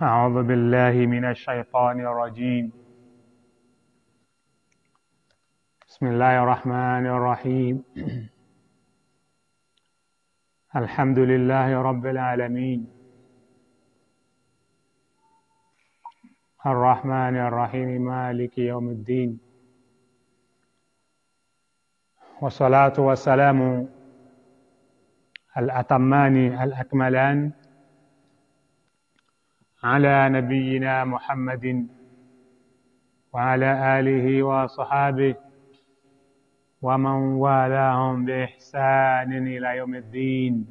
أعوذ بالله من الشيطان الرجيم بسم الله الرحمن الرحيم الحمد لله رب العالمين الرحمن الرحيم مالك يوم الدين والصلاة والسلام الأتمان الأكملان على نبينا محمد وعلى آله وصحابه ومن والاهم بإحسان إلى يوم الدين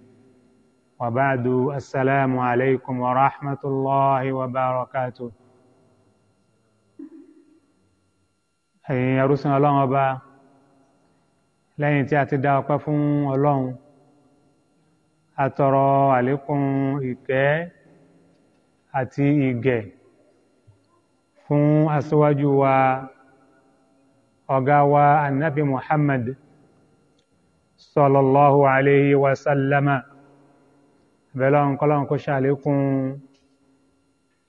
وبعد السلام عليكم ورحمة الله وبركاته ẹ̀yin ẹrúsìn ọlọ́run ọba lẹ́yìn tí a ti dá ọpẹ́ fún ọlọ́run a àlékún ìkẹ́ àti ìgẹ̀ fún aṣíwájú wa ọ̀gá wa annabi muhammad sallallahu alayhi wa sallama bẹ̀lọ́ ọ̀nkọ́lọ́n kó ṣàlékún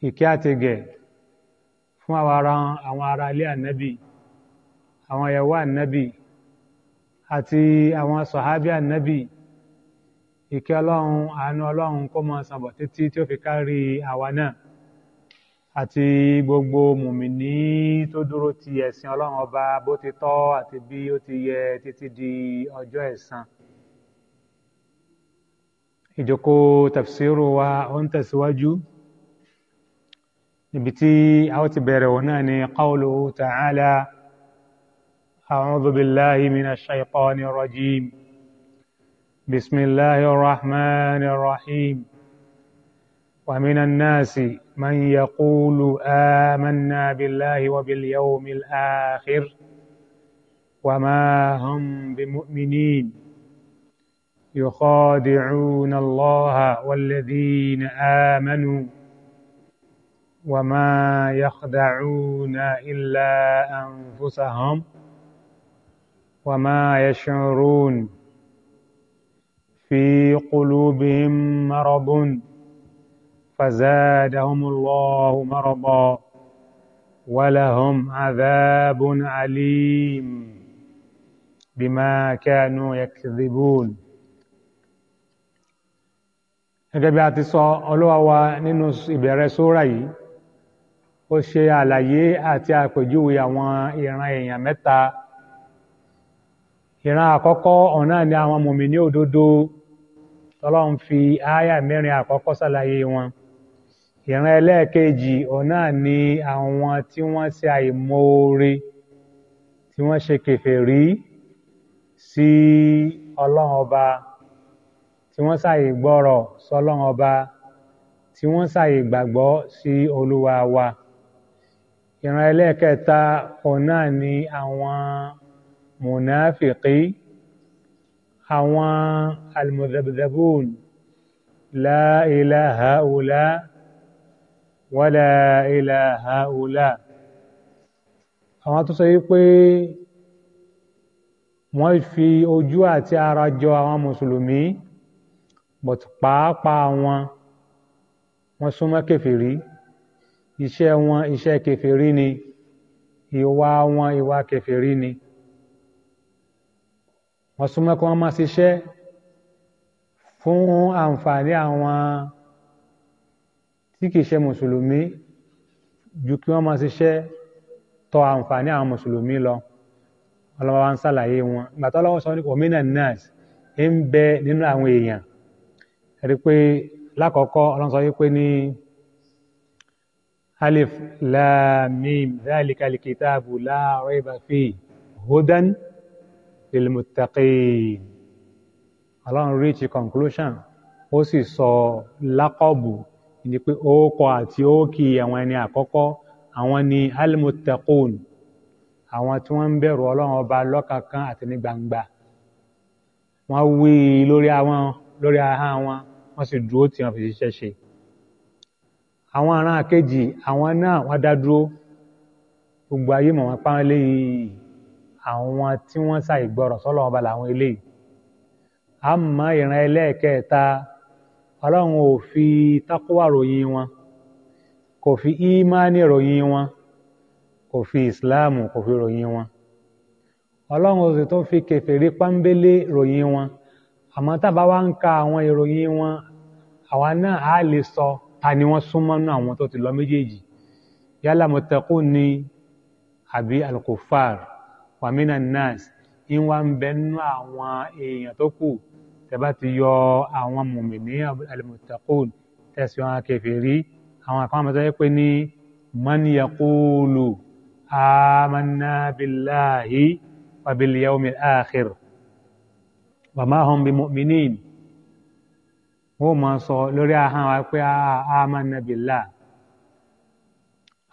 ìkẹ́ àtìgẹ̀ fún àwọn ará ilé annabi àwọn ìyàwó annabi àti àwọn sọ̀hábí annabi ìkẹ́ ọlọ́run àánú ọlọ́run kó máa sàn bọ̀ títí tí ó fi kárí àwa náà àti gbogbo mùmìní tó dúró ti ẹ̀sìn ọlọ́run ọba bó ti tọ́ àti bí ó ti yẹ títí di ọjọ́ ẹ̀san. ìjókòó tafsiru wa ó ń tẹ̀síwájú níbi tí a ó ti bẹ̀rẹ̀ wọn náà ni qawluhu ta'ala a'udhu billahi minash shaytanir rajim. بسم الله الرحمن الرحيم ومن الناس من يقول آمنا بالله وباليوم الآخر وما هم بمؤمنين يخادعون الله والذين آمنوا وما يخدعون إلا أنفسهم وما يشعرون في قلوبهم مرض فزادهم الله مرضا ولهم عذاب عليم بما كانوا يكذبون gẹ́gẹ́ bí a ti sọ Olúwa wa nínú ìbẹ̀rẹ̀ sóra yìí ó ṣe àlàyé àti àpèjúwe àwọn ìran èèyàn mẹ́ta ìran àkọ́kọ́ ọ̀nà ni àwọn mùmínì òdodo tọ́lọ́run fi ááyà mẹ́rin àkọ́kọ́ ṣàlàyé wọn ìran ẹlẹ́ẹ̀kejì ọ̀nà ni àwọn tí wọ́n ṣe àìmoore tí wọ́n ṣe kèfèrí sí ọlọ́run ọba tí wọ́n ṣàì gbọ́rọ̀ sọlọ́run ọba tí wọ́n ṣàì gbàgbọ́ sí olúwa wa ìran ẹlẹ́ẹ̀kẹta ọ̀nà ni àwọn mùnàfìkì àwọn almuzabzabun la ila haula wala ila haula àwọn tó sọ wípé wọ́n fi ojú àti ara jọ àwọn mùsùlùmí but pàápàá wọn wọ́n súnmọ́ kèfèrí iṣẹ́ wọn iṣẹ́ kèfèrí ni ìwà wọn ìwà kèfèrí ni wọ́n súnmọ́ kí wọ́n máa ṣiṣẹ́ fún àǹfààní àwọn tí kìí ṣe mùsùlùmí ju kí wọ́n máa ṣiṣẹ́ tọ àǹfààní àwọn mùsùlùmí lọ ọlọ́wọ́ wa ń ṣàlàyé wọn ìgbà tó lọ́wọ́ sọ ní omina nas ń bẹ nínú àwọn èèyàn rí pé lákọ̀ọ́kọ́ ọlọ́sọ yìí pé ní alif lam mim dhalika alkitabu la rayba fihi hudan lilmuttaqin ọlọ́run reach conclusion ó sì sọ lákọ̀bù ni pé ókọ àti ókì àwọn ẹni àkọ́kọ́ àwọn ni almuttaqun àwọn tí wọ́n ń bẹ̀rù ọlọ́run ọba lọ́kankan àti ní gbangba wọ́n wí lórí àwọn lórí ahọ́n wọn wọ́n sì dúró tí wọ́n fi ṣiṣẹ́ ṣe àwọn aràn àkejì àwọn náà wọ́n dá dúró gbogbo ayé mọ̀ wọ́n pa wọ́n léyìí àwọn tí wọ́n sa ìgbọràn sọ́lọ́run ọba làwọn eléyìí àmọ́ ìran ẹlẹ́ẹ̀kẹta ọlọ́run ò fi tákúwà ròyìn wọn kò fi ímánì ròyìn wọn kò fi ìsìláàmù kò fi ròyìn wọn ọlọ́run ò sì tó fi kèfèrí páńbélé ròyìn wọn àmọ́ tábà wá ń ka àwọn ìròyìn wọn àwa náà á lè sọ ta ni wọ́n súnmọ́ àwọn tó ti lọ méjèèjì yálà mọ̀tẹ́kù ni àbí alukófáàrù wàmínà nas ń wá ń bẹ nínú àwọn èèyàn tó kù tẹ́bá ti yọ àwọn mùmìnì alimutakun tẹ̀sí wọn kèfèrí àwọn àkàwọn àmọ́tọ́ yẹ pé ní mọ́niyàkúlù amannabilahi wabiliyawmi akhir wàmáhùn bí mọ́mìnín wọ́n máa sọ lórí ahọ́n wa pé ah, amannabilah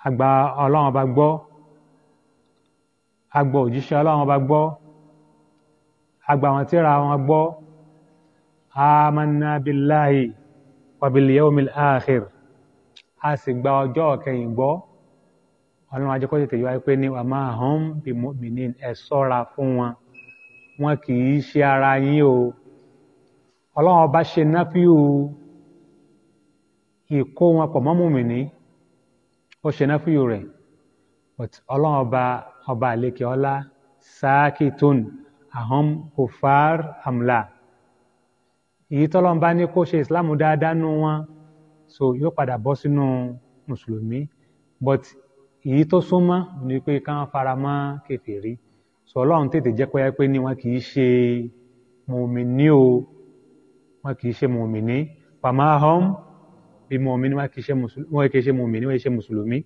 àgbà ọlọ́run bá gbọ́ a gbọ́ òjíṣẹ́ ọlọ́run ọba gbọ́ a gbà wọ́n tírà wọn gbọ́ amanna billahi wa bil yawmil akhir a sì gba ọjọ́ kẹyìn gbọ́ ọlọ́run ajẹ́kọ́ tètè yọ wáyé pé ní wa ma hum bi mu'minin ẹ sọ́ra fún wọn wọn kì í ṣe ara yín o ọlọ́run ọba ṣe náfíù ìkó wọn pọ̀ mọ́ mùmìnì ó ṣe náfíù rẹ̀ but ọlọ́run ọba ọba àlekè ọlá sáàkìtún ahọ́n kòfàr àmlà èyí tọ́lọ́run bá ní kó ṣe ìsìláàmù dáadáa nù wọn so yóò padà bọ́ sínú mùsùlùmí but èyí tó súnmọ́ ni pé ká fara mọ́ kèfèrí so ọlọ́run tètè jẹ́ pé pé ni wọn kì í ṣe mùmíní o wọn kì í ṣe mùmíní pàmò ahọ́n bí mùmíní wọn kì í ṣe mùmíní wọn kì í ṣe mùsùlùmí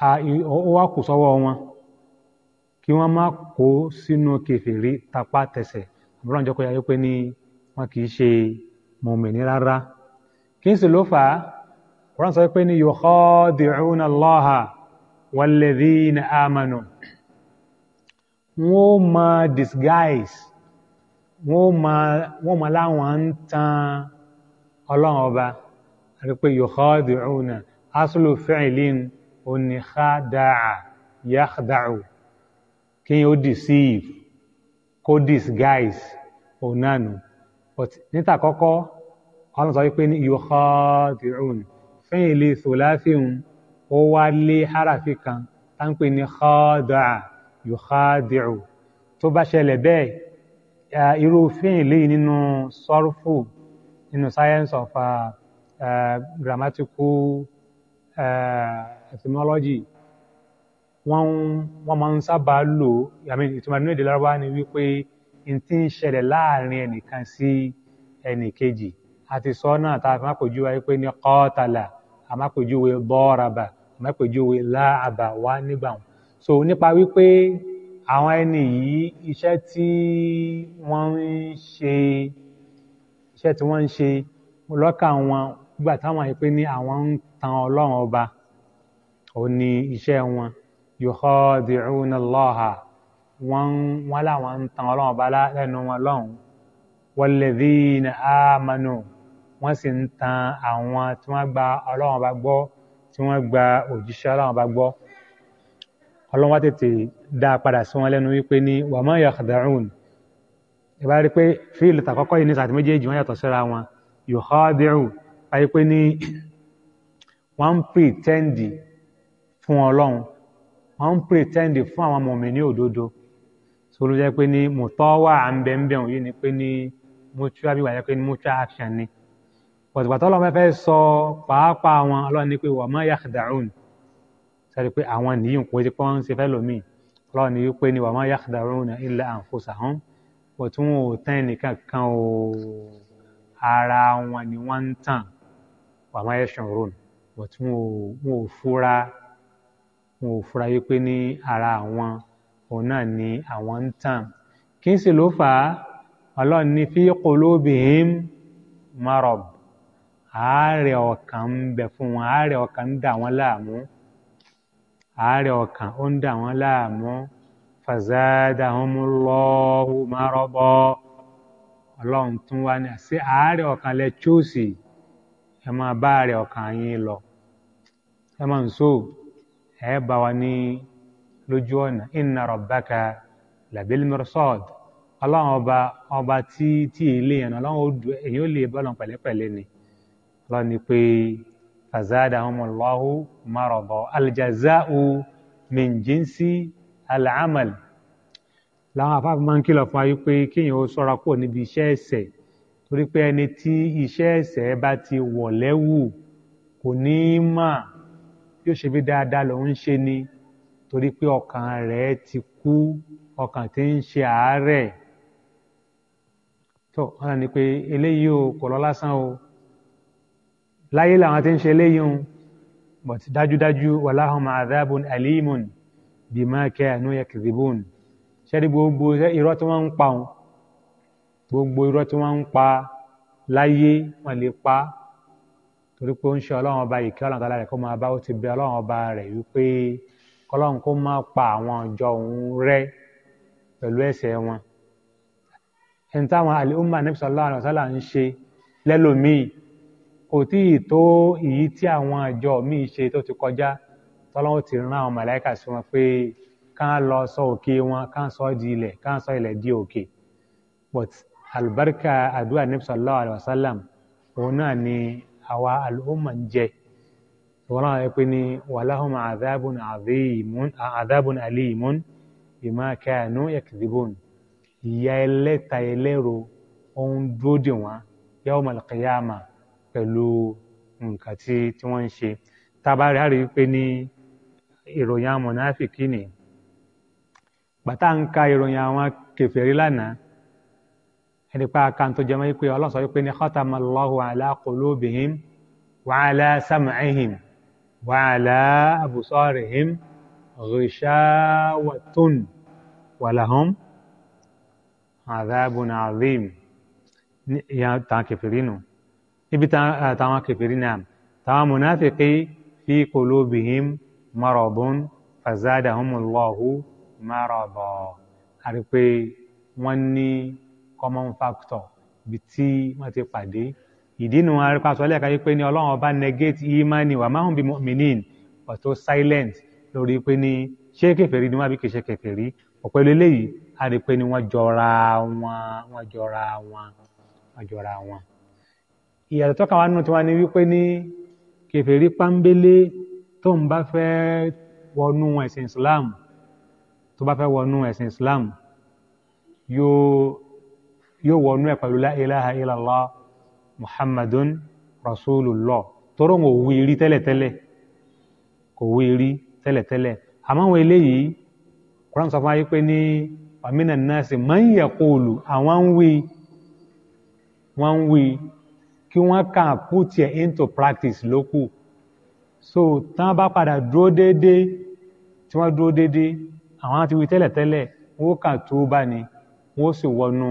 ó wá kù sọ́wọ́ wọn kí wọ́n má kó sínú kèfèrí tapá tẹsẹ̀ àbúrò àjọ kọjá yóò pé ní wọn kì í ṣe mùmìnì rárá kí n sì ló fà á Kùránì sọ pé ní yukhadi'una Allaha walladhina amanu wọ́n máa disguise wọ́n máa láwọn ń tan ọlọ́run ọba àti pé yukhadi'una aslu fi'lin ó ní khada'a yakhda'u kíyàn ó deceive kó disguise òun náà but níta kọ́kọ́ ọlọ́run sọ wípé ní yukhadi'un fún ilé sòláfíhùn ó wá lé harafi kan tá ń pè ní khada'a yukhadi'u tó bá ṣẹlẹ̀ bẹ́ẹ̀ irú fún ilé nínú sọ́rfù nínú science of uh, uh, grammatical uh, etymology wọ́n wọ́n máa ń sábà lò àmì ìtumọ̀ nínú èdè lárúbá ni wípé n ti ń ṣẹlẹ̀ láàrin ẹnìkan sí ẹnìkejì àti sọ náà tá a fi má pèjúwe wípé ní kọ́ọ̀tàlà a má pèjúwe bọ́ọ̀ràbà a má pèjúwe láàbà wá nígbà wọn. so nípa wípé àwọn ẹni yìí iṣẹ́ tí wọ́n ń ṣe iṣẹ́ tí wọ́n ń ṣe lọ́kàn wọn gbà táwọn yìí pé ní àwọn ń tan ọlọ́run ọba ó ní iṣẹ́ wọn yukhadi'una Allaha wọ́n wọ́n láwọn ń tan ọlọ́run bá lẹ́nu wọn lọ́hùn walladhina amanu wọ́n sì ń tan àwọn tí wọ́n gba ọlọ́run bá gbọ́ tí wọ́n gba òjíṣẹ́ ọlọ́run bá gbọ́ ọlọ́run wá tètè dá padà sí wọn lẹ́nu wípé ní wama yakhda'un ìbá rí pé fíìlì tàkọ́kọ́ yìí ní sàtì méjèèjì wọ́n yàtọ̀ síra wọn yukhadi'u báyìí pé ní wọ́n ń pè tẹ́ǹdì fún ọlọ́run wọ́n ń pretend fún àwọn mọ̀mìnì òdodo so ló jẹ́ pé ní mùtọ́wà à ń bẹ ń bẹ̀rùn yìí ni pé ní mutual bí wà jẹ́ pé ní mutual action ni pọ̀tùpà tó lọ́wọ́ fẹ́ sọ pàápàá wọn ọlọ́run ní pé wọ́n mọ̀ yakhda'un sẹ́ni pé àwọn nìyí kò ti pọ́n ṣe fẹ́ lómìn ọlọ́run ní pé ní wọ́n mọ̀ yakhda'un illa anfusahum pọ̀ tí wọn ò tán ẹnìkan kan o ara wọn ni wọ́n ń tàn wọ́n mọ̀ yash'urun wọn ò fura wípé ní ara àwọn òun náà ni àwọn ń tàn kí sì ló fà á ọlọ́run ní fi qulubihim marab àárẹ̀ ọkàn ń bẹ fún wọn àárẹ̀ ọkàn ń dà wọ́n láàmú àárẹ̀ ọkàn ó ń dà wọ́n láàmú fazadahumullahu maraba ọlọ́run tún wá ní àṣẹ àárẹ̀ ọkàn lẹ chúùsì ẹ máa bá àárẹ̀ ọkàn yín lọ ẹ máa ń sóò ẹ bá wa ní lójú ọ̀nà inna rabbaka labil mirsad ọlọ́run ọba ọba tí tí ilé yẹn ọlọ́run èyí ó lè bọ́lọ̀ pẹ̀lẹ́pẹ̀lẹ́ ni ọlọ́run ni pé fazadahumullahu marada aljaza'u min jinsi al'amal làwọn afáfẹ́ máa ń kìlọ̀ fún ayé pé kéèyàn ó sọ́ra kúrò níbi iṣẹ́ ẹ̀ṣẹ̀ torí pé ẹni tí iṣẹ́ ẹ̀ṣẹ̀ bá ti wọ̀ lẹ́wù kò ní í mà yóò ṣe bí dáadáa lòun ń ṣe ni torí pé ọkàn rẹ̀ ti kú ọkàn tí ń ṣe àárẹ̀ tó wọn ni pé eléyìí o kò lọ lásán o láyé làwọn tí ń ṣe eléyìí o but dájúdájú walahum adhabun alimun bima kanu yakdhibun ṣẹ́rí gbogbo irọ́ tí wọ́n ń pa òun gbogbo irọ́ tí wọ́n ń pa láyé wọ́n lè pa á torí pé ó ń ṣe ọlọ́run ọba yìí kí ọlọ́run tọ́lá rẹ̀ kó máa bá ó ti bẹ ọlọ́run ọba rẹ̀ wípé kọlọ́run kó má pa àwọn ìjọ òun rẹ́ pẹ̀lú ẹ̀ṣẹ̀ wọn. ẹni táwọn àlùmọ́ àníbísọ̀ ọlọ́run ọ̀sálà ń ṣe lẹ́lòmíì kò tí ì tó èyí tí àwọn ìjọ míì ṣe tó ti kọjá tọ́lọ́run ti rán àwọn màláìkà sí wọn pé ká lọ sọ òkè wọn ká sọ di ilẹ̀ ká sọ ilẹ̀ di òkè but albarka àdúrà àníbísọ̀ ọlọ́run ọ̀sálàm òun náà ni àwa àlùmọ̀ ń jẹ ìwọ́n náà pé ní walahum adhabun adhimun adhabun alimun bima kanu yakdhibun ìyà ẹlẹ́ta ẹlẹ́ro ohun dúró dè wọ́n yawmal qiyama pẹ̀lú nǹkan tí wọ́n ń ṣe tábàárí á rí i pé ní ìròyìn àwọn mọ̀náfìkì ni bàtà ń ka ìròyìn àwọn kèfèrí lánàá ẹni pa àkàntó jẹmọ́ wípé ọlọ́run sọ wípé ní khatama Allahu ala qulubihim wa ala sam'ihim wa ala absarihim ghishawatun wa lahum adhabun adhim ìyá tàn kẹfìrí nù ibi táwọn kẹfìrí náà munafiki fi qulubihim maradun fazadahumullahu marada àrí pé wọ́n ní common factor ibi tí wọ́n ti pàdé ìdínú arípasọ lẹ́ẹ̀ka yìí pé ní ọlọ́run ọba negate imani wa mahun bi mu'minin ọ̀tọ̀ silent lórí pé ní ṣé kèfèrí ni wọ́n bí kìí ṣe kèfèrí ọ̀pọ̀ eléyìí a rí pé ní wọ́n jọra wọn wọ́n jọra wọn wọ́n jọra wọn. ìyàtọ̀ tọ́ka wa nù tí wọ́n wípé ní kèfèrí pámbélé tó ń bá fẹ́ wọnú ẹ̀sìn Islam tó bá fẹ́ wọnú ẹ̀sìn Islam yóò yóò wọnú ẹ̀ pẹ̀lú la ilaha illallah muhammadun rasulullah tọ́rọ̀ wọn ò wí rí tẹ́lẹ̀tẹ́lẹ̀ kò wí rí tẹ́lẹ̀tẹ́lẹ̀ àmọ́ àwọn eléyìí Quran sọ fún ayé pé ní wàmínà nasi man yaqulu àwọn ń wí wọ́n ń wí kí wọ́n kàn put it into practice lókù so tí wọ́n bá padà dúró déédéé tí wọ́n dúró déédéé àwọn ti wí tẹ́lẹ̀tẹ́lẹ̀ wọ́n kàn tó bá ní wọ́n sì wọnú.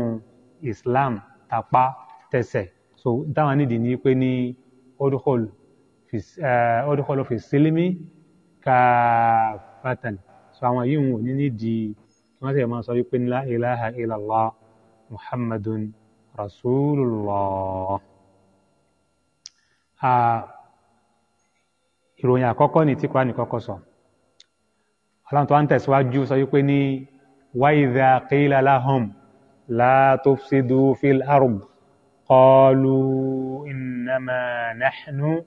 Islam tapa tẹsẹ̀ so táwọn nídìí ni pé ní ọdúnkọlù ọdúnkọlù fi sílímì káfàtàn so àwọn yìí wọn ò ní nídìí kí wọ́n sì máa sọ wípé la ilaha illallah muhammadun rasulullah. ìròyìn àkọ́kọ́ ni tí kúránì kọ́kọ́ sọ aláǹtọ́ à ń tẹ̀síwájú sọ wípé ní wáyé dha qila lahum. لا تفسدوا في الأرض قالوا إنما نحن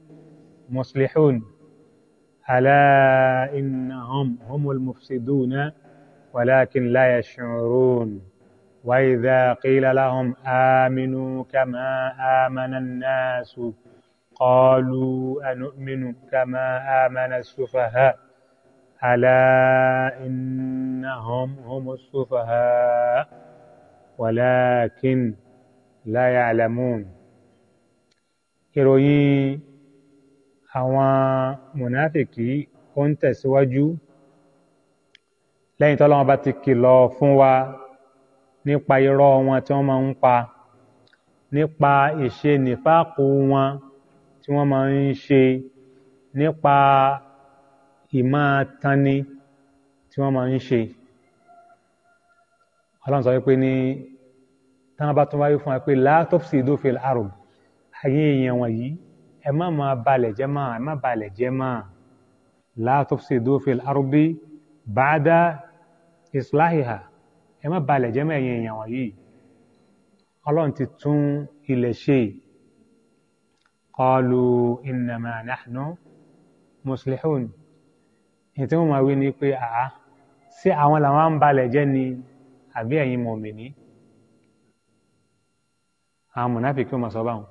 مصلحون ألا إنهم هم المفسدون ولكن لا يشعرون وإذا قيل لهم آمنوا كما آمن الناس قالوا أنؤمن كما آمن السفهاء ألا إنهم هم السفهاء ولكن لا يعلمون. ìròyìn àwọn mùnáfìkì ó ń tẹ̀síwájú lẹ́yìn tọ́lọ́wọ́n bá ti kìlọ̀ fún wa nípa irọ́ wọn tí wọ́n máa ń pa nípa ìṣe nìfàkù wọn tí wọ́n máa ń ṣe nípa ìmọ̀ tani tí wọ́n máa ń ṣe ọlọ́run sọ wípé ní táwọn bá tún wáyé fún wa pé látọ́pùsì ìdófin àrùn ayé èèyàn wọ̀nyí ẹ má máa balẹ̀ jẹ́ máa ẹ má balẹ̀ jẹ́ máa látọ́pùsì ìdófin àrùn bí bàdá ìsìláhìhà ẹ má balẹ̀ jẹ́ máa ẹ̀yìn èèyàn wọ̀nyí ọlọ́run ti tún ilẹ̀ ṣe qalu innama nahnu muslihun èyí tí máa wí ni pé àá sí àwọn làwọn ń balẹ̀ jẹ́ ni àbí ẹ̀yin mọ̀mìnì àwọn mọ̀nàfíkì ó máa sọ báwọn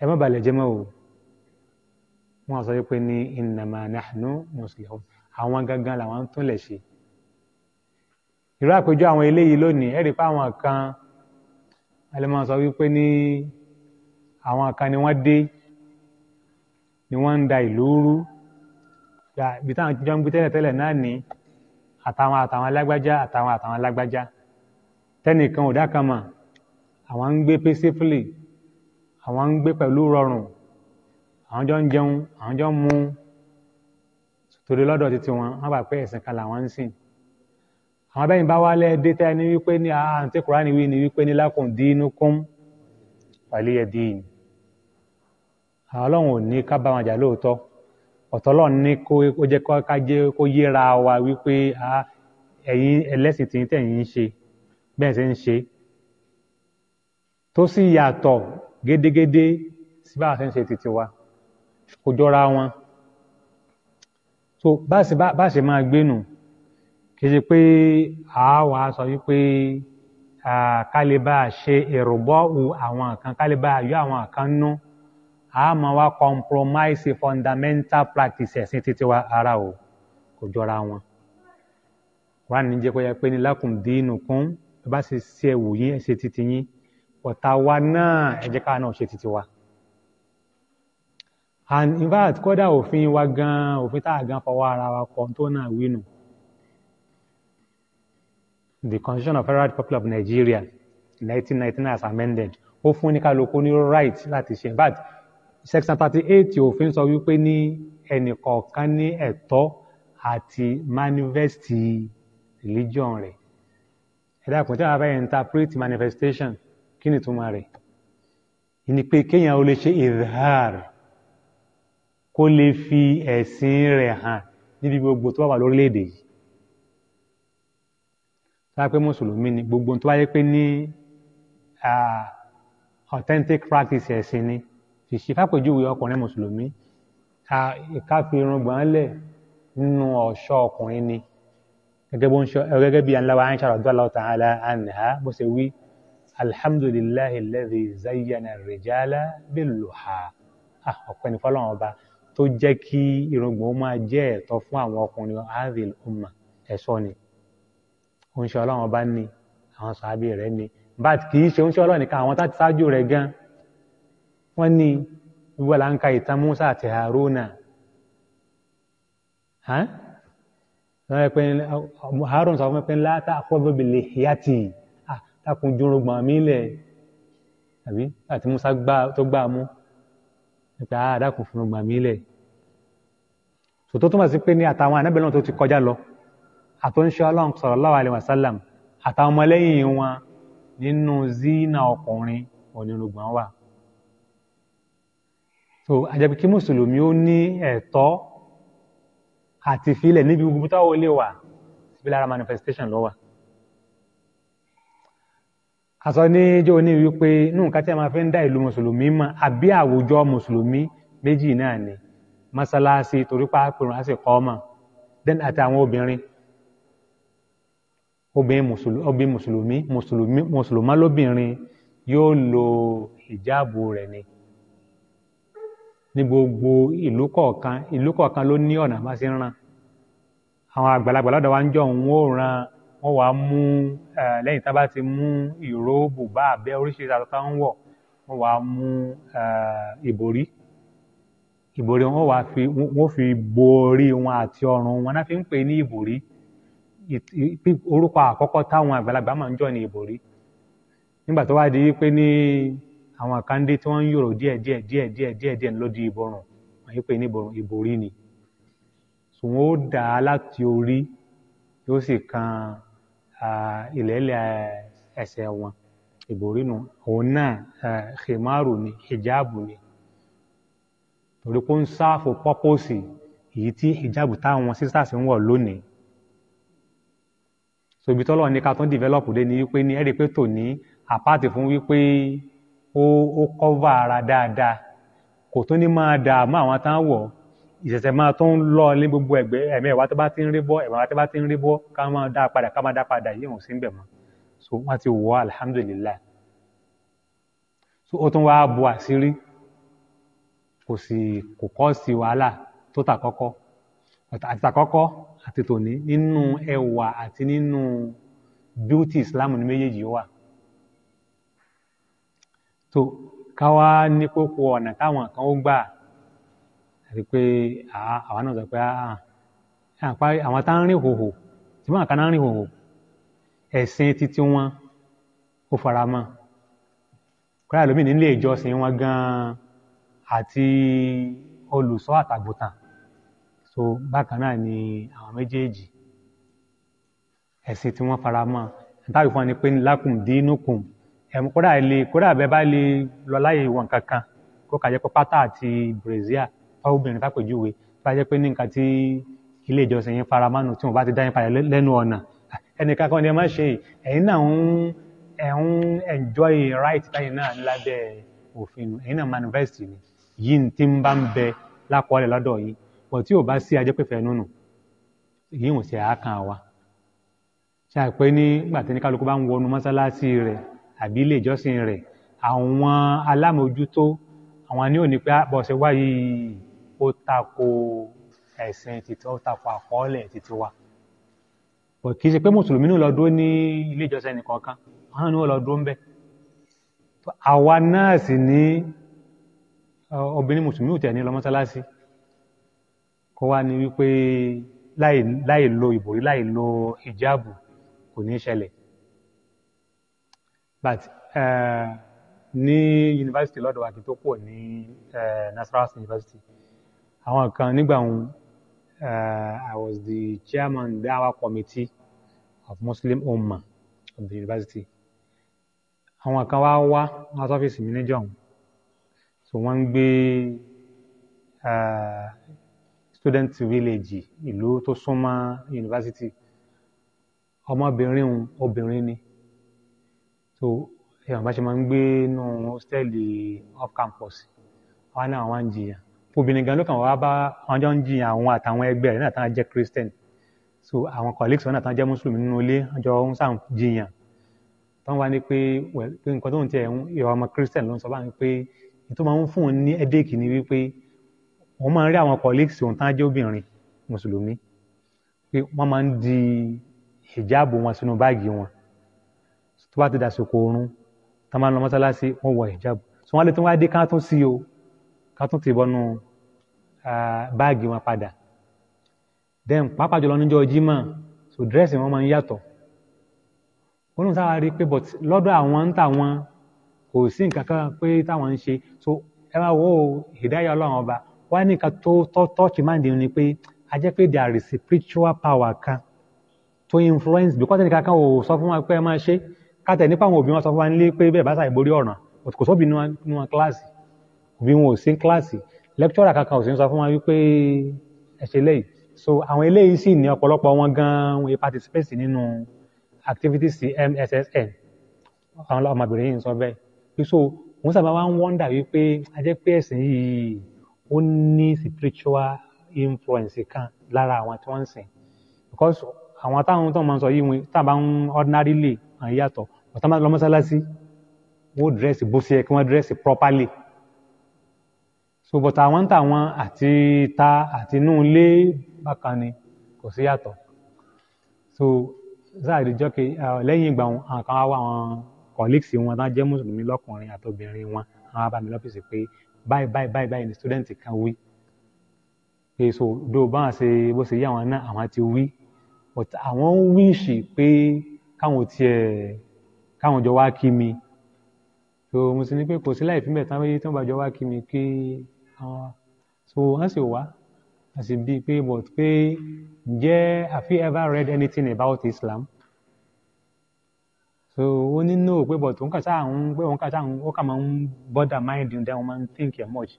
ẹ má balẹ̀ jẹ́ mọ́ o wọ́n sọ pé ní innama nahnu muslimun àwọn gangan làwọn tún lè ṣe irú àpéjọ àwọn eléyìí lónìí ẹ rí àwọn kan alẹ́mọ̀ sọ wípé ní àwọn kan ni wọ́n dé ni wọ́n ń da ìlú rú ibi táwọn jíjọ́ ń gbé tẹ́lẹ̀tẹ́lẹ̀ náà ní àtàwọn àtàwọn alágbájá àtàwọn àtàwọn alágbájá tẹnìkan ò dákan mọ̀ àwọn ń gbé pésífìlì àwọn ń gbé pẹ̀lú rọrùn àwọn jọ ń jẹun àwọn jọ ń mu torí lọ́dọ̀ títí wọn wọn bá pé ẹ̀sìn kan làwọn ń sìn àwọn abẹ́yìn bá wálé dẹ́tà ni wípé ní àǹtí kùránì wí ni wípé ní lákùn dínú kún pàlíyẹ dín àwọn ọlọ́run ò ní ká bá wọn jà lóòótọ́ ọ̀tọ́lọ́ ní kó jẹ́ ká jẹ́ kó yéra wa wípé ẹ̀yin ẹlẹ́sìn tí tẹ̀yìn ń ṣe bẹ́ẹ̀ ṣe ń ṣe tó sì yàtọ̀ gédégédé sí bá a ṣe ń ṣe títí wa kò jọra wọn so bá ṣe máa gbénu kì í ṣe pé àáwá sọ wípé kálíbà ṣe èròbọ́ àwọn kan kálíbà yọ àwọn kan nú. No a máa wá compromise fundamental practices ẹ̀sìn títí wa ara o kò jọra wọn. Quran ní jẹ́ kó yẹ pé ní lakum dinukum ẹ bá ṣe ṣe ẹ̀wù yín ẹ̀ ṣe títí yín ọ̀tá wa náà ẹ jẹ́ ká náà ṣe títí wa. and in fact kódà òfin wa gan òfin tá a gan fọwọ́ ara wa kọ́ tó náà wí The Constitution of Federal Republic of Nigeria 1999 as amended ó fún ní ní right láti ṣe in fact section thirty eight òfin sọ wípé ní ẹnìkọ̀ọ̀kan ní ẹ̀tọ́ àti manifesti religion rẹ̀ ẹ̀dá kò tí a bá interpret manifestation kí ni ìtumọ̀ rẹ̀ ìní pé kéèyàn ó lè ṣe ìdhàr kó lè fi ẹ̀sìn rẹ̀ hàn níbi gbogbo tó bá wà lórílẹ̀‐èdè yìí sáà pé mùsùlùmí ni gbogbo tó bá yẹ pé ní ah, authentic practice ẹ̀sìn ni ṣìṣì fàpèjúwe ọkùnrin mùsùlùmí ká fi irùngbọ̀n lẹ̀ nínú ọ̀ṣọ́ ọkùnrin ni gẹ́gẹ́ bí aláwa aisha radiyallahu ta'ala anha bó ṣe wí alhamdulillahi alladhi zayyana rijala bil-luha ah, ọ̀pẹ́ ní tó jẹ́ kí irùngbọ̀n ó máa jẹ́ ẹ̀tọ́ fún àwọn ọkùnrin hadhil umma ẹ̀ṣọ́ ni oúnṣẹ́ ọlọ́run ọba ni àwọn sàábì rẹ̀ ni but kì í ṣe oúnṣẹ́ ọlọ́run nìkan àwọn tá wọ́n ní ìwọ là ń ka ìtàn Musa àti Haruna Harun sọ fún pé látà àkọ́bẹ̀bẹ̀lẹ̀ yàtì takùn jùrùgbọ̀n mi lẹ̀ àbí àti Musa tó gbà mú nípa ah, àdákùn fún ọgbà mi lẹ̀ tòótọ́ tó máa sí pé ní àtàwọn ànábẹ́ náà tó ti kọjá lọ àtúnṣe ọlọ́run sallallahu alaihi wasallam àtàwọn ọmọlẹ́yìn wọn nínú zina ọkùnrin onírùgbọ̀n wà so àjẹpẹ́ kí mùsùlùmí ó ní ẹ̀tọ́ àti ìfilẹ̀ níbi gbogbo táwọn ilé wà síbi lára manifestation lọ́wà àsọ ní ijó ní wípé inú nǹkan tí a máa fi ń dá ìlú mùsùlùmí mọ̀ àbí àwùjọ mùsùlùmí méjì náà ni mọ́sálásí torí pápẹ́rún á sì kọ́ ọmọ then àtàwọn obìnrin obìnrin mùsùlùmí mùsùlùmí mùsùlùmá lóbìnrin yóò lo ìjáàbù rẹ̀ ni ní gbogbo ìlú kọ̀ọ̀kan ìlú kọ̀ọ̀kan ló ní ọ̀nà bá ṣe ń ràn àwọn àgbàlagbà lọ́dọ̀ wa ń jọ òun ó ran wọ́n wàá mú lẹ́yìn tá a bá ti mú ìró bùbá abẹ́ oríṣiríṣi aṣọ tá ń wọ̀ wọ́n wàá mú ìbòrí ìbòrí wọn wàá fi wọ́n fi bo orí wọn àti ọrùn wọn náà fi ń pè ní ìbòrí orúkọ àkọ́kọ́ táwọn àgbàlagbà máa ń jọ ní ìbòrí nígbà tó wá di pé ní àwọn àkàndé tí wọ́n ń yòrò díẹ̀ díẹ̀ díẹ̀ díẹ̀ díẹ̀ díẹ̀ ló di ìbọrùn wọ́n yìí pé ní ìbọrùn ìbòrí ni sùn ó dà á láti orí yóò sì kan ilẹ̀lẹ̀ ẹsẹ̀ wọn ìbòrí nu òun náà khimaru ni hijabu ni torí pé ó ń sáàfù pọ́pọ́sì èyí tí hijabu táwọn sisters ń wọ̀ lónìí so ibi tọ́lọ́ ní ká tún develop dé ni wípé ní ẹ̀rí pé tòní àpáàtì fún wípé ó ó kọ́va ara dáadáa kò tún ní máa dààmú àwọn tá à ń wọ̀ ìṣẹ̀ṣẹ̀ máa tó ń lọ ní gbogbo ẹ̀gbẹ́ ẹ̀mí ẹ̀wá tó bá ti ń rí bọ́ ẹ̀wá tó bá ti ń rí bọ́ ká máa dá padà ká máa dá padà yìí ò sí ń bẹ̀ mọ́ so wọ́n ti wọ̀ alhamdulillah so ó tún wáá bu àṣírí kò sì kò kọ́ sí wàhálà tó tà kọ́kọ́ àti tà kọ́kọ́ àti tòní nínú ẹwà àti nínú beauty Islam ní méjèèjì wà tó ká wá ní kókó ọ̀nà táwọn kan ó gbà àti pé àwa náà sọ pé àwọn tá ń rìn hòhò tí wọn kàn ń rìn hòhò ẹ̀sìn títí wọn ó fara mọ́ kọ́lá lómi nílé ìjọsìn wọn gan-an àti olùṣọ́ àtàgùtàn so bákan náà ni àwọn méjèèjì ẹ̀sìn tí wọ́n fara mọ́ táwọn ìfọ̀n ni pé lákùn dín nùkùn ẹ̀mú kódà ilé kódà bẹ́ẹ̀ bá lè lọ láyè wọn kankan kó kà jẹ́ pé pátá àti brazil fáwọ́bìnrin fàpèjúwe tó bá jẹ́ pé ní nǹkan tí ilé ìjọsìn yẹn faramánu tí wọ́n bá ti dá yín padà lẹ́nu ọ̀nà ẹnìkan kan ni ẹ má ṣe ẹ̀yin náà ń ẹ̀ ń enjoy right báyìí náà lábẹ́ òfin ẹ̀yin náà manifest ni yìí ní tí ń bá ń bẹ lákọọ́lẹ̀ lọ́dọ̀ yìí pọ̀ tí ò bá sí ajẹ́pẹ̀fẹ́ nùnù yìí ò sì á kan àwa ṣe àpé ní gbàtí kálukú bá ń wọnú mọ́sálásí rẹ̀ àbí ilé ìjọsìn rẹ̀ àwọn alámòójútó àwọn ni ò ní pé ah, bọ́sẹ̀ wáyé ó tako ẹ̀sìn títí ó tako àkọọ́lẹ̀ títí wa kì í ṣe pé mùsùlùmí náà lọ dúró ní ilé ìjọsìn ẹnìkọ̀ọ̀kan àwọn ni wọ́n lọ dúró ń bẹ̀ àwa náà sì ní eh, obìnrin mùsùlùmí ò tẹ̀ ní lọ kó wá ní wípé láì lo ìbòrí láì lo ìjáàbù kò ní ṣẹlẹ̀ but uh, ní yunifásitì lọ́dọ̀ wa kí tó pọ̀ ní uh, Nasarawa University àwọn kan nígbà wọn uh, I was the chairman dawa committee of Muslim Ummah of the university àwọn kan wá wá wá sọ́fíìsì mi níjọ́ wọn so wọ́n ń gbé student village ìlú tó súnmọ́ yunifásitì ọmọbìnrin obìnrin ni so àwọn bá ṣe máa ń gbé nù hòtẹ́ẹ̀lì off campus wọn náà wọn ń jiyàn obìnrin gan ló kàn wá bá wọn jọ ń jiyàn àwọn àtàwọn ẹgbẹ́ rẹ̀ náà tán jẹ́ christian so àwọn colleagues wọn náà tán jẹ́ muslim nínú ilé wọn jọ ń sàn jiyàn tán wá ní pé pé nǹkan tó ń tiẹ̀ ìwà ọmọ christian ló ń sọ báyìí pé ètò máa ń fún un ní headache ni wípé wọ́n máa ń rí àwọn colleagues òun tán jẹ́ obìnrin mùsùlùmí pé wọ́n máa ń di hijab wọn sínú báàgì wọn tó bá ti dàsìkò oorun tó máa ń lọ mọ́sálásí wọ́n wọ hijab so wọ́n lè tún wá dé ká tún sí o ká tún ti bọ́nu báàgì wọn padà then pàápàá jùlọ níjọ́ jímọ̀ so dírẹ́sì wọn máa ń yàtọ̀ wọ́n lóun sáwá pé but lọ́dọ̀ àwọn ń tà wọn kò sí nǹkan kan pé táwọn ń ṣe so ẹ máa wo ìdáyà ọlọ́run ọba wá ní nǹkan tó tọ́ tọ́ọ̀kì máa ń dìrun ni pé a jẹ́ pé there is a spiritual power kan to influence because ẹnìkan kan ò sọ fún wa pé ẹ máa ṣe é kátẹ̀ nípa àwọn òbí wọn sọ fún wa nílé pé bẹ́ẹ̀ bá ṣàìborí ọ̀ràn kò sọ́bì nínú wọn kíláàsì òbí wọn ò sí kíláàsì lẹ́kítọ́rà kankan ò sí sọ fún wa wípé ẹ ṣe lẹ́yìn so àwọn eléyìí sì ní ọ̀pọ̀lọpọ̀ wọn gan-an wọ́n participate nínú activities MSSN àwọn ọmọbìnrin yìí ń sọ bẹ́ẹ̀ so òun sábà máa ń wọ́ndà wípé a jẹ́ pé ẹ̀sìn yìí ó ní spiritual influence kan lára àwọn tí wọ́n ń sìn because àwọn táwọn tó máa ń sọ yìí táwọn bá ń ordinarily kọ̀ọ̀kan yàtọ̀ ọ̀tá máa lọ mọ́sálásí wọ́n dírẹ́sì bó ṣe yẹ kí wọ́n dírẹ́sì properly so but àwọn ń àti ta àti inú ilé bákan ni kò sí yàtọ̀ so sáàdì jọ́kè lẹ́yìn ìgbà wọn àwọn kan wá àwọn colleagues wọn tán jẹ́ mùsùlùmí lọ́kùnrin àtobìnrin wọn àwọn abàmì lọ́fíìsì pé báyìí báyìí báyìí báyìí ni student kan wí pé so do báwọn ṣe bó ṣe yí àwọn náà àwọn ti wí but àwọn ń wíṣì pé káwọn tiẹ̀ káwọn jọ wá kí mi so mo sì ní pé kò sí láì fínbẹ̀ táwọn yé tí wọ́n bá jọ wá kí mi kí àwọn so wọ́n sì wá wọ́n sì bíi pé but pé ǹjẹ́ have you ever read anything about Islam so ó ní no pé but òun kà sáà ń pé òun kà sáà ń ó kà máa ń bother mind ní dáhùn máa ń think e much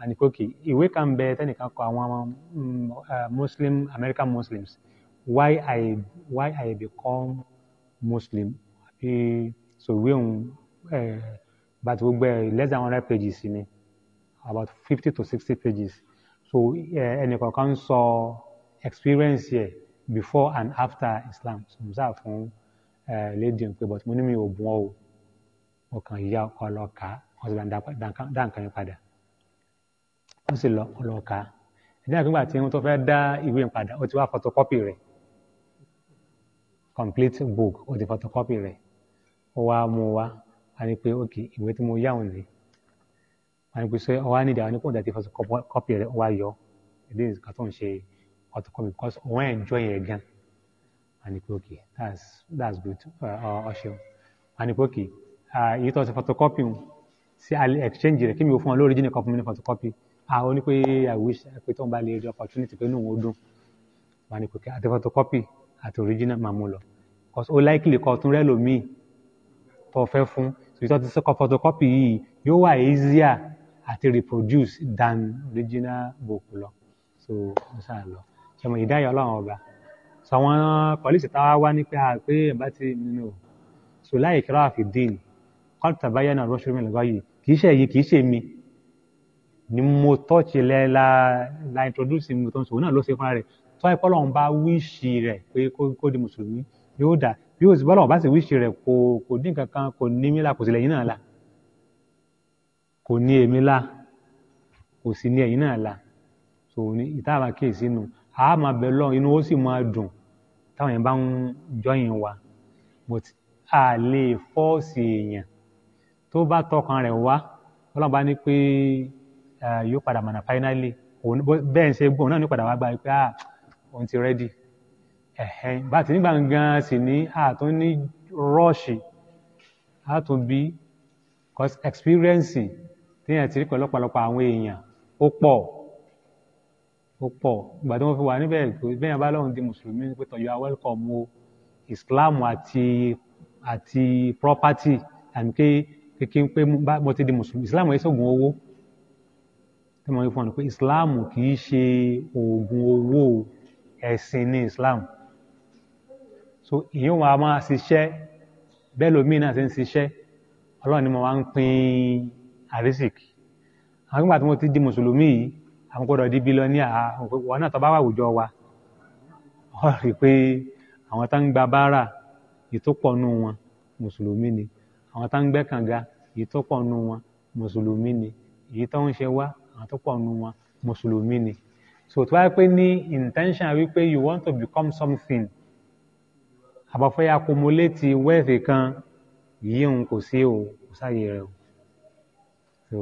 and kókè ìwé kan bẹ tẹnìkan kọ àwọn mm, uh, Muslim American Muslims why I why I become. Muslim àbí so ìwé òun eh, but we ẹ̀ less than 100 pages ni about 50 to 60 pages so eh, ẹnìkọ̀ọ̀kan ń sọ experience here before and after Islam so we sáà from lady n but money ní mi ò bùn ọ́ o mo kàn yá ọkọ lọ kà á wọ́n sì dá nǹkan yẹn padà wọ́n sì lọ kà á ẹ̀dá ìgbà tí wọ́n tó fẹ́ dá ìwé yẹn padà ó ti wá photocopy rẹ̀ complete book ó ti photocopy rẹ̀ ó wá mú wá a ní pé ok ìwé tí mo yá òun ni a ní pé sọ ọ wá nídìí àwọn onípò ìdá ti photocopy rẹ̀ ó wá yọ ìdí nǹkan tó ń ṣe photocopy because òun ẹ̀ ń jọ gan a ní pé ok that's that's good ọṣẹ a ní pé ok èyí tó ṣe photocopy mu sí exchange rẹ̀ kí mi ò fún ọ lórí jíjìn kan fún mi ní photocopy àwọn onípò i wish pé tó ń bá lè rí opportunity pé inú òun ó dùn a ní pé ok àti photocopy àti original máa lọ because ó likely kọ tún rẹ́lòmíì tó fẹ́ fún ṣùgbọ́n ti sọ́kọ photocopy yìí yóò wà easier àti reproduce than original book lọ so mo sá lọ ṣọmọ ìdáyà ọlọ́run ọba sọ àwọn pọ̀lìsì táwa wá ní pé a ah, pé ẹ̀bá ti nínú so láì kíra àfi dín kọ́lù tàbáyé náà rọ́ṣọ́ mi lọ́gbà yìí kì í ṣe èyí kì í ṣe mi ni mo tọ́ọ̀ṣì lẹ́ la la introduce mi tó ń sọ òun náà ló ṣe fúnra rẹ̀ tó wáyé pọ́lọ́ ń bá wíṣì rẹ̀ pé kó di mùsùlùmí yóò dà bí ó sì bọ́lọ̀ bá sì wíṣì rẹ̀ kò kò dín kankan kò ní mí la kò sì lẹ́yìn náà la kò ní èmi la kò sì ní ẹ̀yìn náà la so ní ìtàwọn kéèsì nù a máa bẹ lọ inú ó sì máa dùn táwọn yẹn bá ń jọyìn wa but a lè fọ́ọ̀sì èèyàn tó bá tọkàn rẹ̀ wá ọlọ́run bá ní pé yóò padà mọ̀nà finally bẹ́ẹ̀ ń ṣe gbóhùn náà ní padà wá gba pé ah òun ti rẹ́dì ẹ̀hẹ́n bá ti nígbà gan-an sì ní àtún ní rọ́ọ̀ṣì àtún bí cause experience téèyàn ti rí pẹ̀lú ọ̀pọ̀lọpọ̀ àwọn èèyàn ó pọ̀ ó pọ̀ ìgbà tí wọ́n fi wà níbẹ̀ bẹ́ẹ̀ bá lọ́hùn di mùsùlùmí pé tọ̀yọ̀ welcome o Islam àti àti property àmì kékeré pé mo ti di mùsùlùmí Islam yìí sọ̀gùn owó tí wọ́n fi fún ọ pé Islam kì í ṣe oògùn owó o ẹ̀sìn ní Islam so ìyẹn wọn a máa ṣiṣẹ́ bẹ́ẹ̀ lómi náà ṣe ń ṣiṣẹ́ ọlọ́run ni mo máa ń pín àrísìkì àwọn nígbà tí mo ti di mùsùlùmí yìí àwọn gbọ́dọ̀ di bílíọ̀nì àwọn náà tó bá wà àwùjọ wa wọ́n rí i pé àwọn tá ń gba báárà yìí wọn mùsùlùmí ni àwọn tá ń gbẹ́ kànga yìí wọn mùsùlùmí ni èyí tó ń ṣe wá àwọn tó pọ̀ wọn mùsùlùmí ni so tí wàá pé ní intention wípé you want to become something àbáfẹ́ accumulate wealth kan yìí òun kò sí o kò sáyé rẹ o so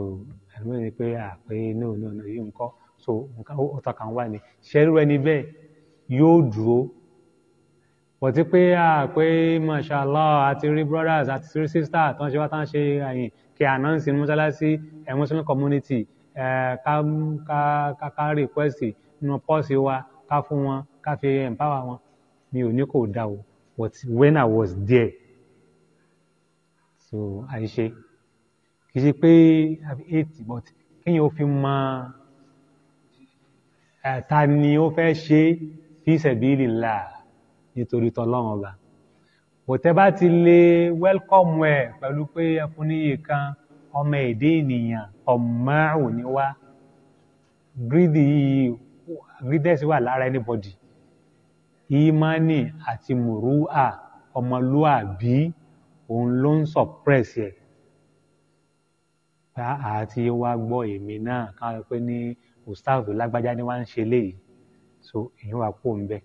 ẹlòmíràn ni pé à pé no no no yìí nǹkan so nǹkan ó tọ́ka wá ni ṣẹ́rú ẹni bẹ́ẹ̀ yóò dúró bọ̀tí pé à pé mashallah àti rí brothers àti rí sisters tó ń ṣe wá tó ń ṣe àyìn kí ànáǹsì mọ́ṣáláṣí ẹ̀ muslim community ká ká ká request nínú pọ́ọ̀sì wa ká fún wọn ká fi empower wọn mi ò ní kò dá o but when I was there so àìṣe kì í ṣe pé eight but kéèyàn ó fi mọ ta ni ó fẹ́ ṣe fi sẹ̀bílì là nítorí tọ́lọ́run ọba kò tẹ́ bá ti lè welcome ẹ̀ pẹ̀lú pé ẹ fún níyì kan ọmọ èdè ènìyàn ọ̀mọ́rùn ni wá gírídì yìí gírídẹ̀sì wà lára anybody ìmánì àti mùrúà ọmọlúàbí òun ló ń suppress ẹ̀ bá àti wá gbọ́ èmi náà káwọn pé ní ustaz lágbájá ni wọ́n ń ṣe léyìí so èyí wà kó ń bẹ́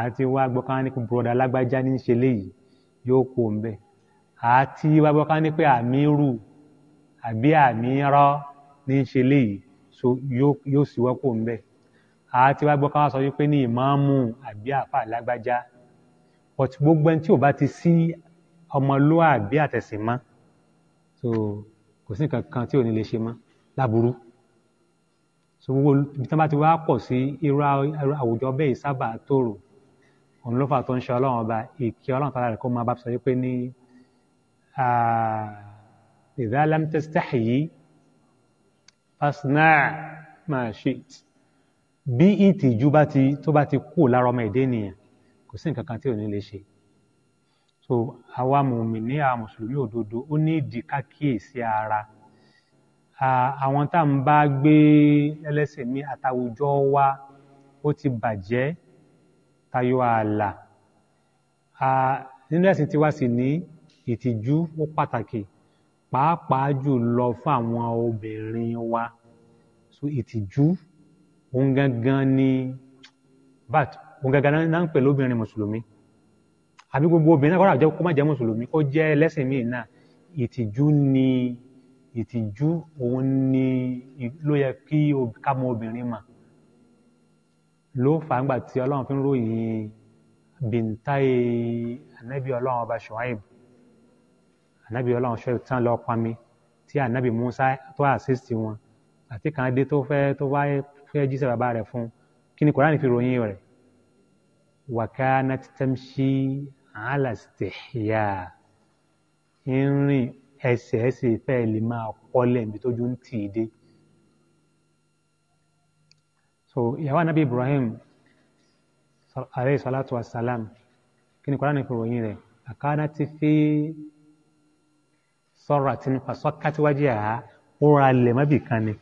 àti wá gbọ́ káwọn ní broda lágbájá ní ń ṣe léyìí yóò kó ń bẹ́ẹ̀ àti wàgbọ́ ká ní pé àmì rù àbí àmì rọ́ ní ṣe léyìí so yóò sì wọ́pọ̀ ńbẹ̀ àti wàgbọ́ ká sọ wípé ní ìmáàmù àbí àfà lágbájá but gbogbo ẹni tí ò bá ti sí ọmọlúwàbí àtẹ̀sìn mọ́ so kò sí nǹkan kan tí ò ní lè ṣe mọ́ láburú so gbogbo ibi tí wọ́n bá ti wá pọ̀ sí irú àwùjọ bẹ́ẹ̀ sábà tòrò òun ló fà tó ń ṣe ọlọ́run ọba ìkí ọlọ́run tààrà rẹ̀ آه إذا لم تستحي فاصنع ما شئت bí ìtìjú bá ti tó bá ti kú lára ọmọ èdè nìyẹn kò sí nǹkan kan tí ò ní lè ṣe so àwa mùmíní àwa mùsùlùmí òdodo ó ní ìdí kákíyèsí ara àwọn tá à ń bá gbé ẹlẹ́sìn mi àtàwùjọ wa ó ti bàjẹ́ tayọ ààlà nínú ẹ̀sìn tiwa sì ní ìtìjú ó pàtàkì pàápàá jùlọ fún àwọn obìnrin wa so ìtìjú òun gangan ni but òun gangan náà ń pè lóbìnrin mùsùlùmí àbí gbogbo obìnrin náà kọ́ra jẹ́ kó má jẹ́ mùsùlùmí kó jẹ́ ẹlẹ́sìn míì náà ìtìjú ni ìtìjú òun ni ló yẹ kí ká mọ obìnrin mà ló fà á ńgbà tí ọlọ́run fi ń ròyìn bìntáyé ànábì ọlọ́run ọba ṣùháìbù ànábì ọlọ́run ṣọ́ tán lọ pami tí ànábì Musa tó assist wọn àti kan dé tó fẹ́ tó wá fẹ́ jíṣẹ́ bàbá rẹ̀ fún kí ni Kùránì fi ròyìn rẹ̀ wakanat tamshi ala istihya ìrìn ẹsẹ̀ ẹsẹ̀ fẹ́ lè máa kọ́lẹ̀ níbi tójú ń tì í dé so ìyàwó ànábì Ibrahim alayhi salatu wa salam kí ni Kùránì fi ròyìn rẹ̀ àkànnà ti fi sọ̀rọ̀ àti nípa sọ́kàtíwájú àá ó ra lẹ̀ mọ́bì kan ni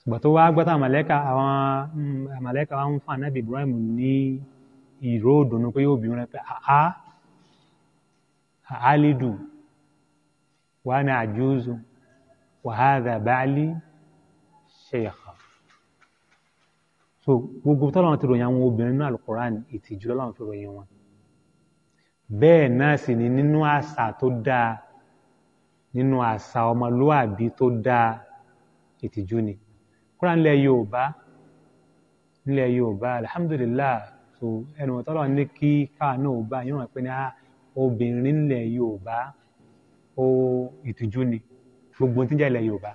ṣùgbọ́n tó wá gbọ́tà àmàlẹ́kà àwọn àmàlẹ́kà mm, wọn ń fún anábì Ibrahim ní ìró ìdùnnú pé yóò bí wọn pé àá àálídù wà ní àjúzù wàhádà báálí ṣèyàkà so gbogbo tọ́lọ́wọ́n ti ròyìn àwọn obìnrin náà al ìtìjú lọ́wọ́n fi ròyìn wọn bẹ́ẹ̀ náà sì ni nínú àṣà tó dáa nínú àṣà ọmọlúwàbí tó dáa ìtìjú ni kúrò nílẹ̀ yorùbá nílẹ̀ yorùbá alhamdulillah so ẹnu ọ̀tọ́lọ̀ ní kí káà náà bá yín wọ́n pé ní ah, obìnrin nílẹ̀ yorùbá ó ìtìjú ni gbogbo tí ń jẹ́ ilẹ̀ yorùbá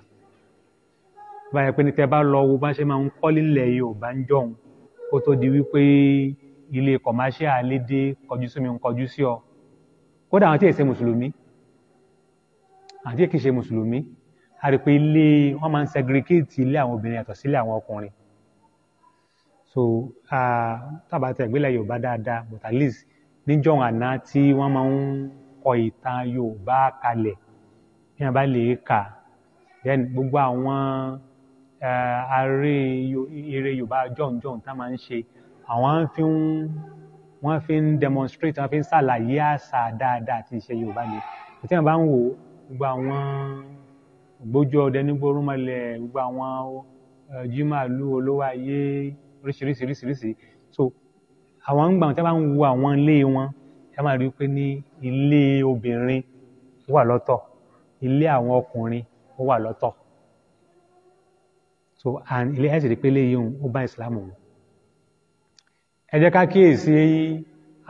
báyẹn pé ní tẹ bá lọ wo bá ṣe máa ń kọ́lé ilẹ̀ yorùbá ń jọ̀hún kó tó di wípé ilé kọmáṣíà lédè kọjú sí mi ń kọjú sí ọ kódà àwọn tí èsè mùsùlùmí àwọn tí èkìṣe mùsùlùmí a rí pé ilé wọn máa ń segregate ilé àwọn obìnrin yàtọ̀ sílé àwọn ọkùnrin so tábà tẹ ìgbélẹ̀ Yorùbá dáadáa but at least níjọ́ àná tí wọ́n máa ń kọ ìtàn Yorùbá kalẹ̀ ní àbá lè kà then gbogbo àwọn eh, eré Yorùbá jọ̀ǹjọ̀ǹ tá máa ń ṣe àwọn fi ń wọ́n fi ń demonstrate wọ́n fi ń ṣàlàyé àṣà dáadáa àti ìṣe yorùbá ni tí wọ́n bá ń wò gbogbo àwọn ògbójú ọdẹ nígboro mọ́lẹ̀ gbogbo àwọn eh, jimalu olówó ayé oríṣiríṣi oríṣiríṣi so àwọn ń gbà wọn tí wọ́n bá ń wo àwọn ilé wọn ẹ máa rí i pé ní ilé obìnrin wà lọ́tọ̀ ilé àwọn ọkùnrin wà lọ́tọ̀ so and ilé ẹ̀sìn rí pé léyìn ó bá ìsìlámù wọn ẹ jẹ́ ká kíyèsí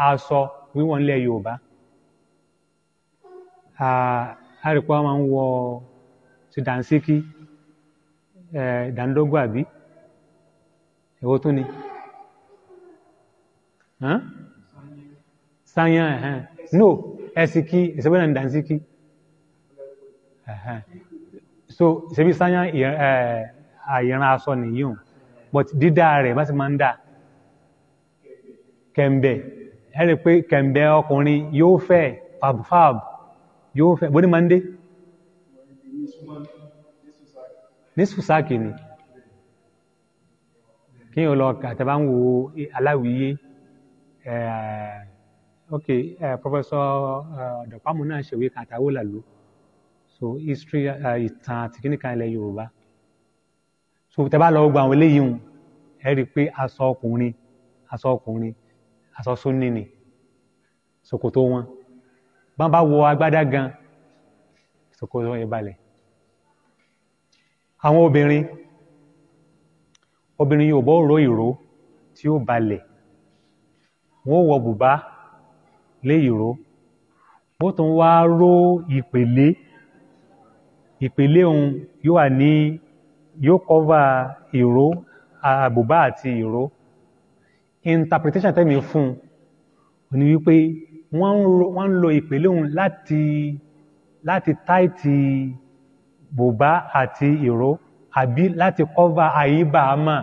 aṣọ wíwọ̀ ńlẹ̀ yorùbá àrípọ̀ máa ń wọ ti dànsíkí ìdánilógún àbí èwo tún ni sáyẹn no ẹ̀sìkí ìṣẹ́gbẹ́ náà dànsíkí so ìṣẹ́bí sanya àyẹ̀rán aṣọ nìyí o but dídá rẹ̀ bá sì máa ń dáa kẹ̀m̀bẹ̀ ẹ̀rì pé kẹ̀m̀bẹ̀ ọkùnrin yóò fẹ́ fàbfàb yóò fẹ́ bó ní máa ń dé ní sùsáàkì ni kí yóò lọ àtàbà ń wo aláwìyé ok professor dọ̀pámù náà ṣèwé kàtàwó làlú so history ìtàn àti kíníkan ilẹ̀ yorùbá so tẹ́ bá lọ gba àwọn eléyìí hùn ẹ rí i pé aṣọ ọkùnrin aṣọ ọkùnrin aṣọ sunni ni ṣòkòtò wọn bọ́n bá wọ agbádá gan ṣòkòtò yẹn balẹ̀ àwọn obìnrin obìnrin yóò bọ́ ró ìró tí ó balẹ̀ wọ́n wọ bùbá lé ìró wọ́n tún wá ró ìpèlé ìpèlé òun yóò wà ní yóò kọ́va ìró àbùbá àti ìró interpretation tẹ́mi fún un ni wípé wọ́n ń lo ìpele òun láti láti táìtì bùbá àti ìró àbí láti kọ́va àyíbá àmà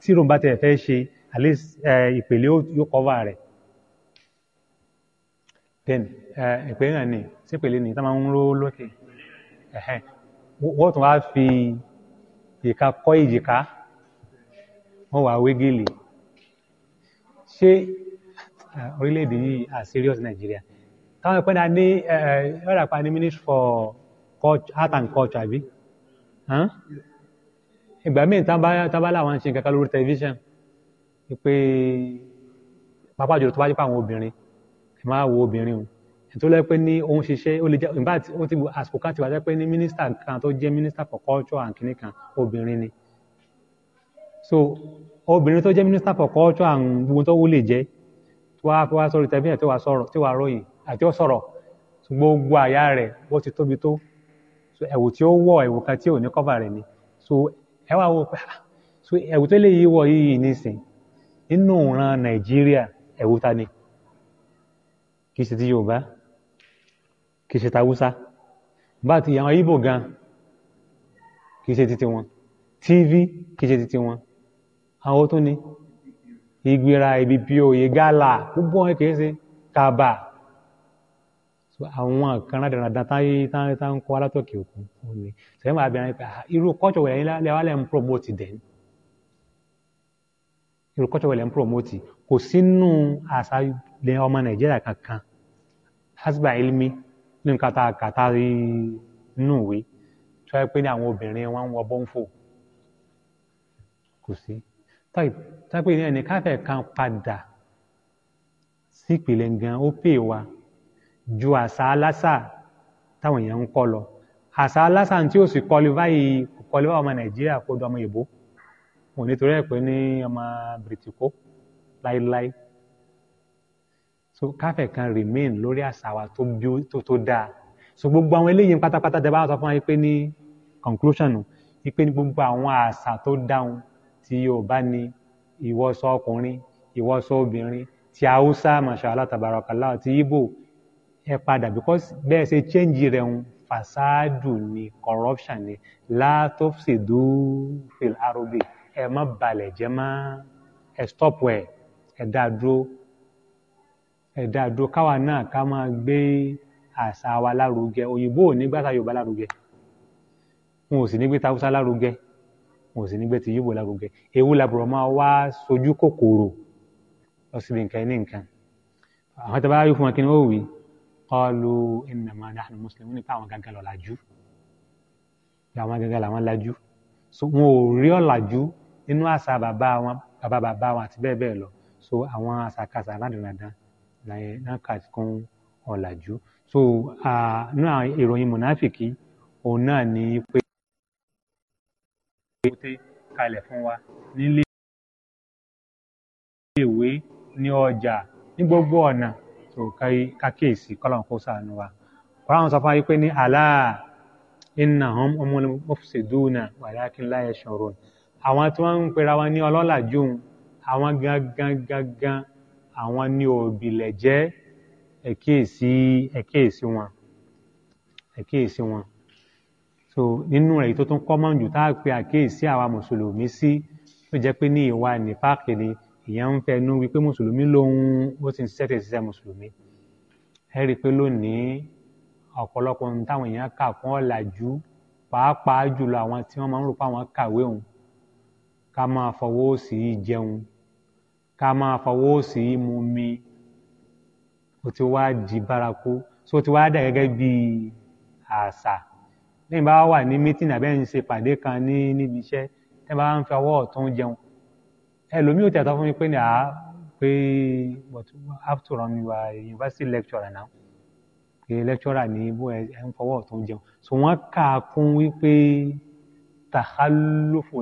tí ìròǹbá tẹ̀ fẹ́ ṣe at least ìpele yóò kọ́va rẹ̀ then ìpele náà ni sí ìpele ni tá máa ń ró lókè wọ́n tún wá fi ìka kọ́ ìjìká wọ́n wá wégélì ṣé orílẹ̀-èdè yìí are serious Nigeria táwọn ìpínlẹ̀ ní ọ̀rọ̀ àpá ní ministry for art and culture àbí ìgbà míì tábà làwọn ń ṣe nǹkan kan lórí tẹlifíṣàn pé pàápàá jùlọ tó bá jẹ́ pé àwọn obìnrin ẹ máa wo obìnrin o ètò lẹ́pẹ́ ní òun ṣiṣẹ́ ó lè jẹ́ ìgbà tí ó ti àsìkò kan ti wájẹ́ pé ní mínísítà kan tó jẹ́ mínísítà for culture and kìnìkan obìnrin ni so obìnrin tó jẹ́ minister for culture and gbogbo tó wúlè jẹ́ tó wá fi wá sórí tẹ̀bíyàn tó wà sọ̀rọ̀ tó wà ròyìn àti ó sọ̀rọ̀ gbogbo àyà rẹ̀ bó ti tóbi tó ẹ̀wù tí ó wọ̀ ẹ̀wù kan tí ò ní kọ́fà rẹ̀ ni so ẹ wá wò pé ah, so ẹ̀wù tó lè yí wọ̀ yìí nísìn nínú ìran nàìjíríà ẹ̀wù ta ni kì í ṣe ti yorùbá kì í ṣe ta bá ti àwọn ibo gan kì í ṣe ti tiwọn tv kì í ṣe ti tiwọn àwọn tó ní ìgbéra ibi bí òye gálà gbogbo wọn kìí ṣe kaba àwọn kan rádaràdà táyé táyé ń kọ́ alátọ̀kì òkun fún mi sẹ́yìn máa bẹ̀rẹ̀ pé ah, irú kọ́tù wẹ̀lẹ̀ ilé wa lẹ̀ ń promote dẹ̀ irú kọ́tù wẹ̀lẹ̀ ń promote kò sínú àṣà ilẹ̀ ọmọ nàìjíríà kankan hasba ilmi ní nǹkan tá a kà tá a rí inú ìwé tó yẹ pé ní àwọn obìnrin wọn ń wọ bọ́ńfò kò sí tápé ẹnì káfẹ́ kan padà sí ìpìlẹ̀ gan ó pè wá ju àṣà aláṣà táwọn èèyàn ń kọ́ lọ àṣà aláṣà tí ó sì kọlífà yìí kọlífà ọmọ nàìjíríà kó do ọmọ ìbò wọn nítorí ẹ̀ pé ní ọmọ bìrìtìkó láíláí so káfẹ́ kan remain lórí àṣà wa tó bí tó tó dáa so gbogbo àwọn eléyìí pátápátá tẹ bá sọ fún wa pé ní conclusion pé ní gbogbo àwọn àṣà tó dáhùn ti Yorùbá ni ìwọsọ ọkùnrin ìwọsọ obìnrin ti Haúsá mashallah tabarakallah ti Igbo ẹ padà because bẹ́ẹ̀ ṣe change rẹ̀ ń fasadu ni corruption ni látọ́sídú fil arobi ẹ má balẹ̀ jẹ́ má ẹ stop ẹ ẹ dá dúró ẹ dá dúró káwa náà ká máa gbé àṣà wa lárugẹ òyìnbó ò ní gbàtà Yorùbá lárugẹ wọn ò sì ní gbé tàwùsá lárugẹ wọn ò sì nígbẹ́ tí yíbo lágògẹ ewu làbùrọ̀ máa wá sojú kòkòrò lọ síbi nǹkan ní nǹkan àwọn tàbá yóò fún wọn kí ni ó wí qalu innama nahnu muslimun nípa àwọn gangan lọ làjú àwọn gangan làwọn làjú so wọn ò rí ọ̀làjú nínú àṣà bàbá wọn bàbá bàbá wọn àti bẹ́ẹ̀ bẹ́ẹ̀ lọ so àwọn àṣàkáṣà aládùnàdàn náà kà kún ọ̀làjú so nínú ìròyìn mùnáfìkì òun náà ní pé. Dangote kalẹ̀ fún wa nílé ìwé, ní ọjà, ní gbogbo ọ̀nà so ká kíyèsí kọ́lọ́run kó ṣàánú wa. Ọlọ́run sọ fún wa wípé ní alā innahum humul mufsidūna walākin lā yash'urūn. Àwọn tí wọ́n ń pera wọn ní ọlọ́làjú un, àwọn gangan gangan àwọn ni òbílẹ̀ jẹ́, ẹ kíyèsí ẹ kíyèsí wọn ẹ kíyèsí wọn so nínú rẹ̀ tó tún common jù tá a pe àkíyèsí àwa mùsùlùmí sí tó jẹ́ pé ní ìwà nífàkì ni ìyẹn ń fẹnu wípé mùsùlùmí lòun ó ti ń ṣiṣẹ́ tẹ̀ ṣiṣẹ́ mùsùlùmí ẹ rí i pé lónìí ọ̀pọ̀lọpọ̀ ohun táwọn èèyàn kà fún ọ̀làjú pàápàá jùlọ àwọn tí wọ́n máa ń rò pé kàwé òun ká máa fọwọ́ sí í jẹun ká máa fọwọ́ sí í mu mi ó ti wá di bárakú so ó ti wá dà gẹ́gẹ́ bíi àṣà lẹ́yìn bá wà ní mítìnì àbẹ́yìn ṣe pàdé kan ní níbi iṣẹ́ tẹ́ bá ń fi ọwọ́ ọ̀tún jẹun ẹlòmíì ò tẹ̀tọ́ fún mi pé ní à pé but after all mi wà university lecturer náà pé lecturer ní bó ẹ ń fọwọ́ ọ̀tún jẹun so wọ́n kà á kún wípé tahalufo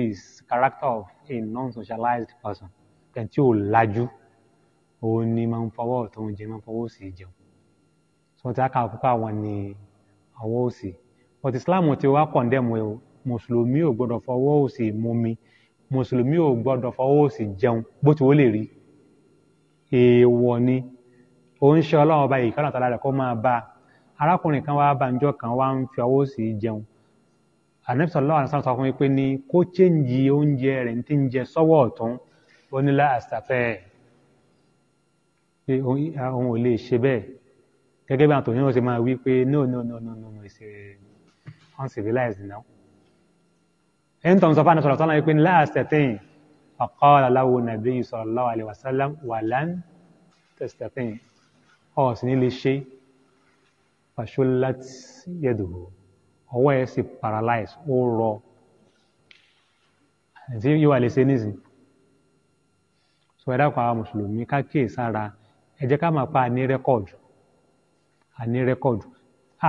is character of a non-socialized person kẹ́ tí ò lajú òun ni máa ń fọwọ́ ọ̀tún jẹun máa ń fọwọ́ òsì jẹun so wọ́n ti á àwọn ni ọwọ́ òsì but Islam ti wá kọ̀ndẹ́mù ẹ̀ o mùsùlùmí ò gbọ́dọ̀ fọwọ́ òsì mumi mùsùlùmí ò gbọ́dọ̀ fọwọ́ òsì jẹun bó ti wó lè rí èèwọ̀ ni ó ń ṣe ọlọ́run ọba yìí kọ́nà tọ́lá rẹ̀ kó máa bá a arákùnrin kan wá banjọ́ kan wá ń fi ọwọ́ òsì jẹun ànẹ́bí sọ̀rọ̀ lọ́wọ́ àṣà sọ fún mi pé ní kó chéǹjì oúnjẹ rẹ̀ ti ń jẹ sọ́wọ́ ọ̀tún onílà àṣàfẹ́ ẹ̀ pé òun ò lè ṣe bẹ́ẹ̀ gẹ́gẹ́ bí àwọn tòun náà ṣe máa wí pé no no no no no no it's uncivilized now. ẹni tó ń sọ fáwọn sọ̀rọ̀ sọ́nà pé láàṣẹ tẹ̀yìn faqala lahu nabiyyu sallallahu alaihi wasallam wa lan tastati' ọ̀ sì ní lè ṣe fashullat yaduhu ọwọ́ ẹ̀ sì paralyze ó rọ àti yóò wà lè ṣe nísìn So, ẹ̀dá kan àwọn mùsùlùmí ká kíyèsára ẹ jẹ́ ká máa pa ní rẹ́kọ̀dù a ní rẹ́kọ̀dù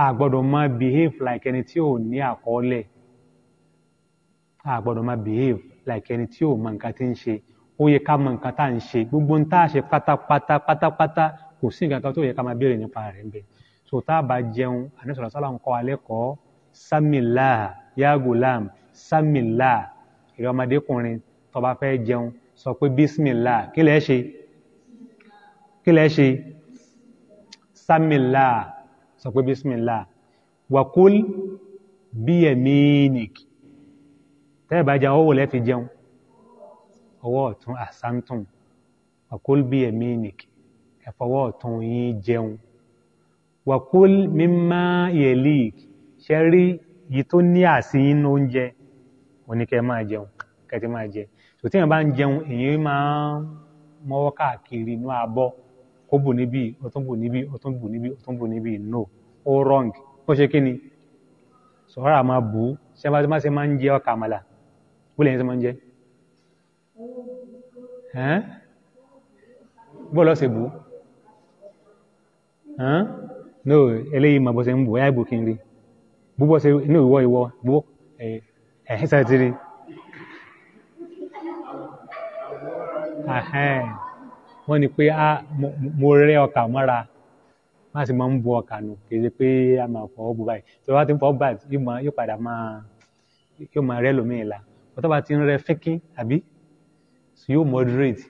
a gbọ́dọ̀ máa behave like ẹni tí ò ní àkọọ́lẹ̀ a gbọ́dọ̀ máa behave like ẹni tí ò mọ nǹkan tí ń ṣe ó yẹ ká mọ nǹkan tá à ń ṣe gbogbo ń tá a ṣe pátápátá pátápátá kò sí nǹkan tó yẹ ká máa béèrè nípa rẹ̀ ń bẹ so tá a bá jẹun àní sọ̀rọ̀ sálà ń kọ́ alẹ́ kọ́ samila yagulam samila ìrẹ́ ọmọdékùnrin tó bá fẹ́ jẹun sọ pé bismillah kí lẹ́ ṣe kí lẹ́ ṣe sámìlá sọ pé bísmìlá wàkúl bíyẹ̀mínìk tẹ́ẹ̀bá jẹ ọwọ́ lẹ́fi jẹun ọwọ́ ọ̀tún àsántùn wàkúl bíyẹ̀mínìk ẹ̀fọwọ́ ọ̀tún yín jẹun wàkúl mímá yẹ̀lík ṣe rí yìí tó ní àsíyín oúnjẹ oníkẹ́ máa jẹun kẹ́tí máa jẹ tòtí bá ń jẹun èyí máa mọ́wọ́ káàkiri inú abọ́ ó bù níbí ó tún bù níbí ó tún bù níbí ó tún bù níbí no ó wrong ó ṣe kí ni sọ̀rọ̀ àmà bù ú ṣé bá má ṣe máa ń jẹ ọkà àmàlà bó lẹ́yìn ṣe máa ń jẹ bó lọ́ọ́ ṣe bù ú no eléyìí mà bọ́ ṣe ń bù ẹ́ àìbò kí n rí búbọ́ ṣe ní ìwọ ìwọ bú ẹ̀hìn sáré ti wọ́n ní pé a ah, mo rẹ́ ọkà mọ́ra má sì máa ń bu ọkà nù kì í ṣe pé a máa fọwọ́ bu báyìí tí wọ́n bá ti ń fọwọ́ bá yóò padà máa yóò máa rẹ́ lómìn ìlà wọ́n tó bá ti ń rẹ́ fínkín àbí so yóò moderate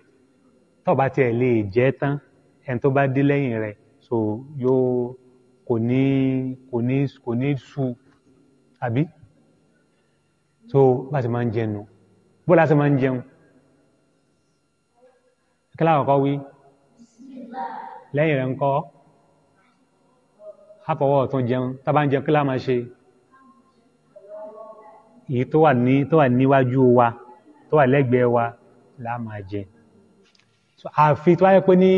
tó bá tiẹ̀ lè jẹ́ tán ẹni tó bá dé lẹ́yìn rẹ̀ so yóò kò ní kò ní kò ní su àbí so bá ti máa ń jẹun bó la ti máa ń jẹun kílá àkọ́kọ́ wí lẹ́yìn rẹ̀ ń kọ́ àpọ̀wọ́ ọ̀tún jẹun tábà ń jẹun kílá máa ṣe èyí tó wà ní tó wà níwájú wa tó wà lẹ́gbẹ̀ẹ́ wa la máa jẹ àfi tó wáyé pé ní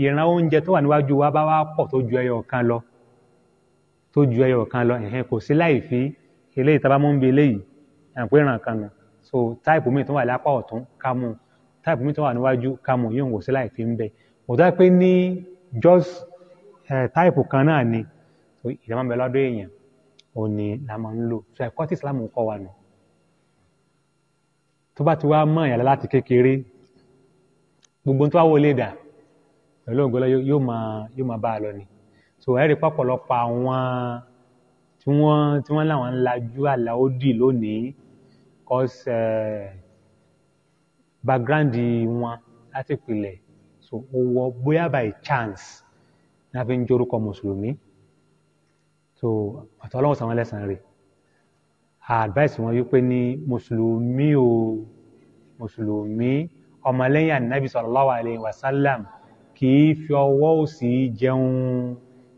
ìran oúnjẹ tó wà níwájú wa bá wá pọ̀ tó ju ẹyọ kan lọ tó ju ẹyọ kan lọ ẹ̀hẹ́n kò sí láì fi eléyìí tábà mú ń bi eléyìí àpéràn kan nù so táìpù míì tó wà lápá ọ̀tún ká mú un táìpù mi tó wà níwájú kámù yóò wò sí láì fi ń bẹ̀ òtọ́ pé ní just eh, táìpù kan náà ni ìdámọ̀ bẹ lọ́dọ̀ èèyàn òní la máa ń lò so ẹ̀kọ́ tí Islam ń kọ́ wa nù tó bá ti wá mọ̀ ìyàlá láti kékeré gbogbo tó wá wọlé dà pẹ̀lú ògbọ́lọ́ yóò máa yóò máa bá a lọ ni so ẹ̀rí pọ̀pọ̀lọpọ̀ àwọn tí wọ́n tí wọ́n láwọn ń lajú àlà lónìí cause eh, background wọn láti pilẹ̀ so ó wọ bóyá by chance náà fi ń jórúkọ mùsùlùmí so ọ̀tọ̀ ọlọ́run sàwọn lẹ́sàn-án rẹ̀ advice wọn wípé ní mùsùlùmí o mùsùlùmí ọmọlẹ́yìn ànábì sallallahu alayhi wa sallam kì í fi ọwọ́ òsì jẹun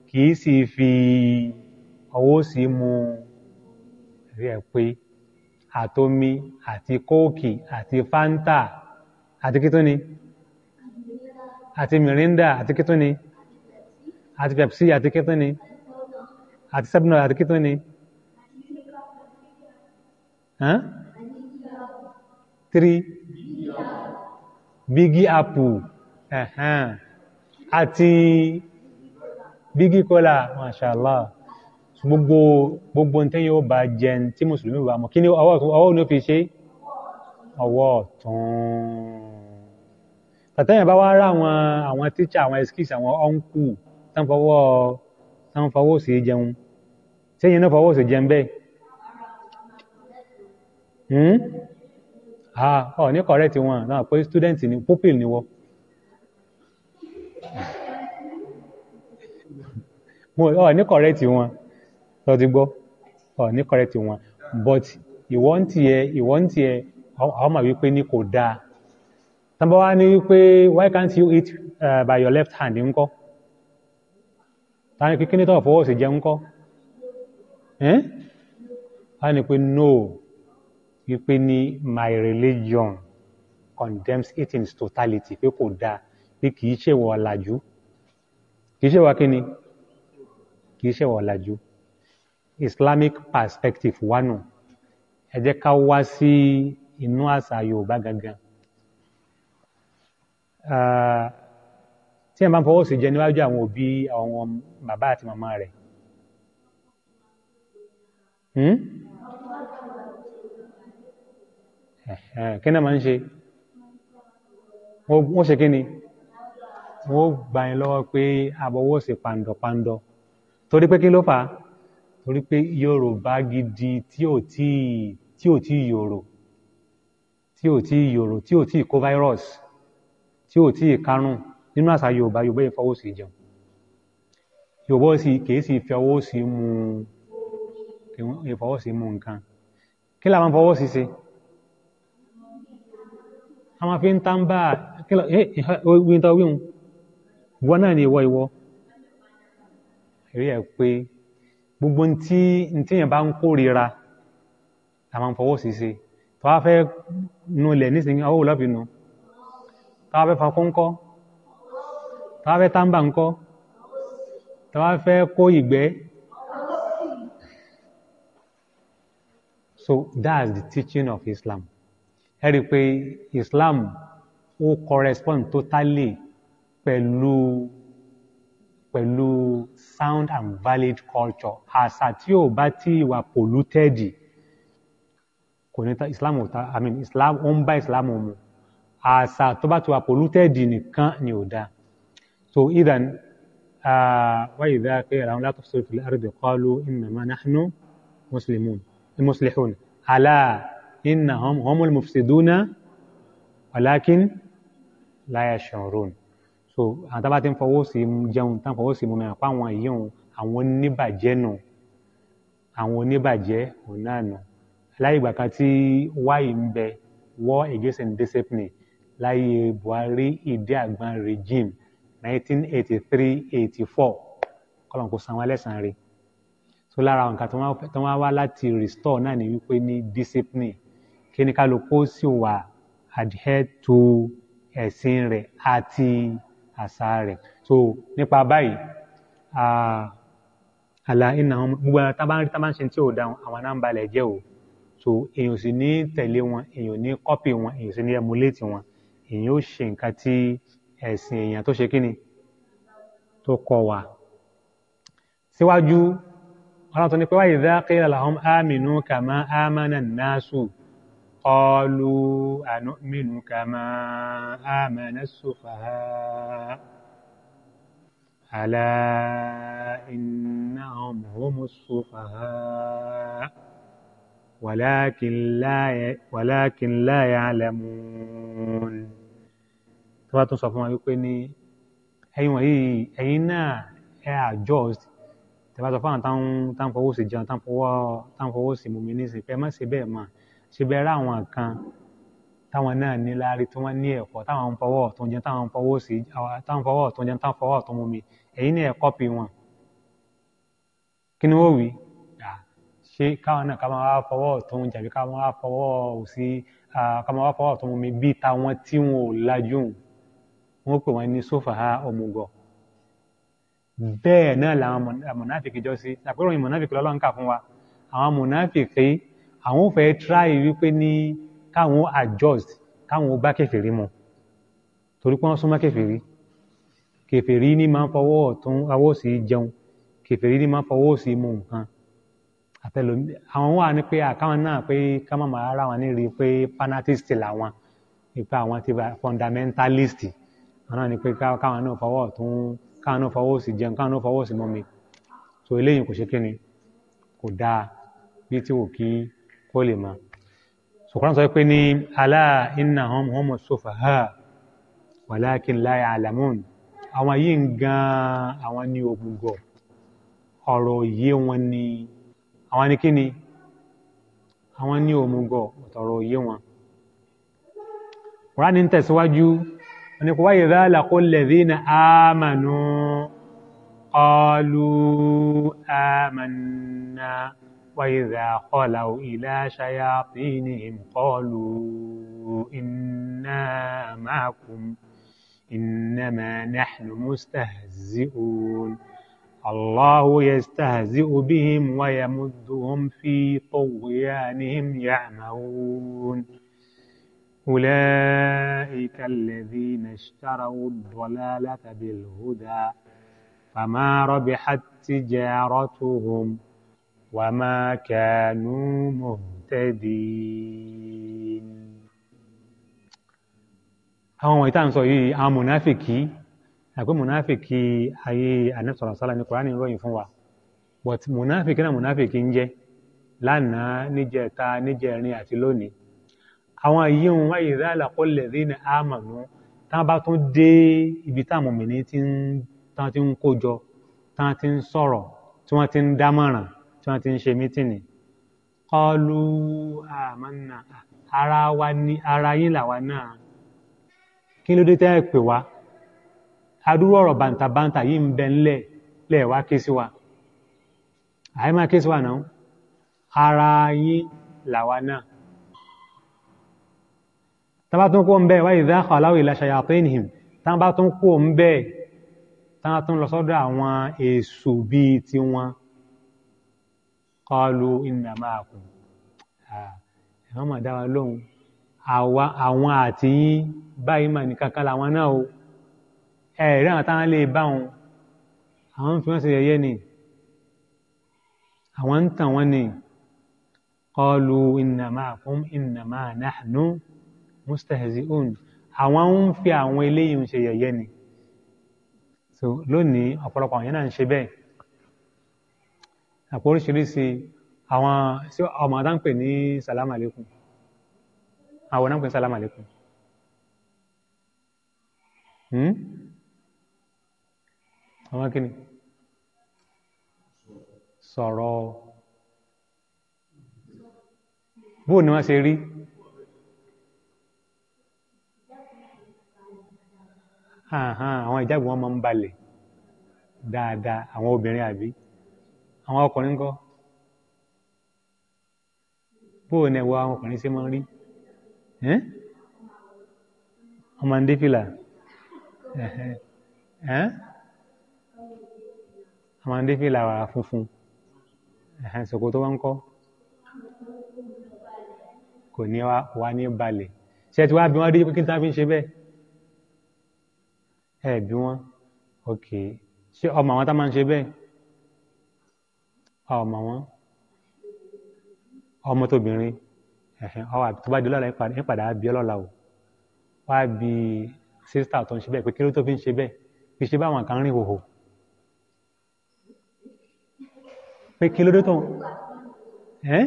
kì í sì fi ọwọ́ òsì mu rẹ̀ pé àtomi àti kóòkì àti fáńtà àti kí ni àti mirinda àti kí ni àti pepsi àti kí ni àti seven up àti kí tó ni three bigi apple àti bigi cola mashallah gbogbo gbogbo ntẹ́ yóò bá jẹun tí mùsùlùmí bá mọ̀ kí ni ọwọ́ ni ọwọ́ ọ̀tún pàtẹ́yìn bá wá rá àwọn àwọn tíṣà àwọn eskis àwọn ọ́nkù tán fọwọ́ tán fọwọ́ sí jẹun sẹ́yìn náà fọwọ́ sí jẹun bẹ́ẹ̀ ah hmm? ọ ní correct wọn náà pé student ni pupil ni wọ ọ ní correct wọn lọ ti gbọ́ ọ ní correct wọn but ìwọ ń tiẹ̀ ìwọ ń tiẹ̀ ọmọ wípé ní kò dáa tàbí wá ní wípé why can't you eat uh, by your left hand ńkọ́ tàbí kíkí ní tọ́ fọwọ́ sí jẹ ńkọ́ ẹ́n tàbí ní pé no wípé ní my religion condemns it in totality pé kò dáa pé kìí ṣèwọ̀ ọ̀làjú kìí ṣèwọ̀ kíni kìí ṣèwọ̀ ọ̀làjú islamic perspective wánu ẹ jẹ́ ká wá sí inú àṣà yorùbá gangan Ah, tí ẹ̀ máa ń fọwọ́ sí jẹ níwájú àwọn òbí àwọn bàbá àti màmá rẹ̀ hmm? kí náà máa ń ṣe wọ́n ṣe kí ni wọ́n gbà yín lọ́wọ́ pé àbọ̀wọ́ sí pàǹdọ̀pàǹdọ̀ torí pé kí ló fà á torí pé Yorùbá gidi tí ò tí tí ò tí ò tí yòrò tí ò tí kó virus tí ò tí ì karùn nínú àṣà yorùbá yorùbá yìí fọwọ́ sí jẹun yorùbá sí mu ìfọwọ́ sí mu nǹkan kí la máa fọwọ́ sí ṣe a máa fi ń tán bá kí la ẹ eh, wí ń tán wí ń wọ́n náà ni ìwọ ìwọ rí ẹ pé gbogbo ntí ntí yẹn bá ń kórira la máa fọwọ́ sí ṣe tó fẹ́ nulẹ̀ nísìnyí ọwọ́ òlọ́fin tá a fẹ́ that's the teaching of Islam ẹ Islam will correspond totally pẹ̀lú pẹ̀lú sound and valid culture àṣà tí ò bá ti wà polluted kò ní Islam I mean Islam ó by Islam mu àṣà tó bá ti wà polluted nìkan ni ò dáa so idan وإذا قيل لهم لا تفسدوا في الأرض قالوا إنما نحن مسلمون المصلحون ألا إنهم هم المفسدون ولكن لا يشعرون so àwọn tábà ti ń fọwọ́ sí jẹun tán fọwọ́ sí mọ́mí àpá àwọn èèyàn àwọn oníbàjẹ́ nù àwọn oníbàjẹ́ òun náà nù láyé ìgbà kan tí wáyé ń bẹ war against indiscipline láyé buhari ìdí àgbọn regime nineteen eighty three eighty four kọ́lọ́n san wọn lẹ́sàn-án rẹ̀ so lára nǹkan tó wá wá láti restore náà ni wípé ní discipline kí ni kálukú sì wà adhere to ẹ̀sìn rẹ̀ àti àṣà rẹ̀ so nípa báyìí àlà iná gbogbo àwọn tábà ń rí tábà ń ṣe tí ò dáhùn àwọn náà ń balẹ̀ jẹ́ o so èèyàn sì ní tẹ̀lé wọn èèyàn ní kọ́pì wọn èèyàn sì ní ẹmúléètì wọn èèyàn ó ṣe nǹkan tí ẹ̀sìn èèyàn tó ṣe kí ni tó kọ wà. síwájú ọlọ́run tó ní pé wa idha qila lahum aminu kama amana an-nasu qalu anu'minu kama amana as-sufaha ala innahum humu ولكن لا ولكن لا يعلمون tó bá tún sọ fún wa wípé ní ẹ̀yin wọ̀nyí ẹ̀yin náà ẹ adjust tó bá sọ fún àwọn táwọn fọwọ́ sí jẹun táwọn fọwọ́ sí mumi nísìnyí pé ẹ má ṣe bẹ́ẹ̀ mà ṣe bẹ́ẹ̀ rá àwọn kan táwọn náà ní láàárín tí wọ́n ní ẹ̀kọ́ táwọn ń fọwọ́ ọ̀tún jẹun táwọn ń fọwọ́ sí táwọn fọwọ́ ọ̀tún jẹun táwọn fọwọ́ ọ̀tún mumi ẹ̀yin náà ẹ copy wọn kí ni wọ́n wí ṣé káwọn náà ká máa wá fọwọ́ ọ̀tún jàbí ká máa wá fọwọ́ òsì ká máa wá fọwọ́ ọ̀tún mumi bíi táwọn tí wọn ò lajú wọ́n pè wọ́n ní sófàá òmùgọ̀ bẹ́ẹ̀ náà làwọn mọ̀náfìkì jọ sí àpérò yìí mọ̀náfìkì lọ́lọ́nkà fún wa àwọn mọ̀náfìkì àwọn fẹ́ tráì wípé ní káwọn adjust káwọn bá kẹfìrí mu torí pé wọ́n súnmọ́ kẹfìrí kẹfìrí ní máa ń fọwọ́ ọ̀tún awọ́sì jẹun kẹfìrí ní máa ń fọwọ́ òsì mu nǹkan àtẹlò àwọn wà ní pé àkáwọn náà pé ká má máa rárá wọn ní rí i pé fanatist làwọn ìpè àwọn ti fundamentalist náà ni pé káwọn náà fọwọ́ tún káwọn náà fọwọ́ sí jẹun káwọn náà fọwọ́ sí mọ́mi so eléyìí kò ṣe kí ni kò dáa bí tí wò kí kó lè máa sùkúrán sọ pé ní alá innahum humu sufaha walakin la ya'lamun àwọn yìí ń gan àwọn ní ògùngọ̀ ọ̀rọ̀ òye wọn ni àwọn ní kíni àwọn ní òmùgọ̀ ọ̀tọ̀rọ̀ òye wọn. Kùránì ń tẹ̀síwájú. يعني وإذا لقوا الذين آمنوا قالوا آمنا وإذا خلوا إلى شياطينهم قالوا إنا معكم إنما نحن مستهزئون الله يستهزئ بهم ويمدهم في طغيانهم يعمهون أولئك الذين اشتروا الضلالة بالهدى فما ربحت تجارتهم وما كانوا مهتدين àwọn wọ̀nyí tá à ń sọ yìí àwọn mùnáfìkì àpé mùnáfìkì ayé anẹ́sọ̀rọ̀ sálà ní kùránì ròyìn fún wa but mùnáfìkì náà mùnáfìkì ń jẹ́ lánàá níjẹta níjẹrin àti lónìí àwọn yíhun wáyé ìdáàlàkọ́ lẹ̀dí ní àmànú tán bá tún dé ibi táwọn mìíní tán ti ń kójọ tán ti ń sọ̀rọ̀ tí wọ́n ti ń dámọ̀ràn tí wọ́n ti ń ṣe mítìnì kọlu àmàna ara wa ni ara yín làwa náà kí ló dé tẹ́ ẹ pè wá adúrú ọ̀rọ̀ bàǹtàbàǹtà yìí ń bẹ ńlẹ̀ lẹ̀ ké sí wa àyè máa ké sí wa náà ara yín làwa náà tán bá tún kó ń bẹ́ẹ̀ wáyé ìdá àláwò ìlà ṣayatinihim tán bá tún kó ń bẹ́ẹ̀ tán tún lọ sọ́dọ̀ àwọn èṣù bíi tiwọn qalu inna ma'akum ẹ̀rọ mà dá wa lóhùn àwọn àti yín báyìí mà ní kankan làwọn náà o ẹ̀rí àwọn táwọn lè bá wọn àwọn fi wọ́n ṣe yẹ̀yẹ́ ni àwọn ń tàn wọ́n ni qalu inna ma'akum inna ma mustehzi'un àwọn ń fi àwọn eléyìí ń ṣe yẹ̀yẹ́ ni so lónìí ọ̀pọ̀lọpọ̀ àwọn yẹn náà ń ṣe bẹ́ẹ̀ àpò oríṣiríṣi àwọn sí ọmọ adá ń pè ní sàlámà lẹ́kùn àwọn náà ń pè ní sàlámà lẹ́kùn hmm? àwọn kìíní sọ̀rọ̀ bóò ni wọ́n ṣe rí. àwọn ìjáàbù wọn máa ń balẹ̀ dáadáa àwọn obìnrin àbí àwọn ọkùnrin ńkọ́ bóò ní ẹwà àwọn ọkùnrin ṣe máa ń rí wọ́n máa ń dé fìlà wọ́n máa ń dé fìlà wà funfun ṣòkòtò wọn ńkọ́ kò ní wá ní balẹ̀ ṣé ti wá bí wọ́n rí pé kí n tá fi ń ṣe bẹ́ẹ̀ ẹ bí wọn ok ṣé ọmọ àwọn tá máa ń ṣe bẹ́ẹ̀ ọmọ wọn ọmọ tóbìnrin ẹ̀hìn ọwọ́ àbí tó bá di ọlọ́la ẹ padà á bí ọlọ́la o wá bí sísítà tó ń ṣe bẹ́ẹ̀ pé kí ló tó fi ń ṣe bẹ́ẹ̀ fi ṣe báwọn kan rìn hòhò pé kí ló dé tó ẹ́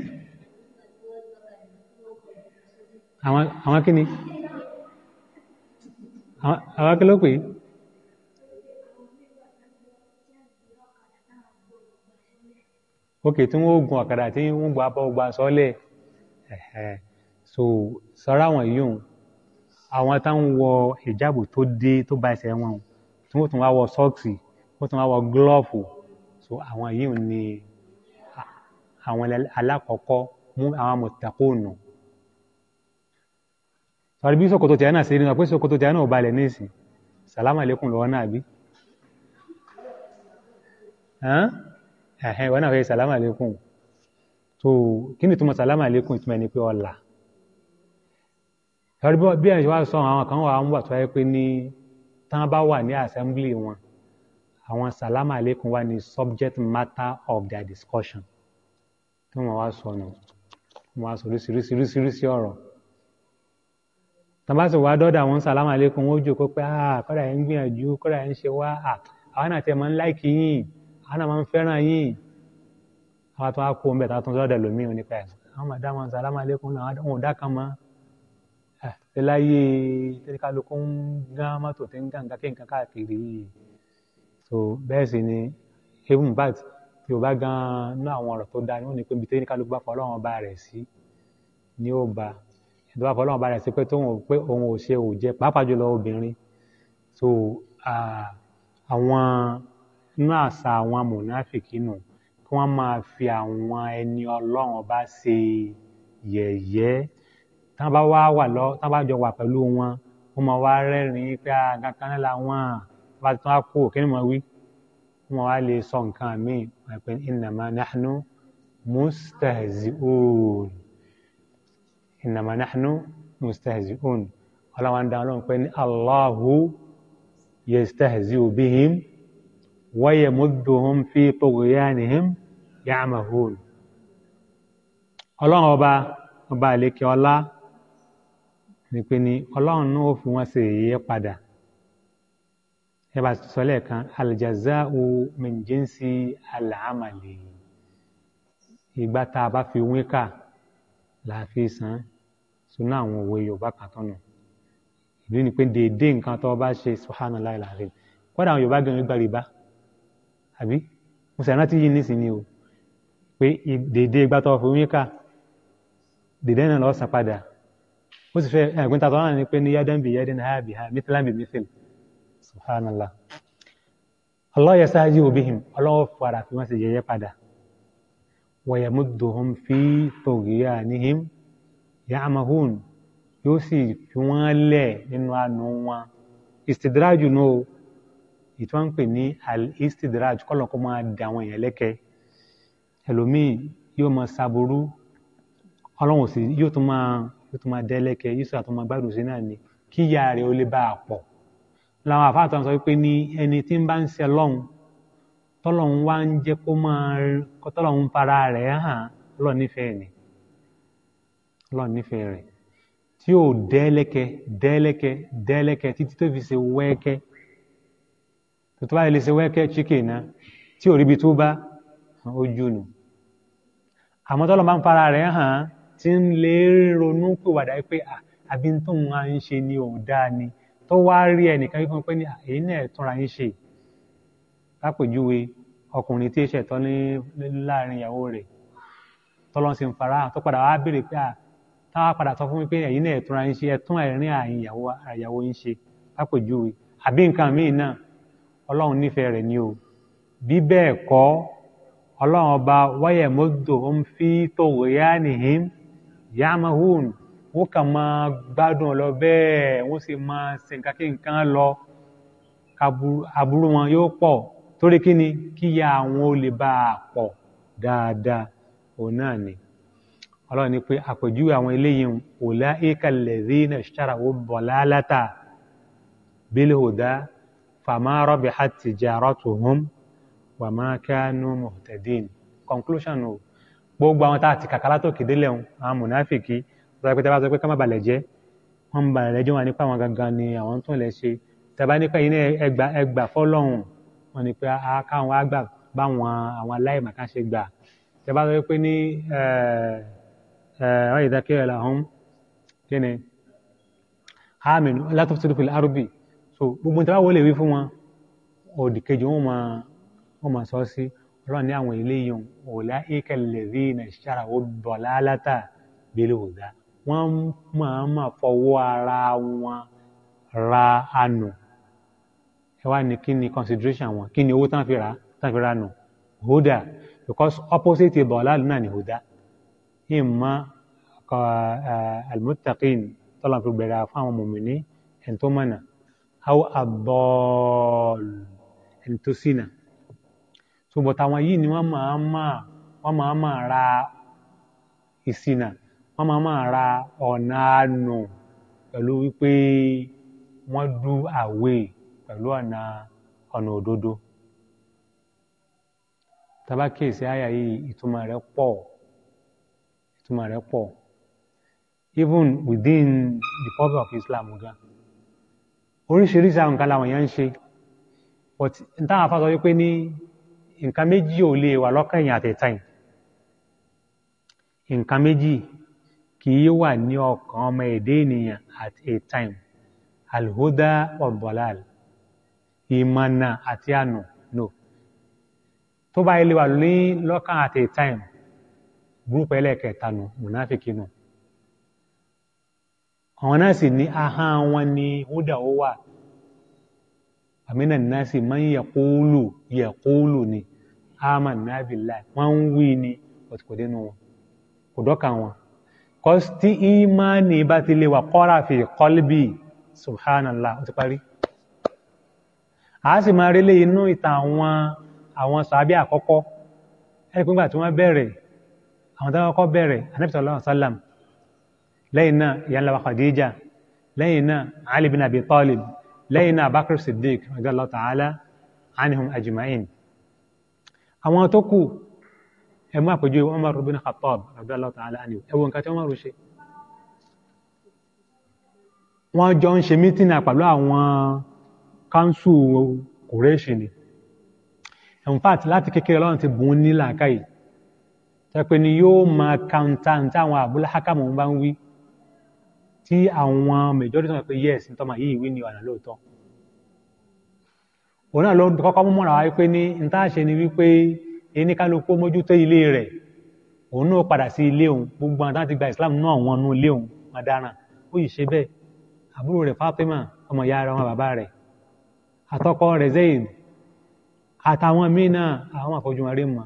àwọn kí ni àwọn kí ló pè é. òkè tí wọ́n gun ọ̀kadà tí wọ́n gba abọ́ gba sọ́lẹ̀ so sọ́ra wọn yìí àwọn táwọn wọ ìjáàbù tó dé tó bá ẹsẹ̀ wọn tí wọ́n tún wá wọ sọ́ọ̀kì wọ́n tún wá wọ gílọ́ọ̀fù so àwọn yìí ni àwọn alákọ̀ọ́kọ́ mú àwọn mọ̀tàkóònù sọ̀rọ̀ bí ṣòkòtò tìyà náà ṣe rí náà pé ṣòkòtò tìyà náà ò balẹ̀ nísìn sàlámà lẹ́kùn náà bí ẹ̀hẹ́n wọn náà fẹ́ sàlámà lẹ́kùn tó kí ni ìtumọ̀ sàlámà lẹ́kùn ìtumọ̀ ẹni pé ọ̀la bí ẹ̀ ṣe wá sọ àwọn kan wà ń wà tó yẹ pé ní tán bá wà ní assembly wọn àwọn sàlámà lẹ́kùn wà ní subject matter of their discussion tí wọ́n wá sọ nù wọ́n wá sọ oríṣiríṣiríṣi ọ̀rọ̀ tán bá sì wá dọ́dọ̀ àwọn sàlámà lẹ́kùn wọ́n jòkó pé ah, kọ́dà ẹ̀ ń gbìyànjú kọ́dà ẹ̀ ń ṣe wá ah, àwọn àti ẹ̀ máa ń láìkì yín ana máa ń fẹ́ràn yín àwọn tó wá kó ń bẹ̀ tá a tún sọ́dọ̀ lómi ò nípa ẹ̀ àwọn màdá wọn sàlámà náà àwọn òdá kan mọ́ ẹ̀ ń gán mọ́tò tí ń gán nǹkan káàkiri yìí so bẹ́ẹ̀ sì ni even bat tí o bá gan ní àwọn ọ̀rọ̀ tó dáa ni wọ́n ní pé ibi tẹ́lẹ̀kálukú bá fọlọ́ wọn bá rẹ̀ sí ni ó ba ẹ̀ tó bá fọlọ́ wọn bá rẹ̀ sí pé òun ò ṣe òjẹ́ pàápàá jùlọ obìnrin so àwọn. Uh, nínú àṣà àwọn amọ̀nàfìkì nù kí wọ́n máa fi àwọn ẹni ọlọ́run ọba ṣe yẹ̀yẹ́ tán bá wá wà lọ tán bá jọ wà pẹ̀lú wọn wọ́n máa wá rẹ́rìn-ín pé àgàkan náà làwọn bá ti tán á kú kí ni mo wí wọ́n wá lè sọ nǹkan míì wọ́n pe innama nahnu mustahzi'un innama nahnu mustahzi'un ọlọ́wọ́n dáhùn pé ní Allahu yastahzi'u bihim. ويمدهم في طغيانهم يعمهون ọlọ́run ọba ọba àlékè ọlá nípe ni ọlọ́run náà ó fi wọ́n ṣe èyí padà ẹ bá sọ lẹ́ẹ̀kan aljaza'u min jinsi al-amali ìgbà tá a bá fi wín kà là á fi san sunna àwọn òwe yorùbá kan tọ̀nà ìdí ni pé déédéé nǹkan tó bá ṣe subhanallah alazim kódà àwọn yorùbá gan-an àbí mo ṣèrántí yìí nísìnyí o pé dèdè ìgbà tó fi oyún kà dèdè náà lọ́ọ́ san padà ó sì fẹ́ ẹ̀gbọ́n tàbí ọ̀ràn ni pé ní yádẹ́nbì yádẹ́n hábì há mithlan bi mithl subhanallah Allah yastahzi'u bihim ọlọ́wọ́ fara fi wọ́n sì yẹyẹ padà wa yamudduhum fi tughyanihim ya'mahun yóò sì fi wọ́n lẹ̀ nínú àánú wọn ìsìdírájù náà èyí tí wọ́n ń pè ní al-istidraj kọ́lọ̀ kó máa da àwọn èèyàn lẹ́kẹ̀ ẹlòmíì yóò máa ṣàbùrú ọlọ́run sì yóò tún máa yóò tún máa dẹ́ lẹ́kẹ̀ yóò sì àtúnmọ̀ gbádùn sí náà ni kí ìyá rẹ̀ ó lè bá a pọ̀ làwọn àfáà tó ń sọ pé ní ẹni tí ń bá ń ṣe lọ́hùn tọ́lọ́hún wá ń jẹ́ kó máa kó tọ́lọ́hún para rẹ̀ hàn ọlọ́run nífẹ̀ẹ́ ni ọlọ́run nífẹ̀ẹ́ rẹ̀ tí yóò dẹ́ lẹ́kẹ̀ dẹ́ lẹ́kẹ̀ dẹ́ lẹ́kẹ̀ títí tó fi ṣe wẹ́ẹ́kẹ́ tó bá lè ṣe wẹ́kẹ́ chíkè náà tí ò ríbi tó bá ojú nù àmọ́ tọ́lọ́ máa ń fara rẹ̀ hàn tí ń lè ronú pèwàdà pé àbí tó ń wá ń ṣe ni ò dáa ni tó wá rí ẹnìkan fífún pé ní èyí náà túnra ń ṣe lápèjúwe ọkùnrin tí ìṣẹ̀ tọ́ ní láàrin ìyàwó rẹ̀ tọ́lọ́ sì ń fara hàn tó padà wá béèrè pé táwa padà sọ fún mi pé èyí náà túnra ń ṣe ẹtún ẹ̀rín àyìn ìyàwó ń ṣe lápèjúwe àbí nǹkan míì náà ọlọ́run nífẹ̀ẹ́ rẹ̀ ni o bí bẹ́ẹ̀ kọ́ ọlọ́run ọba wáyẹ̀ mọ́tò ń fi tòwé yá nìyí yamahun wọ́n kàn máa gbádùn ọ lọ bẹ́ẹ̀ wọ́n sì máa ṣe nǹkan kí nǹkan lọ aburú wọn yóò pọ̀ torí kí ni kíyà àwọn olè bá a pọ̀ dáadáa òun náà ni ọlọ́run ní pé àpèjúwe àwọn eléyìí ulaika allazina ishtaraw ad-dalalata bil huda فما ربحت تجارتهم وما كانوا مهتدين conclusion o gbogbo àwọn tá a ti kàkà látòkè délẹ̀ ń àwọn mùnáfìkì tó yẹ pé tábà sọ pé ká má balẹ̀ jẹ́ wọ́n ń balẹ̀ lẹ́jọ́ wọn nípa àwọn gangan ni àwọn tó lè ṣe tàbá nípa yìí ní ẹgbà ẹgbà fọlọ́hún wọn ni pé a káwọn àgbà bá wọn àwọn aláìmọ̀ká ṣe gbà tàbá sọ pé ní ọ̀yẹ̀dá kí ẹ̀ làwọn kí ni hàmì látọ̀tún fìlà arúbì so gbogbo níta báwo lè wí fún wọn òdì kejì wọn máa wọn máa sọ sí ọlọ́run ní àwọn eléyìí òòlà ìkẹlẹ̀rí nàìjíríà ó bọ̀ lálátà bẹ́lẹ̀ òdà wọ́n máa máa fọwọ́ ara wọn ra ànù ẹ wá ní kí ni consideration wọn kí ni owó tán fi rà tán fi rà nù huda because opposite bọ̀lá náà ni huda ìmọ̀ almuttaqin tọ́lá fi gbẹ̀rẹ̀ fún àwọn mòmìnì ẹ̀ńtọ́mọ̀nà. aw àbọ̀ọ̀lù ẹni tó ṣìnà so but yìí ni wọ́n máa máa wọ́n máa máa ra ìṣìnà wọ́n máa máa ra ọ̀nà àánú pẹ̀lú wípé wọ́n do away pẹ̀lú ọ̀nà ọ̀nà òdodo even within the purpose of Islam gan. oríṣiríṣi àwọn nǹkan làwọn èèyàn ń ṣe but n táwọn afá wípé ní nǹkan méjì ò lè wà lọ́kàn èèyàn at a time nǹkan méjì kì í wà ní ọkàn ọmọ èdè ènìyàn at a time alhuda ọ̀bọ̀láàl ìmọ̀nà àti ànù no tó bá ilé wà ní lọ́kàn at a time gúrúpù ẹlẹ́ẹ̀kẹta nù mùnáfíkì nù àwọn náà sì ní ahọ́n wọn ni húdà ó wà àmínà náàsì máa ń yẹ̀kóòlù yẹ̀kóòlù ni ámà náàbì láì wọ́n ń wí ni kò dénú wọn kò dọ́ka wọn kọ́sí tí ìmáàní bá ti lè wà kọ́ra fi kọ́lbì subhanallah ó ti parí a sì máa relé inú ìtàn àwọn àwọn sàábí àkọ́kọ́ ẹni pé nígbà tí wọ́n bẹ̀rẹ̀ àwọn tí wọ́n kọ́kọ́ bẹ̀rẹ̀ anábìtì ọlọ́run sálàm lẹ́yìn náà ìyá ńlá wa Khadija lẹ́yìn náà Ali bin lẹ́yìn náà Abubakar Siddiq radiyallahu ta'ala anhum ajma'in àwọn tó kù ẹ mú àpèjúwe Umar ibn Khattab radiyallahu ta'ala anhu ẹ wo nǹkan tí Umar ṣe wọ́n jọ ń ṣe mítínà pẹ̀lú àwọn káńsù kùrẹ́ṣì ni in láti kékeré lọ́nà ti bùn ní làákàyè tẹ́pẹ́ ni yóò máa kàńtà ní tí àwọn majority sọ pé yes ntọ́mọ yìí ìwé ni ọ̀nà lóòótọ́ òun náà ló kọ́kọ́ mú mọ́ra wáyé pé ní nta ṣe ni wípé ẹni kálukú mójútó ilé rẹ̀ òun náà padà sí ilé òun gbogbo àwọn táwọn ti gba Islam náà wọn nú ilé òun wọn dáràn ó yìí ṣe bẹ́ẹ̀ àbúrò rẹ̀ Fatima ọmọ ìyá rẹ̀ ọmọ bàbá rẹ̀ àtọkọ rẹ̀ Zayn àtàwọn míì náà àwọn àfojúwọn rí mọ́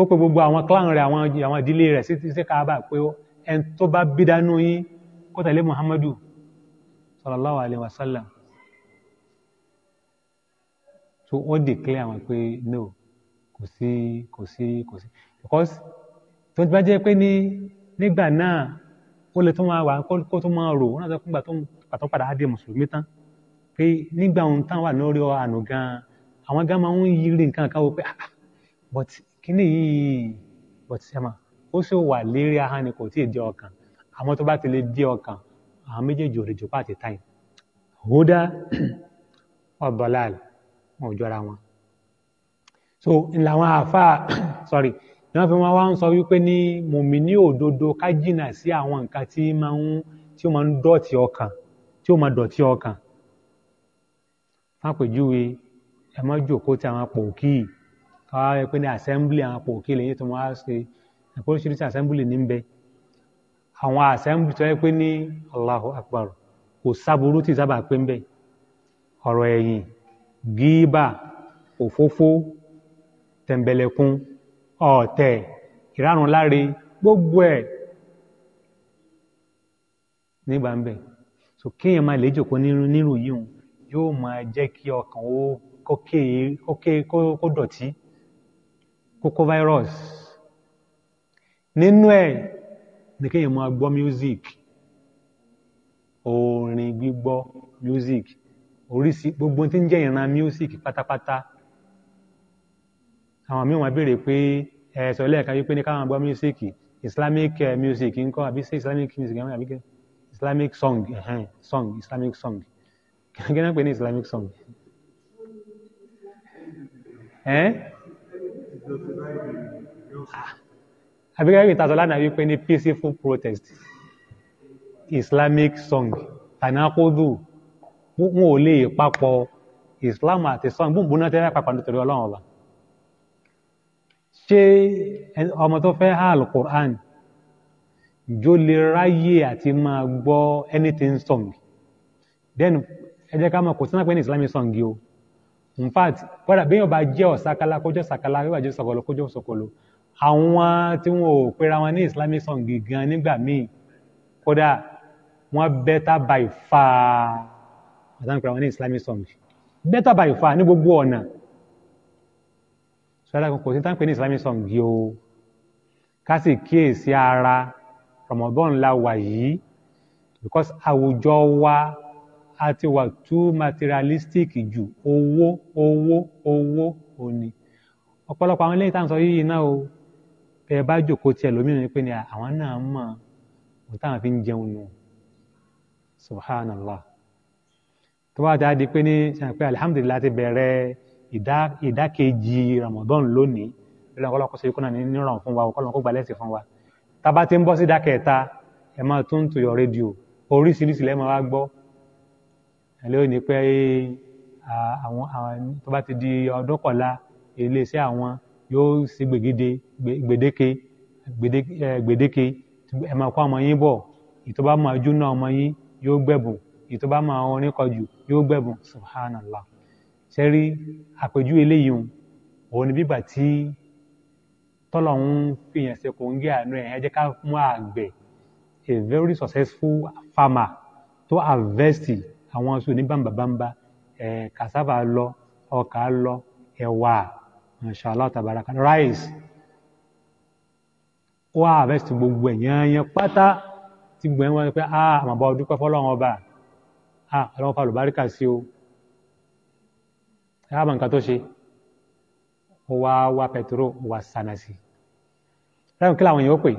ó pe gbogbo àwọn clan rẹ̀ àwọn ìdílé rẹ̀ sí káábà pé ẹn tó bá bídánú yí kó tẹ̀lé muhammadu sallallahu alaihi wasallam so wọ́n declare àwọn pé no kò sí kò sí kò sí because tó bá jẹ́ pé ní nígbà náà ó lè tó máa wà kó tó máa rò wọ́n náà sọ fún ìgbà tó padà á di mùsùlùmí tán pé nígbà ohun táwọn wà lórí àánú gan àwọn gan máa ń yí rí nǹkan kan wò pé ah, ah but kí ni yìí but ṣe máa ó sì wà lérí ahọ́n ni kò tí ì dé ọkàn àmọ́ tó bá ti lè dé ọkàn àwọn méjèèjì ò lè jòkó àti huda ọ̀bọ̀láàlì wọn ò jọra wọn. so làwọn àáfàá sorry ni wọ́n fi wọ́n wá ń sọ wípé ní mùmíní òdodo ká jìnnà sí àwọn nǹkan tí máa ń tí ó máa ń dọ̀tí ọkàn tí ó máa dọ̀tí ọkàn. fápèjúwe ẹ má àwọn pòkì káwá rẹ ní assembly àwọn pòkì lẹ́yìn tó máa ṣe àpòríṣiríṣi assembly ní bẹ àwọn assembly tó yẹ pé ní Allahu Akbar kò sábúrú tí sábà pé ń bẹ ọ̀rọ̀ ẹ̀yìn gíbà òfófó tẹ̀m̀bẹ̀lẹ̀kun ọ̀tẹ̀ ìránù láre gbogbo ẹ̀ nígbà ń so kéèyàn máa lè jòkó nírú yìí hùn yóò máa jẹ́ kí ọkàn ó kó dọ̀tí kókó virus nínú ẹ̀ ní kéèyàn máa gbọ́ music orin gbígbọ́ music oríṣi gbogbo tí ń jẹ́ ìran music pátápátá àwọn míì wọ́n béèrè pé ẹ sọ lẹ́ẹ̀kan wípé ní káwọn gbọ́ music islamic eh, music ńkọ́ àbí sí islamic music àbí islamic song song islamic song kí náà pè ní islamic song ẹ́ àbíkẹ́ ìta sọ lánàá wípé ní peaceful protest islamic song tanakodu wọn ò lè papọ̀ islam àti song bóun bóun náà tẹ́lẹ̀ papọ̀ nítorí ọlọ́run ọba ṣé ọmọ tó fẹ́ hà alukur'an jó lè ráyè àti máa gbọ́ anything song then ẹ jẹ́ ká mọ̀ kò sí náà pé ní islamic song yìí o in fact kódà bí yóò bá jẹ́ ọ̀sákálá kójọ́ sàkálá yóò bá jẹ́ sọ̀kọ̀lọ̀ kójọ́ sọ̀kọ̀lọ̀ àwọn tí wọn ò pera wọn ní islamic song gan nígbà míì kódà wọn better by far àtàwọn pera wọn ní islamic song better by far ní gbogbo ọ̀nà sọ́dọ̀ kan kò sí táǹpẹ̀ ní islamic song yìí o ká sì kíyèsí ara Ramadan la wà yìí because àwùjọ wa a ti wà too materialistic ju owó owó owó òní ọ̀pọ̀lọpọ̀ àwọn ilé ìtàn sọ yìí náà o tẹ ẹ bá jòkó tiẹ̀ lómìnira pé ni àwọn náà mọ̀ ohun táwọn fi ń jẹun nù subhanallah tó bá dáa di pé ní sàn pé alihamudulilayi ti bẹ̀rẹ̀ ìdákejì ramadan lónìí lórí àwọn ọlọ́kọ́ sẹ́yìn kọ́nà ní níràn fún wa ọkọ́ kó gbalẹ̀ sí fún wa tábà ti ń bọ́ sí ìdákẹ́ta ẹ máa tún tù yọ rédíò oríṣiríṣi lẹ́ẹ̀ máa wá gbọ́ ẹ lóyún pé àwọn tó bá ti di ọdún kọ̀la iléeṣẹ́ àwọn yóò ṣe gbègede gbèdéke gbèdéke ẹ máa kó ọmọ yín bọ̀ ìtọ́ bá máa jóná ọmọ yín yóò gbẹ̀bùn ìtọ́ bá máa orin kọjú yóò gbẹ̀bùn subhanallah ṣe rí àpèjú eléyìí hùn òun ni bíbà tí tọ́lọ̀ ń fìyàn ṣe kò ń gé àánú ẹ̀ ẹ jẹ́ ká mú àgbẹ̀ a very successful farmer tó harvest àwọn aṣọ oníbàmbàbàmbà ẹ̀ cassava lọ ọkà lọ ẹ̀wà mashallah tabaraka Rise. ó harvest gbogbo ẹ̀ yanyan pátá tí gbogbo ẹ̀ wọ́n pẹ́ ah àmàbọ̀ ọdúpẹ́ fọlọ́run ọba ah ọlọ́run fa àlùbáríkà sí o ẹ̀ àmọ̀ nǹkan tó ṣe ó wá wá pẹ̀túrò ó wá sànà sí lẹ́yìn kí làwọn èèyàn ó pè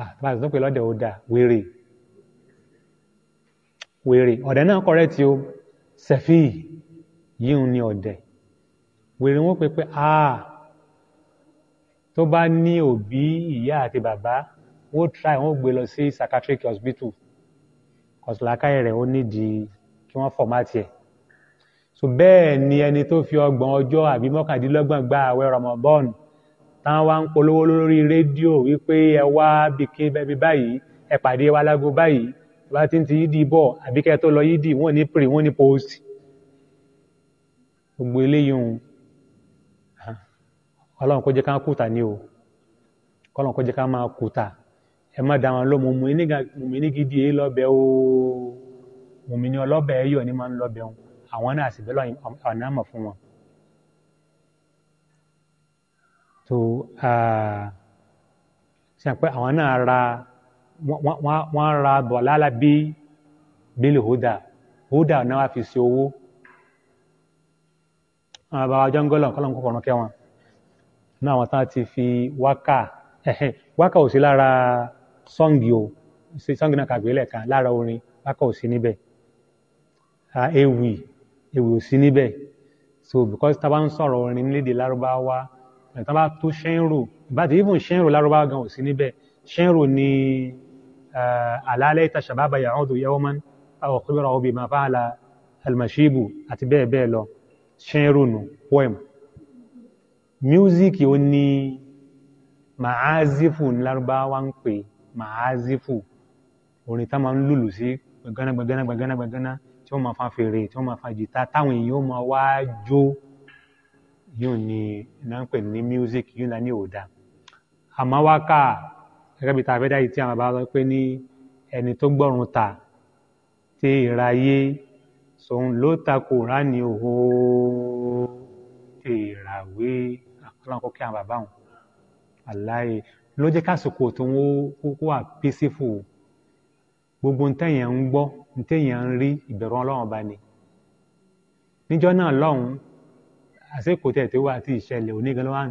ah bá a ti tó pè lọ́dẹ̀ ó dà wèrè wèrè ọ̀dẹ̀ náà kọ̀rẹ́ tí o sẹ̀fí yíò ní ọ̀dẹ̀ wèrè wọn pé pé àà tó bá ní òbí ìyá àti bàbá wọ́n try wọ́n gbé lọ sí psychiatric hospital kọ̀sìlákàyè rẹ̀ ó nídìí kí wọ́n fọ̀mátì ẹ̀ so bẹ́ẹ̀ ni ẹni tó fi ọgbọ̀n ọjọ́ àbí mọ́kàndínlọ́gbọ̀n gba àwẹ̀ rọmọbọ́ọ̀nù táwọn wá ń polówó lórí rédíò wípé ẹ wá bìkẹ́ bẹ́ẹ̀ bí báyìí ẹ pàdé wa lágbo báyìí bá ti ń ti bọ̀ àbí kẹ́ tó lọ yídì wọ́n ní pre wọ́n ní post gbogbo eléyìí ohun ọlọ́run kó jẹ́ ká o ọlọ́run kó jẹ́ ká máa ẹ má dá wọn lọ ní gidi èyí lọ́bẹ̀ o ní ọlọ́bẹ̀ ẹ̀yọ̀ ní máa ń lọ́bẹ̀ àwọn náà sì fún wọn. Ah, wọ́n ra bọ̀lálà bí bílì hódà hódà náà wá fi ṣe owó àwọn àbáwá jọ́ngọ́lọ̀ kọ́lọ̀ kọ́kọ́ ọ̀rọ̀ kẹwọn náà àwọn tán ti fi wákà wákà ò sí lára sọ́ǹgì o sọ́ǹgì náà kàgbé lẹ́ẹ̀kan lára orin wákà ò sí níbẹ̀ ewì ewì ò sí níbẹ̀ so because tá a bá ń sọ̀rọ̀ orin nílẹ̀ lárúbáwá tá a bá tó ṣẹ́ńrò ìbàdí even ṣẹ́ńrò lárúbáwá gan ò sí níbẹ̀ ṣẹ́ńrò ni àlá laita shababa ya'udu yawman aw khubirahu bima fa'ala almashibu àti bẹ́ẹ̀ bẹ́ẹ̀ lọ ṣẹ́rùnù poem music ó ní ma'azifu ní lárúbáwá ń pè ma'azifu orin tá máa ń lùlù sí gbẹ̀gánagbẹ̀gánagbẹ̀gánagbẹ̀gáná tí wọ́n máa fa fèrè tí wọ́n máa fa jìtá táwọn èèyàn máa wá jó yóò ní náà ń pè ní music yóò ní òdà àmọ́ wákàá gẹ́gẹ́ bí tàbẹ́dá yìí tí àwọn bá sọ pé ní ẹni tó gbọ́run ta tí ìráyé sòun ló ta Kùránì òhó ìràwé ọlọ́run kó kí àwọn bàbá wọn aláì ló jẹ́ kásìkò tó ń kókó àpèsèfò gbogbo ntẹ̀yẹ̀ ń gbọ́ ntẹ̀yẹ̀ ń rí ìbẹ̀rù ọlọ́run bá ní níjọ́ náà lọ́hùn-ún àsìkò tẹ̀ tó wà tí ìṣẹ̀lẹ̀ onígan ló wá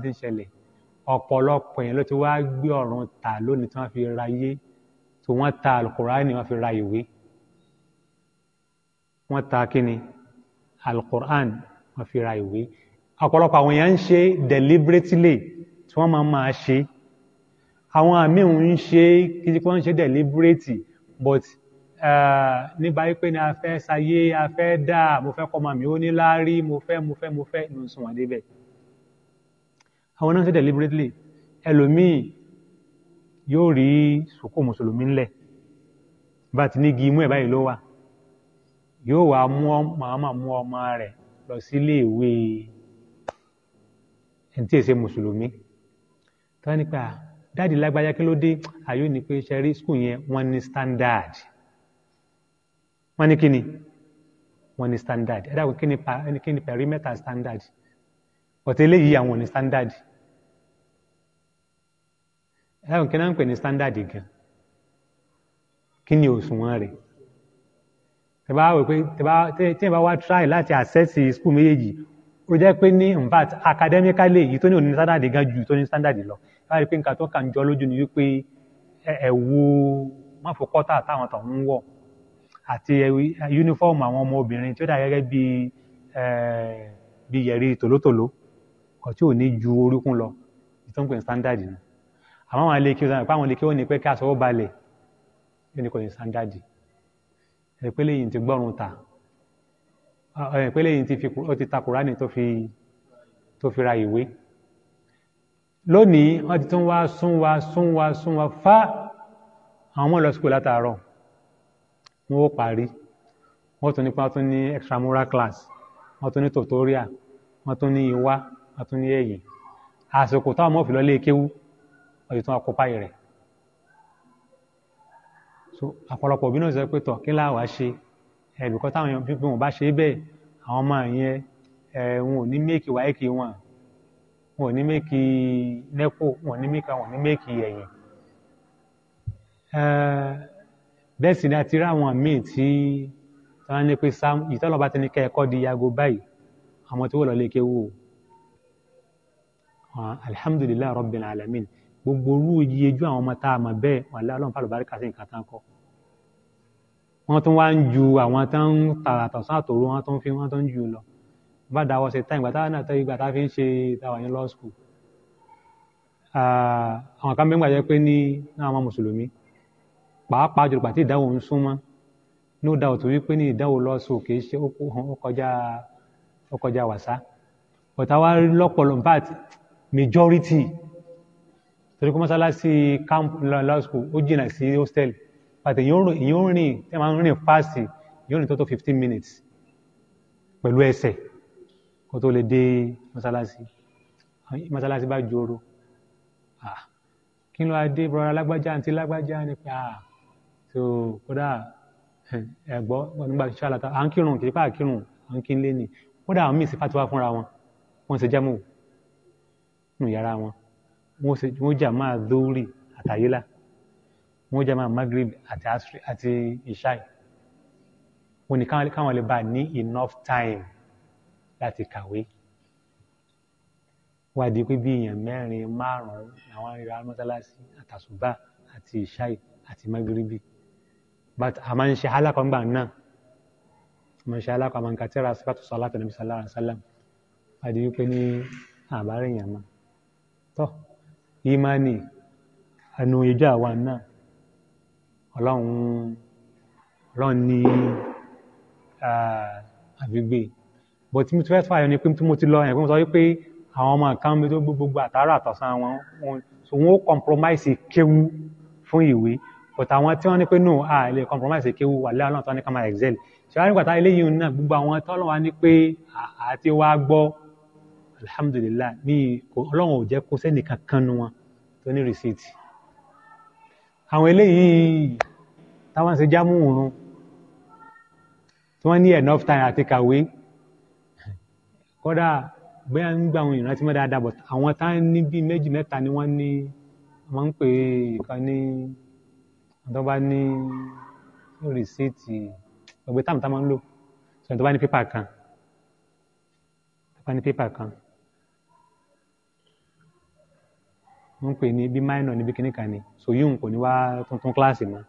ọ̀pọ̀lọpọ̀ yẹn ló ti wá gbé ọ̀run tà lónìí tí wọ́n fi ra yé tí wọ́n ta alukur'ani wọ́n fi ra ìwé wọ́n ta kíni alukur'an wọ́n fi ra ìwé ọ̀pọ̀lọpọ̀ àwọn èèyàn ń ṣe deliberately tí wọ́n máa máa ṣe àwọn àmì ń ṣe kí wọ́n ń ṣe deliberate but eh, nígbà pé ni a fẹ́ sayé a fẹ́ dá mo fẹ́ kọ́ ọmọ mi ó ní láárí mo fẹ́ mo fẹ́ mo fẹ́ ní oṣù wọn débẹ̀ àwọn náà ń ṣe deliberately ẹlòmíì yóò rí sòkò mùsùlùmí ńlẹ̀ bá ti ní igi imú ẹ̀ báyìí ló wà yóò wá mú màmá mú ọmọ rẹ̀ lọ sílé ìwé ẹni tí èsè mùsùlùmí tó wá nípa dáàdi lágbájá kí ló dé àyò ní pé ṣe rí skul yẹn wọ́n ní standard wọ́n ní kíni wọ́n ní standard ẹ dákun kíni pa kíni perimeter standard but eléyìí àwọn ní standard ẹ̀rọ kí náà ń pè ní standard gan kí ni òṣùwọ̀n rẹ̀ tẹ́bá wò pé tẹ́yìn bá wá try láti access school méjèèjì ó jẹ́ pé ní in fact academically èyí tó ní òní standard gan ju tó ní standard lọ báyìí rí pé nǹkan tó kà jọ lójú ni wípé ẹ wo mọ́fòkọ́tà táwọn tó ń wọ̀ àti uniform àwọn ọmọ obìnrin tí ó dà gẹ́gẹ́ bíi bíi yẹ̀rí tòlótòló nǹkan tí ò ní ju orúkún lọ ìtàn standard ni àmọ́ àwọn ilé kí o sọ pé àwọn ilé kí o ní pé kí aṣọ balẹ̀ yóò ní kò ní standard ẹ̀ pé lẹ́yìn ti gbọ́run ta ẹ̀ pé lẹ́yìn ti fi ó ti ta kùránì tó fi tó fi ra ìwé lónìí wọ́n ti tún wá sún wa sún wa sún wa fá àwọn ọmọ lọ sí kò látàárọ̀ wọ́n ó parí wọ́n tún nípa tún ní extramural class wọ́n tún ní tutorial wọ́n tún ní ìwá wọn tún ní ẹ̀yìn àsìkò táwọn ọmọ òfin kéwú wọn tún akópa rẹ̀ so àpọ̀lọpọ̀ òbí náà sọ pé tọ̀ kí láwa ṣe ẹ̀bìkọ́ táwọn èèyàn bí wọn bá ṣe bẹ́ẹ̀ àwọn ọmọ yẹn ẹ̀ wọn ò ní méèkì wáìkì wọn wọn ò ní méèkì nẹ́pò wọn ò ní méèkì wọn ò ní méèkì ẹ̀yìn bẹ́ẹ̀ sì ni a ti rí àwọn míì tí wọ́n á ní pé ìtọ́lọ́ba ti ní kẹ́ ẹ̀kọ́ di yago báyìí àwọn tí wọ́n lọ lé kéwú o alhamdulilayi rabbil alamin gbogbo orú iyejú àwọn ọmọ tá a mọ̀ bẹ́ẹ̀ wà lọ́lọ́run fàlọ́ bá rí kàṣí nǹkan tán kọ́ wọ́n tún wá ń ju àwọn tán tààràtọ̀ sáàtòrò wọ́n tún fi wọ́n tún ju lọ bá dáwọ́ ṣe táyìn gbàtà náà tẹ́yìn gbàtà fi ń ṣe ìtawà yẹn law school àwọn kan bẹ́ẹ̀ gbàjẹ́ pé ní náà àwọn mùsùlùmí pàápàá jùlọ pàtí ìdáwò ń súnmọ́ no doubt wípé ní ìdáwò law school kì í ṣe ó kọjá wàsá ọ̀tá wa lọ́pọ̀lọpọ̀ majority torí kó mọ́sálásí camp law school ó jìnnà sí hostel pàtẹ ìyó rìn tẹ́ máa ń rìn fast ìyó rìn tó tó fifteen minutes pẹ̀lú ẹsẹ̀ kó tó lè dé mọ́sálásí mọ́sálásí bá joro kí ló adé bọ́ra lágbájá àti lágbájá ni pé ah so kódà ẹ̀gbọ́ nígbà tí sálàtà à ń kírun kìí pa àkírun à ń kí ń lé ni kódà àwọn míì sí fatiwa fúnra wọn wọ́n ṣe jẹ́mu nù yàrá wọn wọ́n jà máa dóòrì àtàyélà wọ́n jà máa magrib àti asri àti ishai wọ́n ní káwọn lè bá ní enough time láti kàwé wá di pé bí èèyàn mẹ́rin márùn-ún àwọn arìnrìn amọ́tálásí àtàṣùbà àti ìṣáì àti magiribi but a máa ń ṣe alákọ̀ọ́gbà náà a máa ń ṣe alákọ̀ọ́ àmàǹkà tí ra sípàtù sọ látọ̀ níbi sàlára sálàm wá di wípé ní àbárẹ̀ èèyàn tọ́ ìmánì ẹnu ìjọ àwa náà ọlọ́run ọlọ́run ní àgbègbè bọ̀ tí mo ti fẹ́ fààyàn ni pé tí mo ti lọ yẹn pé mo sọ wípé àwọn ọmọ kan mi tó gbogbo àtàrà àtọ̀sán wọn so wọn ó compromise kéwu fún ìwé but àwọn tí wọ́n ní pé no a lè compromise kéwu wà lẹ́yìn ọlọ́run tó ní ká excel ṣé wàá nígbà tá eléyìí náà gbogbo àwọn tọ́lọ́ wa ní pé àti wàá gbọ́ alhamdulillah mi ọlọ́run ò jẹ́ kó sẹ́nìkan kan nu wọn tó ní rìsíìtì àwọn eléyìí táwọn ṣe jámù òrun tí wọ́n ní enough time àti kàwé kódà bóyá ń gba àwọn ìrántí mọ́ dáadáa bọ̀ àwọn tá ní bíi méjì mẹ́ta ni wọ́n ní wọ́n ń pè kan ní tó bá ní rìsíìtì ọ̀gbẹ́ táàmù táwọn ń lò sọ̀rọ̀ tó bá ní pépà kan tó pépà kan. wọ́n pè ní bí minor níbi kíní kan ni so yóò kò ní wá tuntun kíláàsì mọ́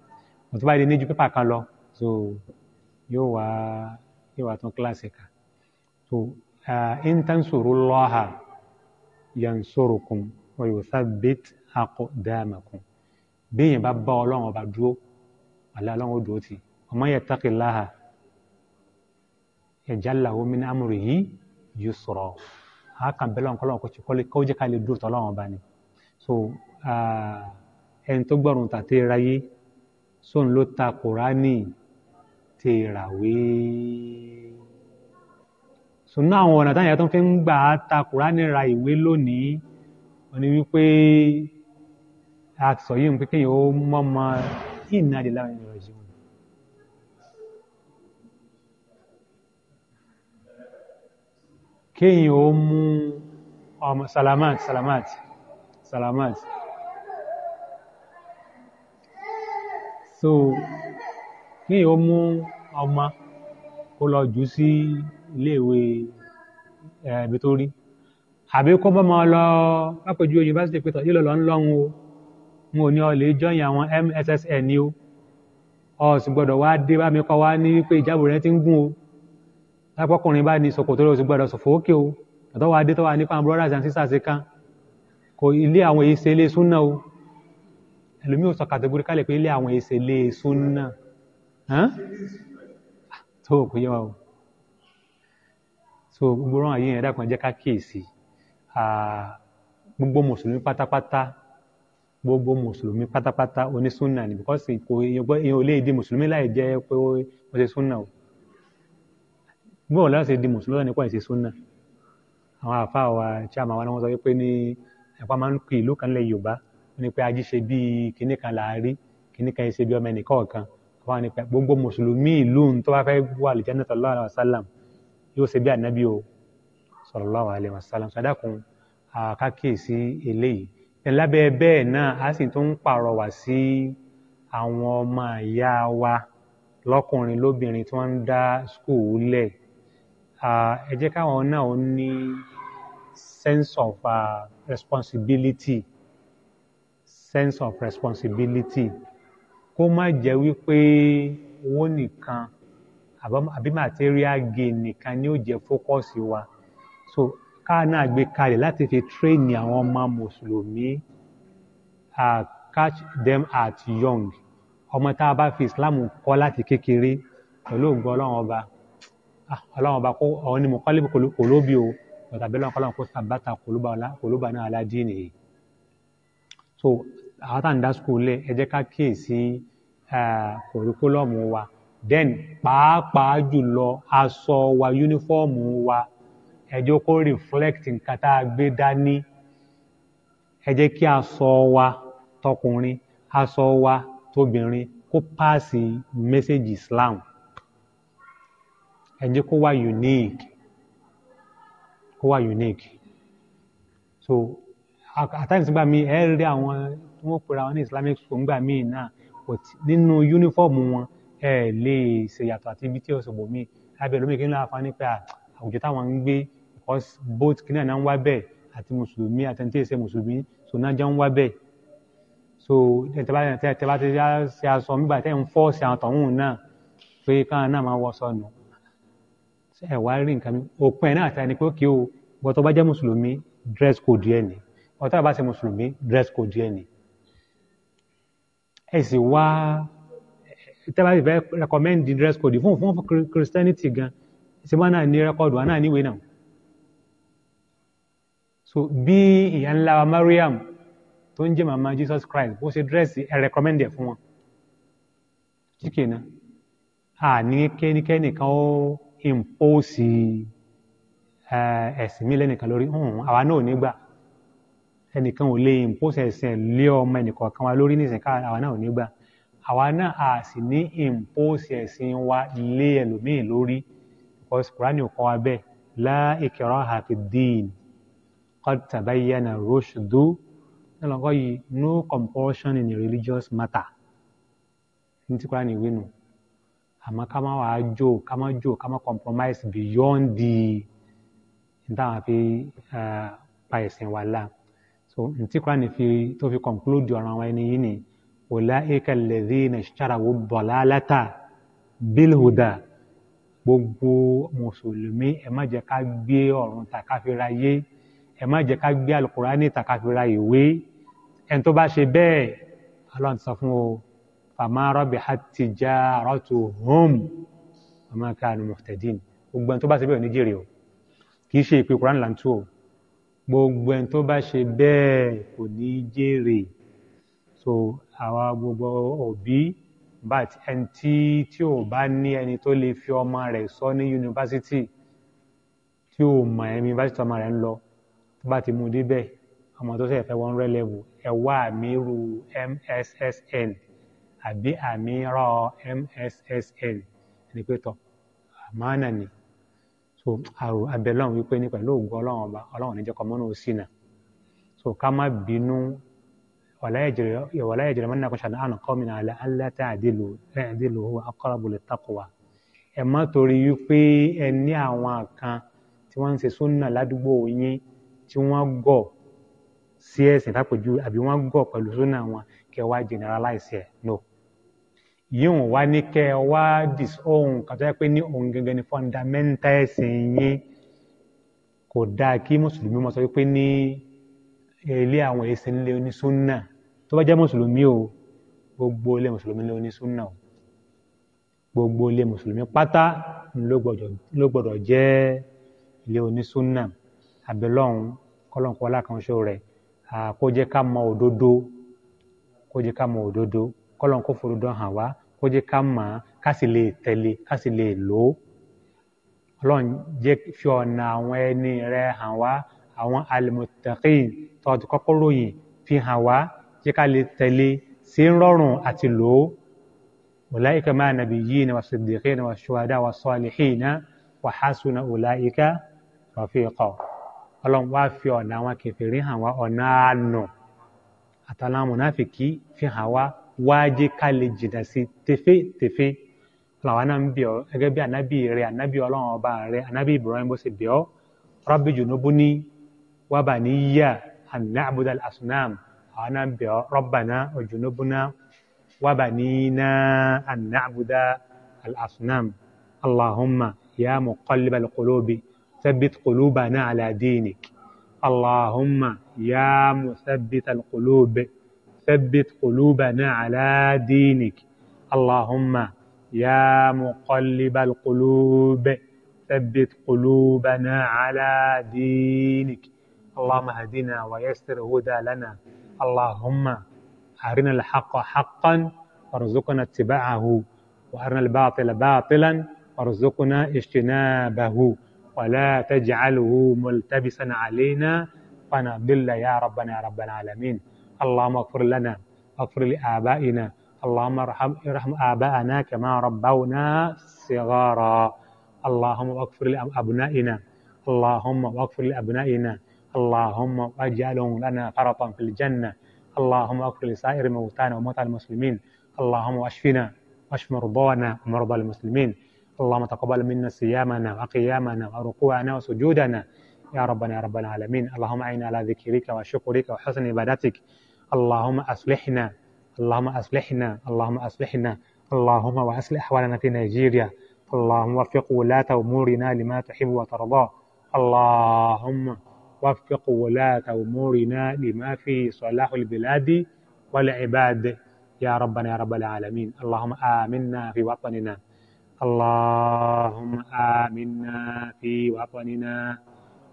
wọ́n ti bá yẹ pépà kan lọ so yóò wá yóò wá tún kíláàsì kan so uh, in tansurullaha yansurukum wa yuthabbit aqdamakum béèyàn bá bá ọlọ́run ọba dúró àlẹ́ ọlọ́run ó dúró tì ọmọ yattaqillaha yaj'al lahu min amrihi yusra àákàn bẹ́lẹ̀ ọ̀nkọ́lọ́run kò jẹ́ ká lè dúró tọ́lọ́run ọba ni so ẹni tó gbọ́rùn tàtẹ́ ráyé sóun ló ta kùránì tèràwé sùnú àwọn ọ̀nà táyà tó fi ń gbà á ta kùránì ra ìwé lónìí wọ́n ní wípé a sọ yìí ń pé ó mọ́mọ ìnà àdìlá ìrìnàjò yìí kéèyàn ó mú ọmọ salamat salamat Salamat. So, kí o mú ọmọ kó lọ jù sí iléèwé ẹ̀ẹ́dẹ̀ tó rí. Àbí kó bọ́ máa lọ lápẹ̀jú yunifásitì pẹ̀tọ̀ yìí lọ́lọ́ ń lọ́hùn o. N ò ní ọ lè jọyìn àwọn MSSN ni o. Ó sì gbọ́dọ̀ wá dé bá mi kọ́ wá ní pé ìjábò rẹ ti ń gùn o. Lápọ̀kùnrin bá ní sòkòtò rẹ̀ o sì gbọ́dọ̀ sòfò òkè o. Àtọ́wọ́ adé tọ́wọ́ nípa brothers and sisters kan kò ilé àwọn èyí ṣe ilé súnà o ẹlòmíì ò sọ kàtẹ́górí kálẹ̀ pé ilé àwọn èyí ṣe ilé súnà tó kò yẹ wa o so gbogbo ọ̀rọ̀ àyè yẹn ẹ̀dá kan jẹ́ ká kíyèsí gbogbo mùsùlùmí pátápátá gbogbo mùsùlùmí pátápátá onísúnà ni because kò èèyàn ò lè di mùsùlùmí láì jẹ́ pé ó ṣe súnà o gbọ́dọ̀ láti di mùsùlùmí lọ́dọ̀ nípa ìṣe súnà àwọn àfa wa chairman wa ni wọ́n sọ pé ní àpá máa ń pè ìlú kan lẹ yorùbá ní pé ají ṣe bíi kinní kan láàárí kinní kan ṣe bí ọmọ ẹnìkan ọ̀kan wọn ni pé gbogbo mùsùlùmí ìlú tó bá fẹ́ wà lè jẹ́nà sallallahu alaihi wasallam yóò ṣe bí ànábì o sallallahu alaihi wasallam sọdákun àkákèsí eléyìí lábẹ́ bẹ́ẹ̀ náà a sì tún ń pàrọwà sí àwọn ọmọ ìyá wa lọ́kùnrin lóbìnrin tí wọ́n ń dá skul lẹ̀ káwọn náà ó ní sense of. Uh, responsibility sense of responsibility kó má jẹ́ wípé owó nìkan àbí material gain nìkan ni ó jẹ́ fókọ́sì wa so káà náà gbé kalẹ̀ láti fi tréènì àwọn ọmọ mùsùlùmí uh, catch them at young ọmọ tá a bá fi Islam kọ́ láti kékeré pẹ̀lú ògùn ọlọ́run ọba ah, ọlọ́run ọba kó ọ̀hún ni mo kọ́ lébi kò lóbi o tàbílọ́n kọ́lọ́n kó sàbátà kòlúbà náà aládìní yìí so àwọn tá à ń dá skul lẹ ẹ jẹ́ wa then pàápàá jùlọ aṣọ wa yúnífọ́ọ̀mù wa ẹ jẹ́ kó reflect nǹkan tá a gbé dání ẹ kí aṣọ wa tọkùnrin aṣọ wa tóbìnrin kó paasi message Islam ẹ jẹ́ kó wá unique Who are unique so at times by me earlier, rí àwọn wọn pera wọn Islamic school by me now. but nínú yúnífọ́ọ̀mù wọn ẹ lè ṣèyàtọ̀ àti ibi tí ọ̀sọ̀ bò mí lábẹ́ lómi kí n láǹfà ní pé àwùjọ táwọn ń gbé because both kí náà ń wá at Muslim, at àti ẹni tí èsè mùsùlùmí so náà jẹ́ ń wá bẹ́ẹ̀ so tẹ̀tẹ̀ bá ti ṣe aṣọ nígbà tẹ̀ ń fọ́ọ̀sì àwọn tọ̀hún náà pé káwọn náà máa on ṣé ẹ wá rí nǹkan mi òpin náà ta ni pé kí o bọ́ tó bá jẹ́ mùsùlùmí dress code yẹn ni bọ́ tó bá ṣe mùsùlùmí dress code yẹn ni ẹ sì wá tẹ́lá ti fẹ́ recommend dress code fún fún christianity gan ṣe wọn náà ní record wọn náà níwèé náà so bí ìyá ńlá wa Mariam tó ń jẹ́ màmá Jesus Christ bó ṣe dírẹ́sì ẹ recommend ẹ̀ fún wọn. chicken náà a ní kẹ́nikẹ́ni kan ó impose ẹ̀sìn mi lẹ́nìkan lórí àwa náà ò ẹnìkan ò lè impose ẹ̀sìn lé ọmọ ẹnìkọ̀ọ̀kan wa lórí nísìnyí ká àwa náà ò àwa náà a sì ní impose ẹ̀sìn wa lé ẹlòmíì lórí because Qur'ani kọ́ wa bẹ́ẹ̀ la ikraha fi ddin qad tabayyana rushdu yìí no compulsion in a religious matter ní tí Qur'ani wí nù àmọ́ ká má wàá jò ká má jò ká má compromise beyond the dáhùn fi pa ẹ̀sìn wa la so ntí kúrò ní fi tó fi conclude ọ̀ràn wa ẹni yìí ni ulaika alladhina ishtarawu dalalata bilhuda gbogbo mùsùlùmí ẹ má jẹ́ ká gbé ọ̀run ta ká fi ra yé ẹ má jẹ́ ká gbé alukurani ta ká fi ra ìwé tó bá ṣe bẹ́ẹ̀ ọlọ́run ti sọ fún o fama rabihat tijaratuhum fama kanu muhtadin gbogbo ẹni tó bá ṣe bẹ́ẹ̀ ní jèrè o kì í ṣe ìpè Quran lantu o gbogbo ẹni tó bá ṣe bẹ́ẹ̀ kò ní so àwa gbogbo òbí but ẹni tí tí ò bá ní ẹni tó lè fi ọmọ rẹ̀ sọ ní yunifásitì tí ò mọ ẹni yunifásitì ọmọ rẹ̀ ń lọ tó bá ti mú débẹ̀ ọmọ tó ṣe fẹ́ wọn rẹ́ lẹ́wọ̀ ẹ̀ MSSN àbí àmì rọ MSSN ẹni pé tọ àmánà ni so àrò abẹ́lọ́run wípé ní pẹ̀lú ògùn ọlọ́run ọba ọlọ́run níjẹ́ kọ́mọ́nà òsì so ká má bínú wàlá yẹ̀jẹ̀rẹ̀ mọ́nà kan ṣàdá àná kọ́mìnà alẹ́ alẹ́tà àdìlù owó aqrabu littaqwa ẹ má torí wípé ẹ ní àwọn kan tí wọ́n ń ṣe súnà ládùúgbò yín tí wọ́n gọ̀ sí ẹ̀sìn tápẹ̀jú àbí wọ́n gọ̀ pẹ̀lú súnà wọn kẹwàá generalize ẹ̀ no yíwọ̀n wá ní kẹ́ ọ wá disown kàtó yẹ pé ní òun gẹ́gẹ́ ni fọ́ndámẹ́ńtà ẹ̀sìn yín kò dáa kí mùsùlùmí mọ̀ sọ pé ní ilé àwọn ẹ̀sìn ńlẹ̀ onísúnà tó bá jẹ́ mùsùlùmí o gbogbo ilé mùsùlùmí ńlẹ̀ onísúnà o gbogbo ilé mùsùlùmí pátá ló gbọdọ̀ jẹ́ ilé onísúnà àbẹ̀lọ́hún kọ́lọ́nkọ́lá kan ṣó rẹ̀ kó jẹ́ ká mọ òdodo kó jẹ́ ká mọ òdodo kọ́lọ́n kó forúdán hàn wá kó jẹ́ ká mọ̀ ọ́n ká sì lè tẹ̀lé ká sì lè lò ó ọlọ́run jẹ́ fi ọ̀nà àwọn ẹni rẹ hàn wá àwọn alimutaqin tọ́tù kọ́kọ́ ròyìn fi hàn wá jẹ́ ká lè tẹ̀lé sí rọrùn àti lò ó ulaika ma'a nabiyina wa siddiqina wa shuhada wa salihina wa hasuna ulaika rafiqa ọlọ́run wá fi ọ̀nà àwọn kèfèrí hàn wá ọ̀nà àánú àtàlà fi hàn wá wá jẹ́ ká lè jìnnà sí tẹ̀fẹ́tẹ̀fẹ́ làwọn náà ń bẹ̀ ọ́ gẹ́gẹ́ bí anabi rẹ anabi ọlọ́run ọba rẹ anabi ibrahim bó ṣe bẹ̀ ọ́ rabbi junubuni wa baniya an na'buda al-asnam àwọn náà ń bẹ̀ ọ́ rabbana wa junubuna wa banina an na'buda al-asnam allahumma ya muqallibal qulubi thabbit qulubana ala dinik allahumma ya muthabbit al-qulubi. ثبت قلوبنا على دينك اللهم يا مقلب القلوب ثبت قلوبنا على دينك اللهم اهدنا ويسر هدى لنا اللهم أرنا الحق حقا وارزقنا اتباعه وأرنا الباطل باطلا وارزقنا اجتنابه ولا تجعله ملتبسا علينا فنضل يا ربنا يا رب العالمين اللهم اغفر لنا اغفر لآبائنا اللهم ارحم ارحم آبائنا كما ربونا صغارا اللهم اغفر لأبنائنا اللهم اغفر لأبنائنا اللهم اجعلهم لنا فرطا في الجنة اللهم اغفر لسائر موتانا وموتى المسلمين اللهم اشفنا واشف مرضانا ومرضى المسلمين اللهم تقبل منا صيامنا وقيامنا وركوعنا وسجودنا يا ربنا يا رب العالمين اللهم اعنا على ذكرك وشكرك وحسن عبادتك اللهم أصلحنا اللهم أصلحنا اللهم أصلحنا اللهم وأصلح أحوالنا في نيجيريا اللهم وفق ولاة أمورنا لما تحب وترضى اللهم وفق ولاة أمورنا لما في صلاح البلاد والعباد يا ربنا يا رب العالمين اللهم آمنا في وطننا اللهم آمنا في وطننا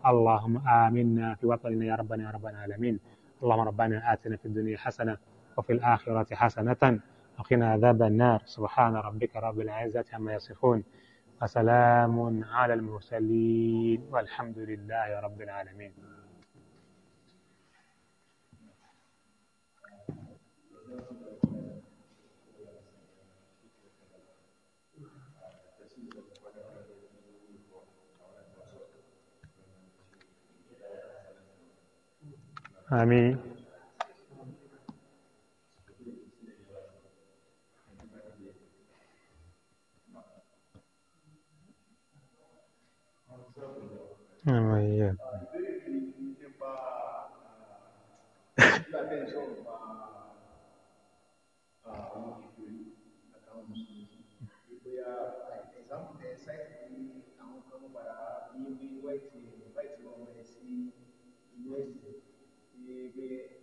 اللهم آمنا في وطننا يا ربنا يا رب العالمين اللهم ربنا آتنا في الدنيا حسنة وفي الآخرة حسنة وقنا عذاب النار سبحان ربك رب العزة عما يصفون وسلام على المرسلين والحمد لله رب العالمين আমি Oh, yeah.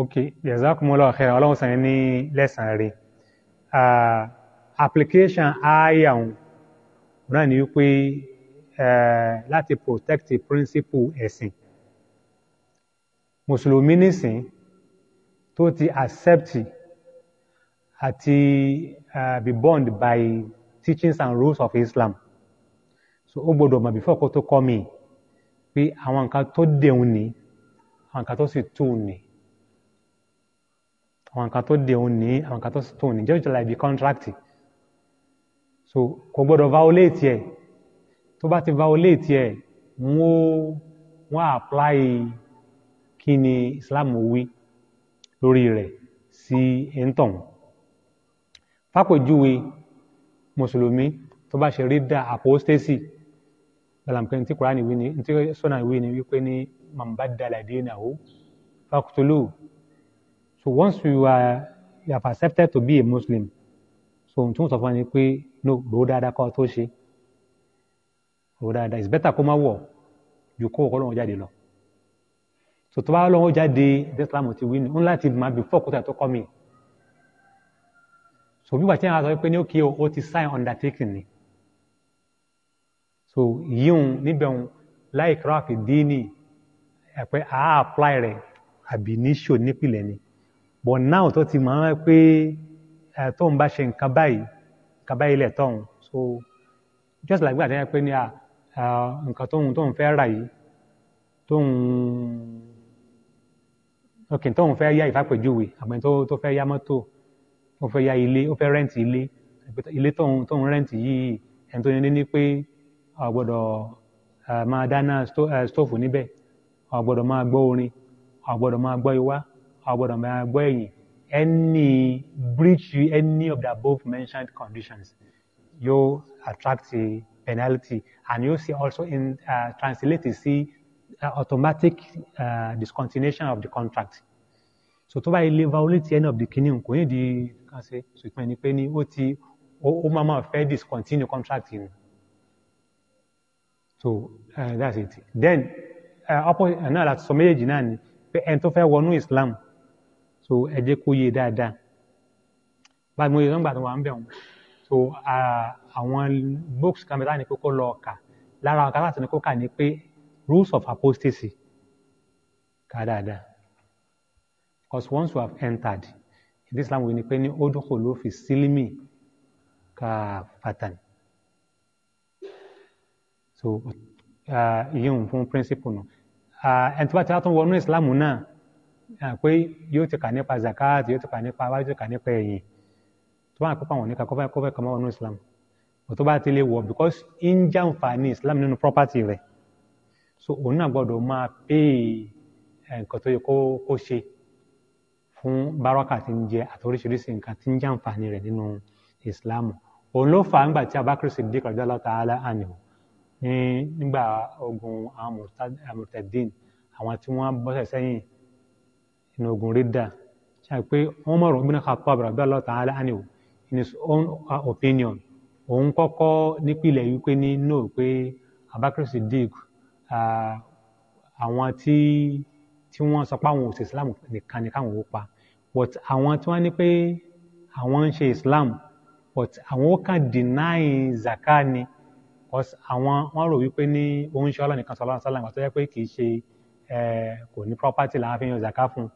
ok jazakumullahu khairan ọlọ́run sàn ní lẹ́sàn-án rẹ̀ application aya òun náà ni wípé láti protect the principle ẹ̀sìn mùsùlùmí nísìn to ti accept ati uh, e, be bound by teachings and rules of Islam so ó gbọ́dọ̀ before kó tó kọ́ mi pé àwọn nǹkan tó dẹ̀hùn ni àwọn nǹkan tó sì tù ni àwọn nǹkan tó de òun ní àwọn nǹkan tó tó òun ní just like the contract so kò gbọ́dọ̀ violate ẹ̀ tó bá ti violate ẹ̀ wọ́n wọ́n apply kí ni Islam wí lórí rẹ̀ sí ẹ̀ńtọ̀hún fàpèjúwe mùsùlùmí tó bá ṣe ridda apostasy gbàlàmpé ntí Kùránì wí ni ntí sọ́nà wí ni wípé ní man baddala dinahu faqtuluhu so once you are you have accepted to be a muslim so ohun tí wọ́n sọ fún wa ni pé no rò ó dáadáa kọ́ ọ tó ṣe rò dáadáa it's better kó má wọ̀ ju kó ọkọ lọ́wọ́ jáde lọ so tó bá lọ́wọ́ jáde islam ti wí ni ó ń láti máa before kó tẹ̀ tó kọ́ mi so bí wàá tí wọ́n sọ pé ní okay o ó ti sign undertaking ni so yíyún níbẹ̀ ń láì kíláàfì dín ní ẹ̀pẹ́ àá apply rẹ̀ àbí níṣò nípìnlẹ̀ ni but now tó ti mọ̀ ọ́n pé eh, tóun bá ṣe nǹkan báyìí nǹkan báyìí lẹ̀ tọ̀hún so just like that, yẹn pé ní ah, ah, nǹkan tóun tóun fẹ́ rà yìí tóun ok tóun fẹ́ yá ìfàpèjúwe àgbẹ̀ tó tó fẹ́ yá mọ́tò ó fẹ́ yá ilé ó fẹ́ rẹ́ǹtì ilé ilé tóun tóun rẹ́ǹtì yìí ẹni tó ní ní pé ó gbọ́dọ̀ eh, máa dáná stóòfù eh, níbẹ̀ ó gbọ́dọ̀ máa gbọ́ orin ó máa gbọ́ iwá àgbọ̀dọ̀ máa gbọ́ ẹ̀yìn any breach any of the above mentioned conditions yóò attract a penalty and yóò see also in uh, translate sí uh, automatic uh, discontinuation of the contract so tó bá yẹ lè violate any of the kinní kò ní di kan ṣe ṣùgbọ́n ẹni pé ni ó ti ó máa máa fẹ́ discontinue contract ni so uh, that's it then uh, opposite uh, náà láti sọ méjèèjì náà ni pé ẹni tó fẹ́ wọnú Islam so ẹ jẹ́ kó yé dáadáa báyìí mo yẹ nọ́mbà tó wà ń bẹ̀ wọ́n so àwọn books kan bẹ̀ láti kókó lọ kà lára àwọn kan láti ní kó kà ní pé rules of apostasy kà dáadáa because once you have entered in this language ni pé ní ó dúkò ló fi sílímì kà fàtàn so ìyẹn uh, fún principle náà ẹni tí wọ́n ti wá tó wọnú ìsìlámù náà pé yóò ti kà nípa zakat yóò ti kà nípa awájú yóò ti kà nípa ẹ̀yìn tó bá ń kópa àwọn oníkà kọ́fẹ́ kọ́fẹ́ kọ́mọ́ ọ̀nà islam kò tó bá ti lè wọ̀ because ń jàǹfààní islam nínú property rẹ̀ so òun náà gbọ́dọ̀ máa pay eh, nǹkan tó yẹ kó kó ṣe fún bárọ́kà tí ń jẹ àti oríṣiríṣi nǹkan tí ń jàǹfààní rẹ̀ nínú islam òun ló fà á ńgbà tí Abubakar Siddiq radiyallahu ta'ala anhu nígbà ogun àwọn Murtadin àwọn tí wọ́n bọ́sẹ̀ sẹ́yìn in ogun ridda ṣàpè Umar ibn Khattab radiyallahu ta'ala anhu in his own uh, opinion òun kọ́kọ́ nípìnlẹ̀ wípé ní no pé Abubakar Siddiq uh, àwọn tí tí wọ́n sọ pé àwọn ò ṣe Islam nìkan ni káwọn ò pa but àwọn tí wọ́n ní pé àwọn ń ṣe Islam but àwọn ó kàn deny zaka ni because àwọn wọ́n rò wípé ní òun ṣe ọlọ́nìkan sọlọ́nà sọlọ́nà tó yẹ pé kì í ṣe eh, kò ní property làwọn fi yan zaka fún un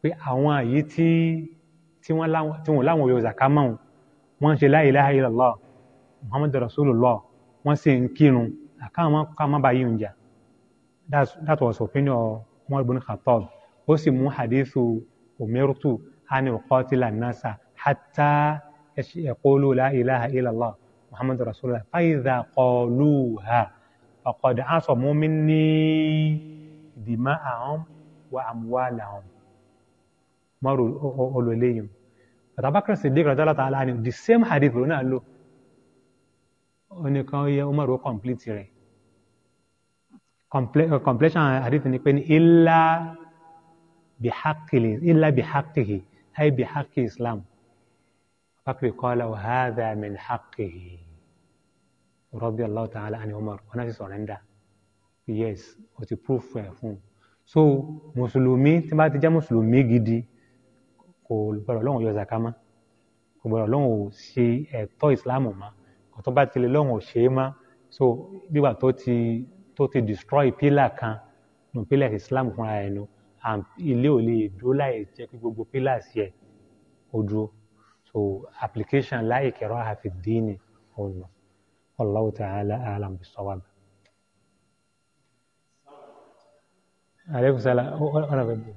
pé àwọn àyí tí tí wọ́n láwọn òye òzàká mọ́ wọ́n ń ṣe la ilaha illallah muhammadu rasulullah wọ́n sì ń kírun àkáwọn káwọn bá yíyun jà that was opinion Umar ibn Khattab ó sì mú hadithu umirtu ani uqatila nasa hatta yaqulu la ilaha illallah muhammadu rasulullah fa idha qaluha faqad asamu minni dima'ahum wa amwalahum mọ́rò ọlọ eléyìn àtàbákẹ́rẹ́ sì dìgbà jálá tààlà ni the same hadith ló náà lò oníkan yẹ ọmọ rò complete rẹ̀ uh, completion hadith ni pé ní ilá bihaqili ilá bihaqihi hay bihaqi islam àbákẹ́rẹ́ qala wa hadha min haqqihi radiyallahu ta'ala àni Umar wọn náà sì surrender yes ó ti proof fún so mùsùlùmí tí bá ti jẹ́ mùsùlùmí gidi kò gbọ́dọ̀ lọ́hùn yọ zaka mọ́ kò gbọ́dọ̀ lọ́hùn ò ṣe ẹ̀tọ́ ìsìláàmù mọ́ kò tó bá ti lè lọ́hùn ò ṣe é mọ́ so bígbà tó ti tó ti destroy pílà kan nù pílà ìsìláàmù fúnra ẹ̀ nu ilé ò lè dúró láì jẹ́ pé gbogbo pílà sí ẹ̀ ó dúró so application láì kẹ̀rọ àfi díìnì ọ̀nà Allahu ta'ala a'lam bis-sawab. aleykum salaam ọ̀nà bẹ̀rẹ̀.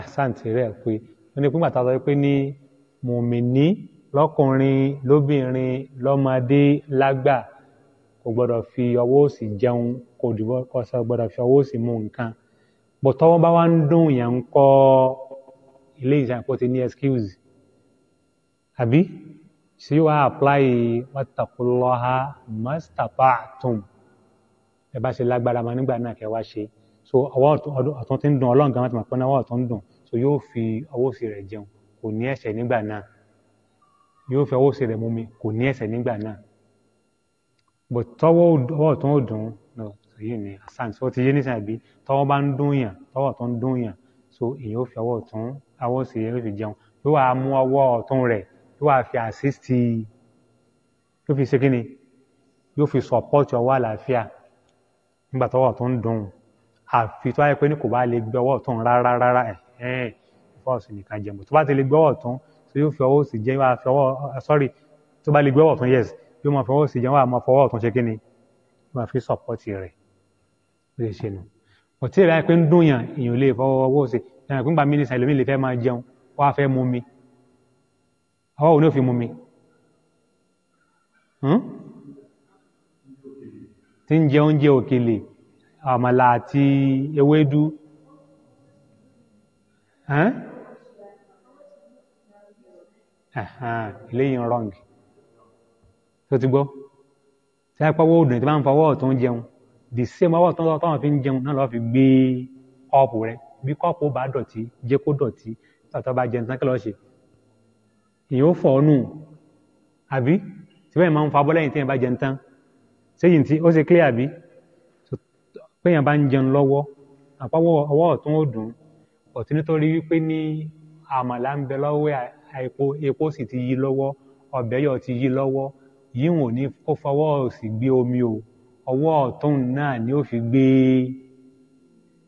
àṣàǹtì rẹ̀ pé wọ́n ní pínpàtà sọ pé ní mùmìnì lọ́kùnrin lóbìnrin lọ́mọdé lágbà kò gbọ́dọ̀ fi ọwọ́ òsì jẹun kò dìbò kọsẹ̀ gbọ́dọ̀ fi ọwọ́ òsì mú nǹkan bó tọ́wọ́ bá wá ń dùn yẹn ń kọ́ ilé ìṣàn kó ti ní excuse àbí sí wàá apply wattaqullaha mastata'tum ẹ bá ṣe lágbára mọ́ nígbà náà kẹ́ wá ṣe so àwa àtún ti ń dùn ọlọ́run gan láti mọ̀ pé náà àwa àtún ń dùn so yóò fi ọwọ́ sí rẹ̀ jẹun kò ní ẹ̀ṣẹ̀ nígbà náà yóò fi ọwọ́ sí rẹ̀ mumi kò ní ẹ̀ṣẹ̀ nígbà náà but tọwọ́ ọwọ́ ọ̀tún ò dùn náà yìí ni asan so ti yé nísìnyí àbí tọwọ́ bá ń dún yàn tọwọ́ ọ̀tún ń dún yàn so èyàn ó fi ọwọ́ ọ̀tún ọwọ́ sí rẹ̀ yóò fi jẹun yóò wá mú ọwọ́ ọ̀tún rẹ̀ yóò wá fi assist yóò fi ṣe kí ni yóò fi support ọwọ́ àlàáfíà nígbà tọwọ́ ọ̀tún ń dùn àfi tó bá yẹ pé ní kò bá lè gbé ọwọ́ ọ̀tún rárá rárá ẹ̀hẹ́n ọwọ́ ọ̀sìn nìkan jẹ̀mọ̀ tó bá ti lè gbé ọwọ́ ọ̀tún tó yóò fi ọwọ́ òsì jẹ́ wá fi ọwọ́ sorry tó bá lè gbé ọwọ́ ọ̀tún yes yóò máa fi ọwọ́ òsì jẹ́ wá máa fọwọ́ ọ̀tún ṣe kí ni yóò máa fi sọ̀pọ̀tì rẹ̀ bó ṣe ṣe nù. bọ̀ tí ìrẹ́ pé ń dùn yàn èèyàn lè fọwọ́ ọwọ́ òsì yàn pé ń gba mínísà ìlú mi lè fẹ́ máa jẹun wá fẹ́ mú mi ọwọ́ àmàlà àti ewédú eléyìí wrong tó ti gbọ́ tí a pàwọ́ òdùn tí wọ́n ń fọwọ́ ọ̀tún jẹun the same ọwọ́ ọ̀tún tọ́wọ́ fi ń jẹun náà lọ́ọ́ fi gbé kọ́ọ̀pù rẹ bí kọ́ọ̀pù bá dọ̀tí jẹ́ kó dọ̀tí tọ́tọ́ bá jẹun tán kí lọ́ọ́ ṣe ìyẹn ó fọ̀ ọ́ nù àbí tí bẹ́ẹ̀ máa ń fa abọ́ lẹ́yìn tí yẹn bá jẹun tán ṣéyìn tí ó ṣe clear àbí péyàn bá ń jẹun lọ́wọ́ àpáwọ̀ ọwọ́ ọ̀tún ó dùn ọ̀tún nítorí wípé ní àmàlà ń bẹ lọ́wọ́ epo epo sì ti yí lọ́wọ́ ọbẹ̀ yọ̀ ti yí lọ́wọ́ yíwọ̀n ò ní kó fọwọ́ òsì gbé omi o ọwọ́ ọ̀tún náà ni ó fi gbé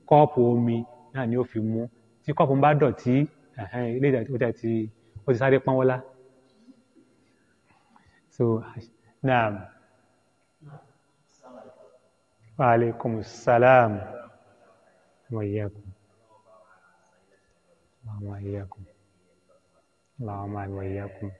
kọ́ọ̀pù omi náà ni ó fi mú tí kọ́ọ̀pù bá dọ̀tí ilé ìdájọ́ ó ti sáré pọ́nwọ́lá. so naam. وعليكم السلام وإياكم اللهم إياكم اللهم وإياكم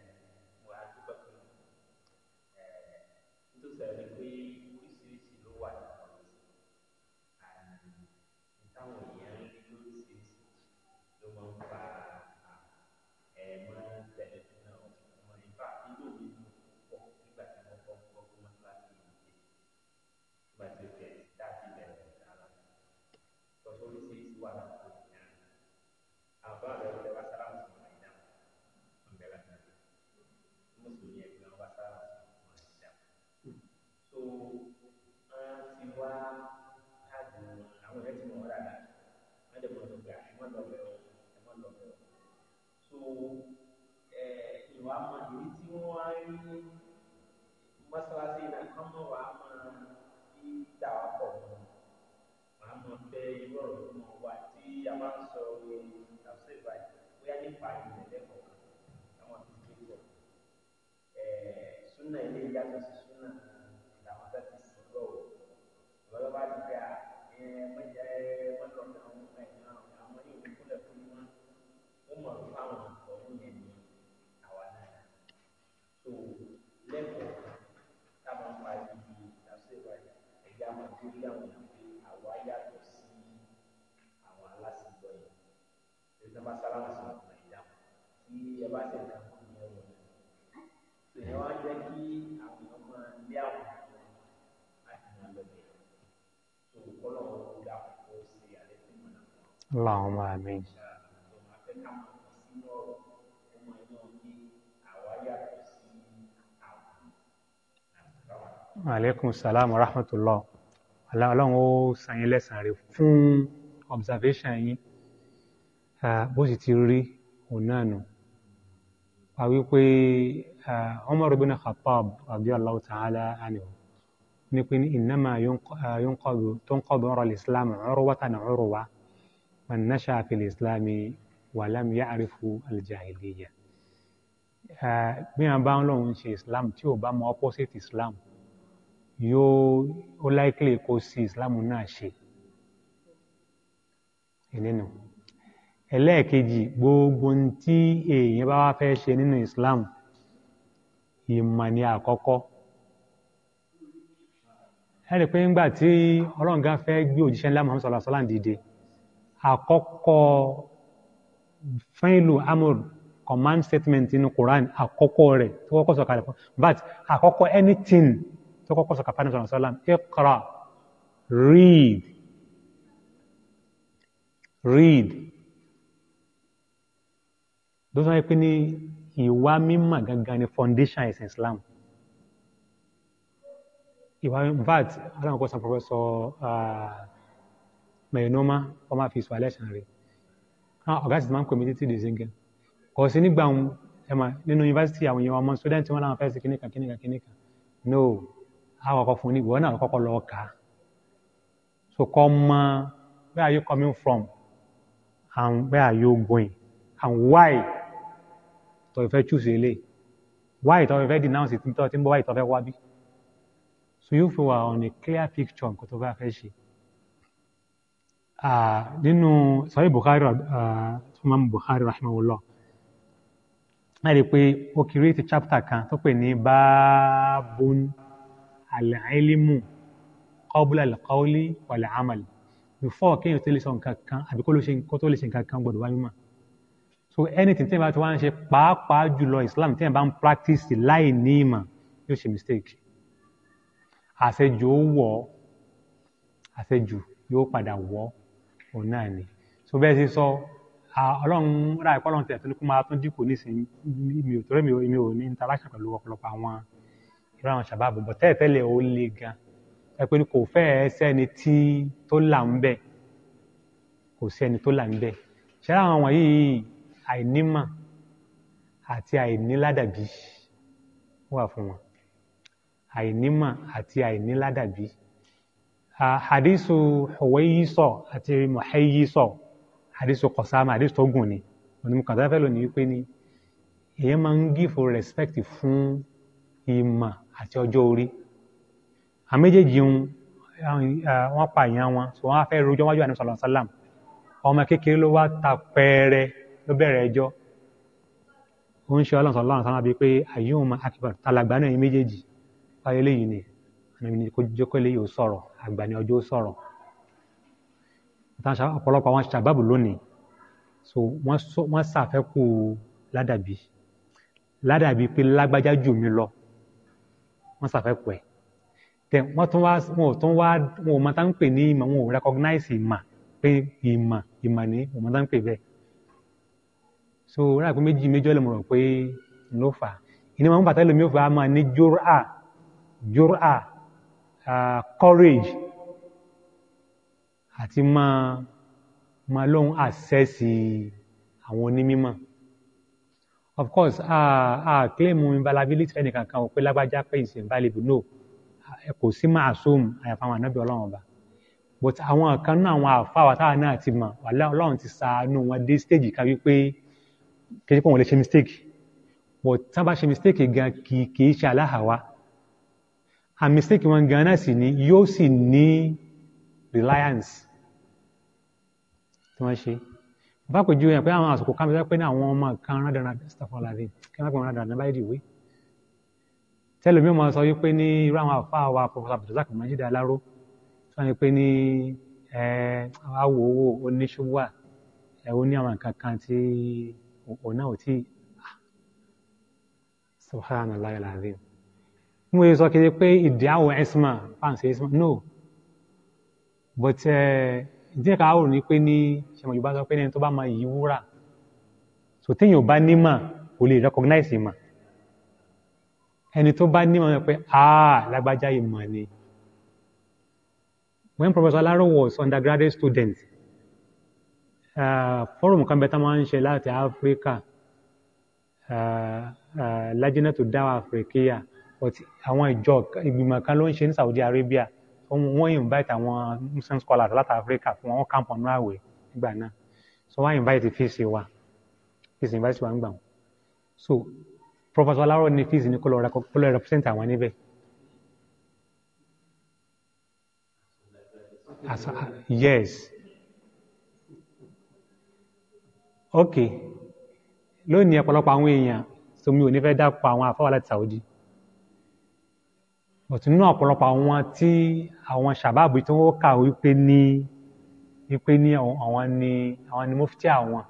in اللهم آمين aleykum salaam wa rahmatulah ọlọ́run ó san yín lẹ́san rẹ̀ fún observation yín bó sì ti rí òun náà nù wá wípé Umar bin Khattab radiyallahu ta'ala anhu ní pé innama yunqadu tunqadu ọ̀rọ̀ islam urwatan urwa. من nasha في islami ولم lam ya'rifu al-jahiliyya bí wọn bá ń lòun ṣe islam tí ò bá يو opposite islam yóò ó likely kó sí islam náà ṣe nínú ẹlẹ́ẹ̀kejì gbogbo tí èèyàn bá wá fẹ́ ṣe nínú islam ìmọ̀ ni àkọ́kọ́ ẹ rí i pé nígbà tí ọlọ́run fẹ́ gbé òjíṣẹ́ ńlá muhammed sallallahu alaihi wa àkọ́kọ́ fẹ́ẹ̀lù amur command statement inú Quran àkọ́kọ́ rẹ̀ tó kọ́kọ́ sọ̀kà rẹ̀ fún but àkọ́kọ́ anything tó kọ́kọ́ sọ̀kà fún àwọn sọ̀rọ̀ read read ló sọ pé ní ìwà mímọ̀ gangan ni foundation is Islam ìwà in fact aláwọ̀ kọ́sán professor uh, mẹ̀rinọ́mà wọ́n máa fi sọ alẹ́ sàn rè ọ̀gá sì ti máa ń pè mí títí dèsí nǹkan kò sí nígbà wọn ẹ mà nínú yunifásitì àwọn èèyàn ọmọ sọdẹ́ǹtì wọn làwọn fẹ́ sí kíníkan kíníkan kíníkan no àwọn ọkọ̀ fún un ní ìwọ náà kọ́kọ́ lọ kà á so kọ́ mọ where are you coming from and where are you going and why tó fẹ́ choose eléyìí why tó fẹ́ denounce it tó ti ń bọ̀ why tó fẹ́ wá bí so you feel we on a clear picture nǹkan tó fẹ́ fẹ́ ṣe nínú sahih bukhari imam bukhari rahimahullah a rí i pé ó create chapter kan tó pè ní báábùn al-ilmu qabla al-qawli wal-amal before kéèyàn tó lè sọ nǹkan kan àbí kó tó lè ṣe nǹkan kan gbọdọ̀ wáyé mọ̀ so anything tí wọ́n bá ti wá ń ṣe pàápàá jùlọ islam tí wọ́n bá ń practice láì ní ìmọ̀ yóò ṣe mistake àṣejù ó wọ̀ àṣejù yóò padà wọ̀ ọ́ òun náà ni so bẹ́ẹ̀ ti sọ ọlọ́run rà ẹ̀kọ́ ọlọ́run tẹ̀lé tó ní kó máa tún dínkù nísìnyí mi ò torí mi ò ní interaction pẹ̀lú ọ̀pọ̀lọpọ̀ àwọn irú àwọn ṣàbábọ̀ bọ̀ tẹ́lẹ̀ tẹ́lẹ̀ ó le gan ẹ pé kò fẹ́ẹ́ sẹ́ni tí tó là ń bẹ̀ kò sẹ́ni tó là ń bẹ̀ ṣẹ́ra àwọn wọ̀nyí àìnímọ̀ àti àìníládàbí wà fún wọn àìnímọ̀ àti àìníládàbí hadisu huwayiso àti muhayiso hadisu kọsáàmù hadisu tó gùn ni onímọ̀kàtà fẹ́ lónìí wípé ni èèyàn máa ń gífò respect fún ìmọ̀ àti ọjọ́ orí àwọn méjèèjì ń wọ́n pa ìyá wọn so wọ́n á fẹ́ rojọ́ wájú àníṣọ́ sálàm ọmọ kékeré ló wá ta pẹ́ẹ́rẹ́ ló bẹ̀rẹ̀ ẹjọ́ ó ń ṣe ọlọ́sọ̀lọ́sọ̀lọ́ bíi pé àyíwọ̀n akíbar talàgbà náà méjèèjì báyọ̀ léyìí nìyẹn níbi ní kó jẹ́ kó eléyìí ó sọ̀rọ̀ àgbà ní ọjọ́ ó sọ̀rọ̀ ọ̀pọ̀lọpọ̀ àwọn ṣàbábù lónìí so wọ́n ṣàfẹ́kù ládàbí ládàbí pé lágbájá jù mí lọ wọ́n ṣàfẹ́kù ẹ̀ tẹ wọ́n tún wá wọn ò tún wá wọn ò mọ tá ń pè ní ìmọ̀ wọn ò recognize ìmọ̀ pé ìmọ̀ ìmọ̀ ní wọn mọ tá ń pè bẹ́ẹ̀ so rárá pé méjì méjì ọ̀lẹ́mọ̀ rọ̀ pé ló fà á ìní wọn bàtà lómi ò fà á máa ní jùrà jùrà uh, courage àti máa máa lóhun àṣẹ́sì àwọn onímímọ̀ of course a a claim inviolability ẹnì kankan ò pé lágbájá pé is inviolable no kò sí máa assume àyàfà àwọn ànábì ọlọ́run ọba but àwọn kan náà àwọn àfa àwọn táwọn náà ti mọ̀ wàlẹ́ ọlọ́run ti ṣàánú wọn dé stage kan wípé kejì pé wọn lè ṣe mistake but tí wọn bá ṣe mistake gan kì í ṣe aláhàwá and mistake wọn gan náà sì ni yóò sì ní reliance tí wọ́n ṣe ìbápẹ̀jú yẹn pé àwọn àsìkò kan pé ní àwọn ọmọ kan rádàrà stafọ́ládé kí wọ́n pè wọ́n rádàrà láì dìwé tẹ́lẹ̀mí ọmọ sọ wípé ní irú àwọn àfáà wa Professor Abdulrasaq Majid Alaro tí wọ́n pè ní àwọ̀ owó oníṣòwò ẹ̀wọ́ ní àwọn nǹkan kan tí òun náà ò tí ah, subhanallah alazim mo sọ kéde pé ìdí àwọn ẹ̀sìnmà fáǹsì ẹ̀sìnmà no but ìdí ẹ̀ka àwòrán ni pé ní ṣẹ̀mọ̀ yorùbá sọ pé ní ẹni tó bá máa yí wúrà so téèyàn bá nímà kò lè recognize ìmà ẹni tó bá nímà sọ pé ah lágbájá ìmọ̀ ni when Professor Alaro was undergraduate student uh, forum kan bẹ́ẹ̀ tá máa ń ṣe láti Africa uh, eh, uh, eh, lajina to dawa Afrikiya but àwọn ìjọ ìgbìmọ̀ kan ló ń ṣe ní Saudi Arabia wọ́n invite àwọn Muslim scholars láti Africa fún wọn camp on àwẹ̀ nígbà náà so wọ́n invite fíìsì wa fíìsì university wa ń gbà wọn so Professor Aláró ní fees ní kó lọ represent àwọn níbẹ̀. yes. Okay. Lónìí ọ̀pọ̀lọpọ̀ àwọn èèyàn, so mi ò ní fẹ́ dápọ̀ àwọn afọ́wà láti Saudi but nínú ọ̀pọ̀lọpọ̀ àwọn tí àwọn sàbáàbù tí wọ́n kà wípé ní wípé ní àwọn ni àwọn ni mufti àwọn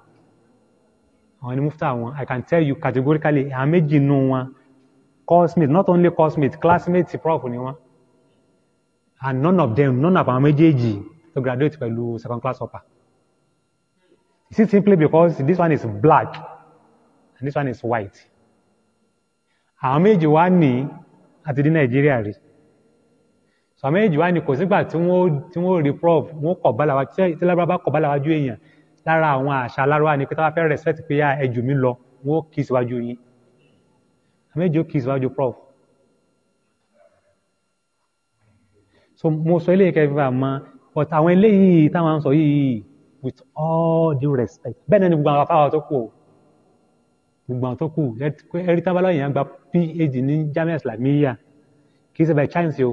àwọn ni mufti àwọn i can tell you categorically àwọn méjì nù wọn cosmate not only cosmate classmate prof ni wọn and none of them none of àwọn méjèèjì to graduate pẹ̀lú second class upper is it simply because this one is black and this one is white àwọn méjì wá ní àti dé nàìjíríà rí sàmì èjì wá ní kò sígbà tí wọ́n tí wọ́n rí prof wọ́n kọ̀ bá làwá tí lábàbá kọ̀ bá làwájú èèyàn lára àwọn àṣà aláròwá ni pé táwa fẹ́ respect pé ẹ jù mí lọ wọ́n kì í síwájú yín sàmì èjì ó kì síwájú prof. so mo sọ eléyìí kẹfì fà mọ but àwọn eléyìí táwọn sọ yìí with all due respect bẹ́ẹ̀ náà ni gbogbo àwọn afáwọn tó kù o gbogbo àwọn tó kù ẹrí tán bá lọ́yìn yẹn gba phd ní jamiu islamiyya kì í ṣe by chance o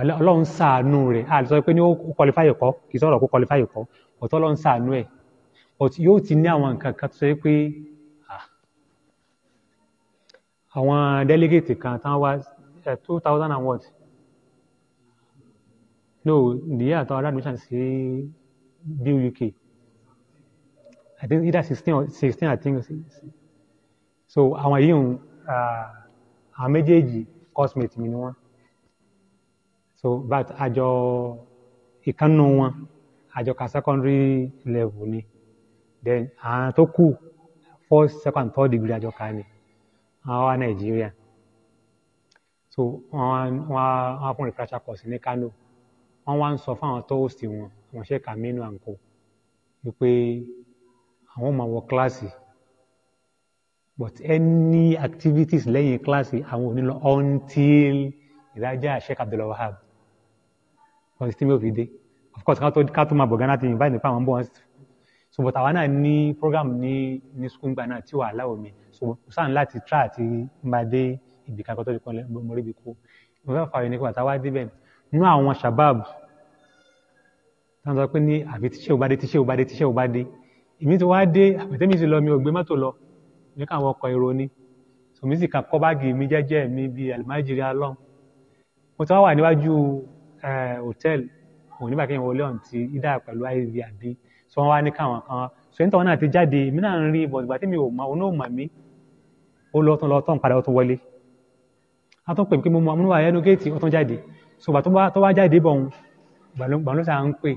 ọlọ́run ṣàánú rẹ̀ a lè sọ pé ní ó qualify kọ́ kì í sọ̀rọ̀ kó qualify kọ́ ọ̀tọ́ ọlọ́run ṣàánú ẹ̀ yóò ti ní àwọn nǹkan kan tó ṣe pé àwọn delegate kan tán wá two thousand and what no nìyí àtàwọn aládùúgbò sí BUK I think either 16 or 16, I think. So àwọn yìí ń àwọn méjèèjì cosmate mi ni wọ́n. So but àjọ ìkànnù wọn àjọ ka secondary level ni then àwọn tó first second third degree àjọ ka ni àwọn wa Nàìjíríà so wọn wọn fún refresher course ní Kano wọn wá ń sọ fún àwọn tó host wọn àwọn and co wípé àwọn máa wọ kíláàsì but any activities lẹ́yìn kíláàsì àwọn ò ní lọ until ìdájà Sheikh Abdul Wahab wọ́n ti tí mi ò fi dé of course ká tó máa bọ̀ gánà ti invite nípa àwọn bọ́ wọn so but àwa náà ní program ní ní school gbà náà tí wàá láwọ mi so sáà láti try àti máa dé ibì kan kọ́tọ́ ìpínlẹ̀ mọ̀rẹ́bí kú mo fẹ́ fààyè ní pé àtàwá débẹ̀ nínú àwọn shabab táwọn sọ pé ní àfi tíṣe ò bá dé tíṣe ò bá dé tíṣe ò bá dé èmi ti wá dé àpẹtẹ́mi ti lọ mi ò gbé mọ́tò lọ mi kà wọ ọkọ̀ èrò ni tòmí sì kà kọ́ báàgì mi jẹ́jẹ́ mi bíi àlùmájìrì alọ́m mo ti wá wà níwájú hòtẹ́ẹ̀lì òun nígbà kéèyàn wọlé ọ̀hún ti ìdá pẹ̀lú iv àbí sọ wọn wá ní káwọn kan sọ nítorí náà ti jáde èmi náà ń rí ibọ̀ ìgbà tí mi ò mọ òun náà mọ̀ mí ó lọ tún lọ tán padà ó tún wọlé a tún pè mí pé mo mọ amúnúwà ẹnu géètì ó tún jáde so gbà tó wá jáde bọ̀ òun gbà ló sà ń pè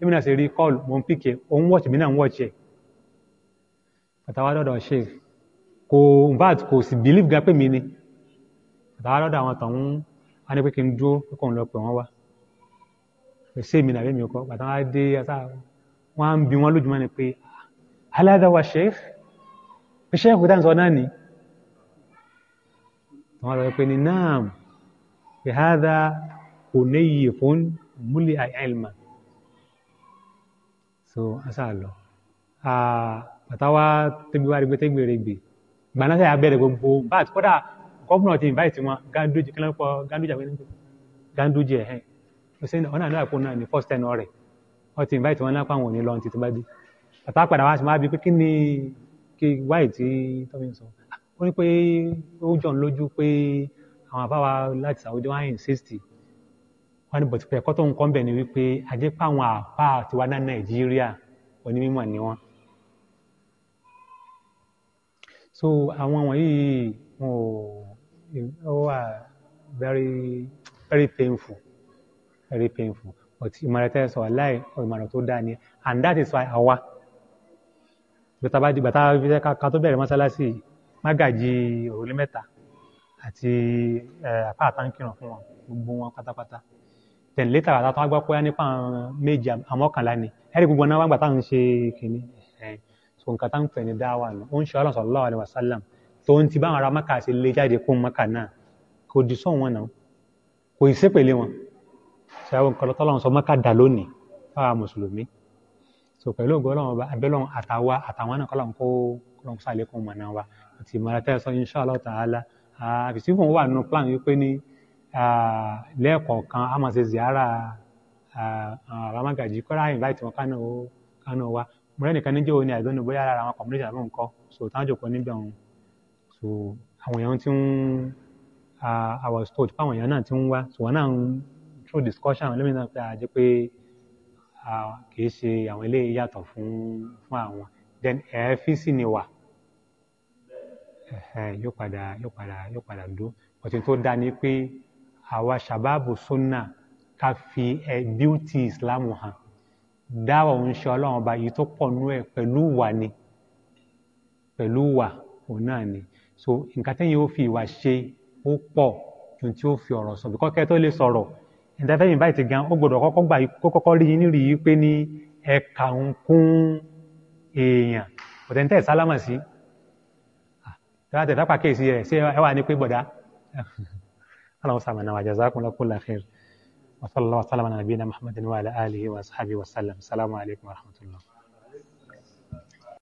èmi náà ṣe rí kọ́ọ̀lù mo ń pìkẹ́ òun wọ́ọ̀ṣì mi náà ń wọ́ọ̀ṣì ẹ̀ fàtàwá lọ́dọ̀ ṣe kò in fact kò sì believe gan pé mi ni fàtàwá lọ́dọ̀ àwọn tọ̀hún á ní pé kí n dúró pé kò ń lọ pè wọ́n wá pè sí èmi nàbí mi kọ́ fàtàwá dé ata wọ́n á ń bi wọ́n lójúmọ́ ni pé aláàdáwà ṣe é ṣe kò dáhùn sọ náà ni wọ́n lọ pé ni náà pé kò ní iye fún múlẹ̀ àìlmà so asa lọ àtàwà tóbi wá rí gbẹtẹgbẹrẹgbẹ gbanáṣẹ abẹrẹ gbogbo bat kódà gọvnọ ti invite wọn Ganduje kí ló ń pọ Ganduje àwọn ènìyàn Ganduje ẹhẹn ó sì ọ̀nà àdúrà kó náà ní first ten ọ̀rẹ́ wọ́n ti invite wọn lápá àwọn òní lọ́n ti tó bá dé bàtà padà wá sí máa bí pé kí ni kí wáì tí tọ́mí sọ ó ní pé ó jọ̀ ń lójú pé àwọn àbáwá láti Saudi wọ́n á insist wọ́n ní bọ̀tí pé ẹ̀kọ́ tó ń kọ́ ń bẹ̀ ni wípé àjẹpá àwọn àpá tiwa náà nàìjíríà onímọ̀ ni wọ́n. so àwọn wọ̀nyí wọn ò ó wà very very painful very painful but ìmọ̀ràn tẹ́ sọ láì ìmọ̀ràn tó dáa ni and that is why àwa bàtà bá di bàtà ká tó bẹ̀rẹ̀ mọ́sálásì mágàjì òrùlé mẹ́ta àti àpá eh, àtàǹkìràn fún wọn gbogbo wọn pátápátá then later àti àtọ́ agbá kóyá nípa méjì àmọ́kànlá ni ẹ̀rí gbogbo náà wàgbà táwọn ń ṣe kìíní so nǹkan táwọn pè ní dáwà nù ó ń ṣe ọlọ́run sallallahu alaihi wasallam tó ń ti báwọn ará maka àti ilé jáde kún maka náà kò dì sóhun wọn náà kò ì sépèlé wọn ṣàwọn nǹkan tọ́lọ́run sọ maka dà lónìí fáwọn mùsùlùmí so pẹ̀lú ògo ọlọ́run ọba abẹ́lọ́run àtàwa àtàwọn náà kọ́lọ́run kó kọ́lọ́run sàlékún mọ̀ náà wa àti ìmọ̀ràn plan wípé ní lẹ́ẹ̀kọ̀ọ̀kan a máa ṣe ziyara àwọn amagaji kọ́ra wọn kánú kánú wa mo nìkan níjẹ́ òní àìdọ́nù bóyá ara àwọn community àbọ̀ nǹkan so táwọn jòkó níbẹ̀ òun so àwọn èèyàn ti ń our state fáwọn èèyàn náà ti ń wá so wọn náà ń through discussion àwọn ẹlẹ́mìí náà pé àjẹ́ pé kì í ṣe àwọn eléyìí yàtọ̀ fún fún àwọn then ẹ̀ẹ́fì sì ni wà yóò padà yóò padà yóò padà dúró ọ̀tún tó dá ni pé àwa ṣàbáàbù sunna ká fi ẹ bíútì ìsìláàmù hàn dáwà òun ṣe ọlọ́run ọba yìí tó pọ̀ nú ẹ̀ pẹ̀lú wà ni pẹ̀lú wà òun náà ni so nǹkan tẹ́yìn ó fi ìwà ṣe ó pọ̀ ju tí ó fi ọ̀rọ̀ sọ bí kọ́kẹ́ tó lè sọ̀rọ̀ ìdáfẹ́yìn invite ti gan ó gbọ́dọ̀ kọ́kọ́ gbà kó kọ́kọ́ rí yín nírìí pé ní ẹ̀ka ń kún èèyàn ọ̀tẹ̀ntẹ̀ sálámà sí tẹ́lá tẹ̀ fápá kéèsì rẹ̀ ṣé ẹ wà pé bọ̀dá وسهلا وسلم وجزاكم الله كل خير وصلى الله وسلم على نبينا محمد وعلى اله واصحابه وسلم السلام عليكم ورحمه الله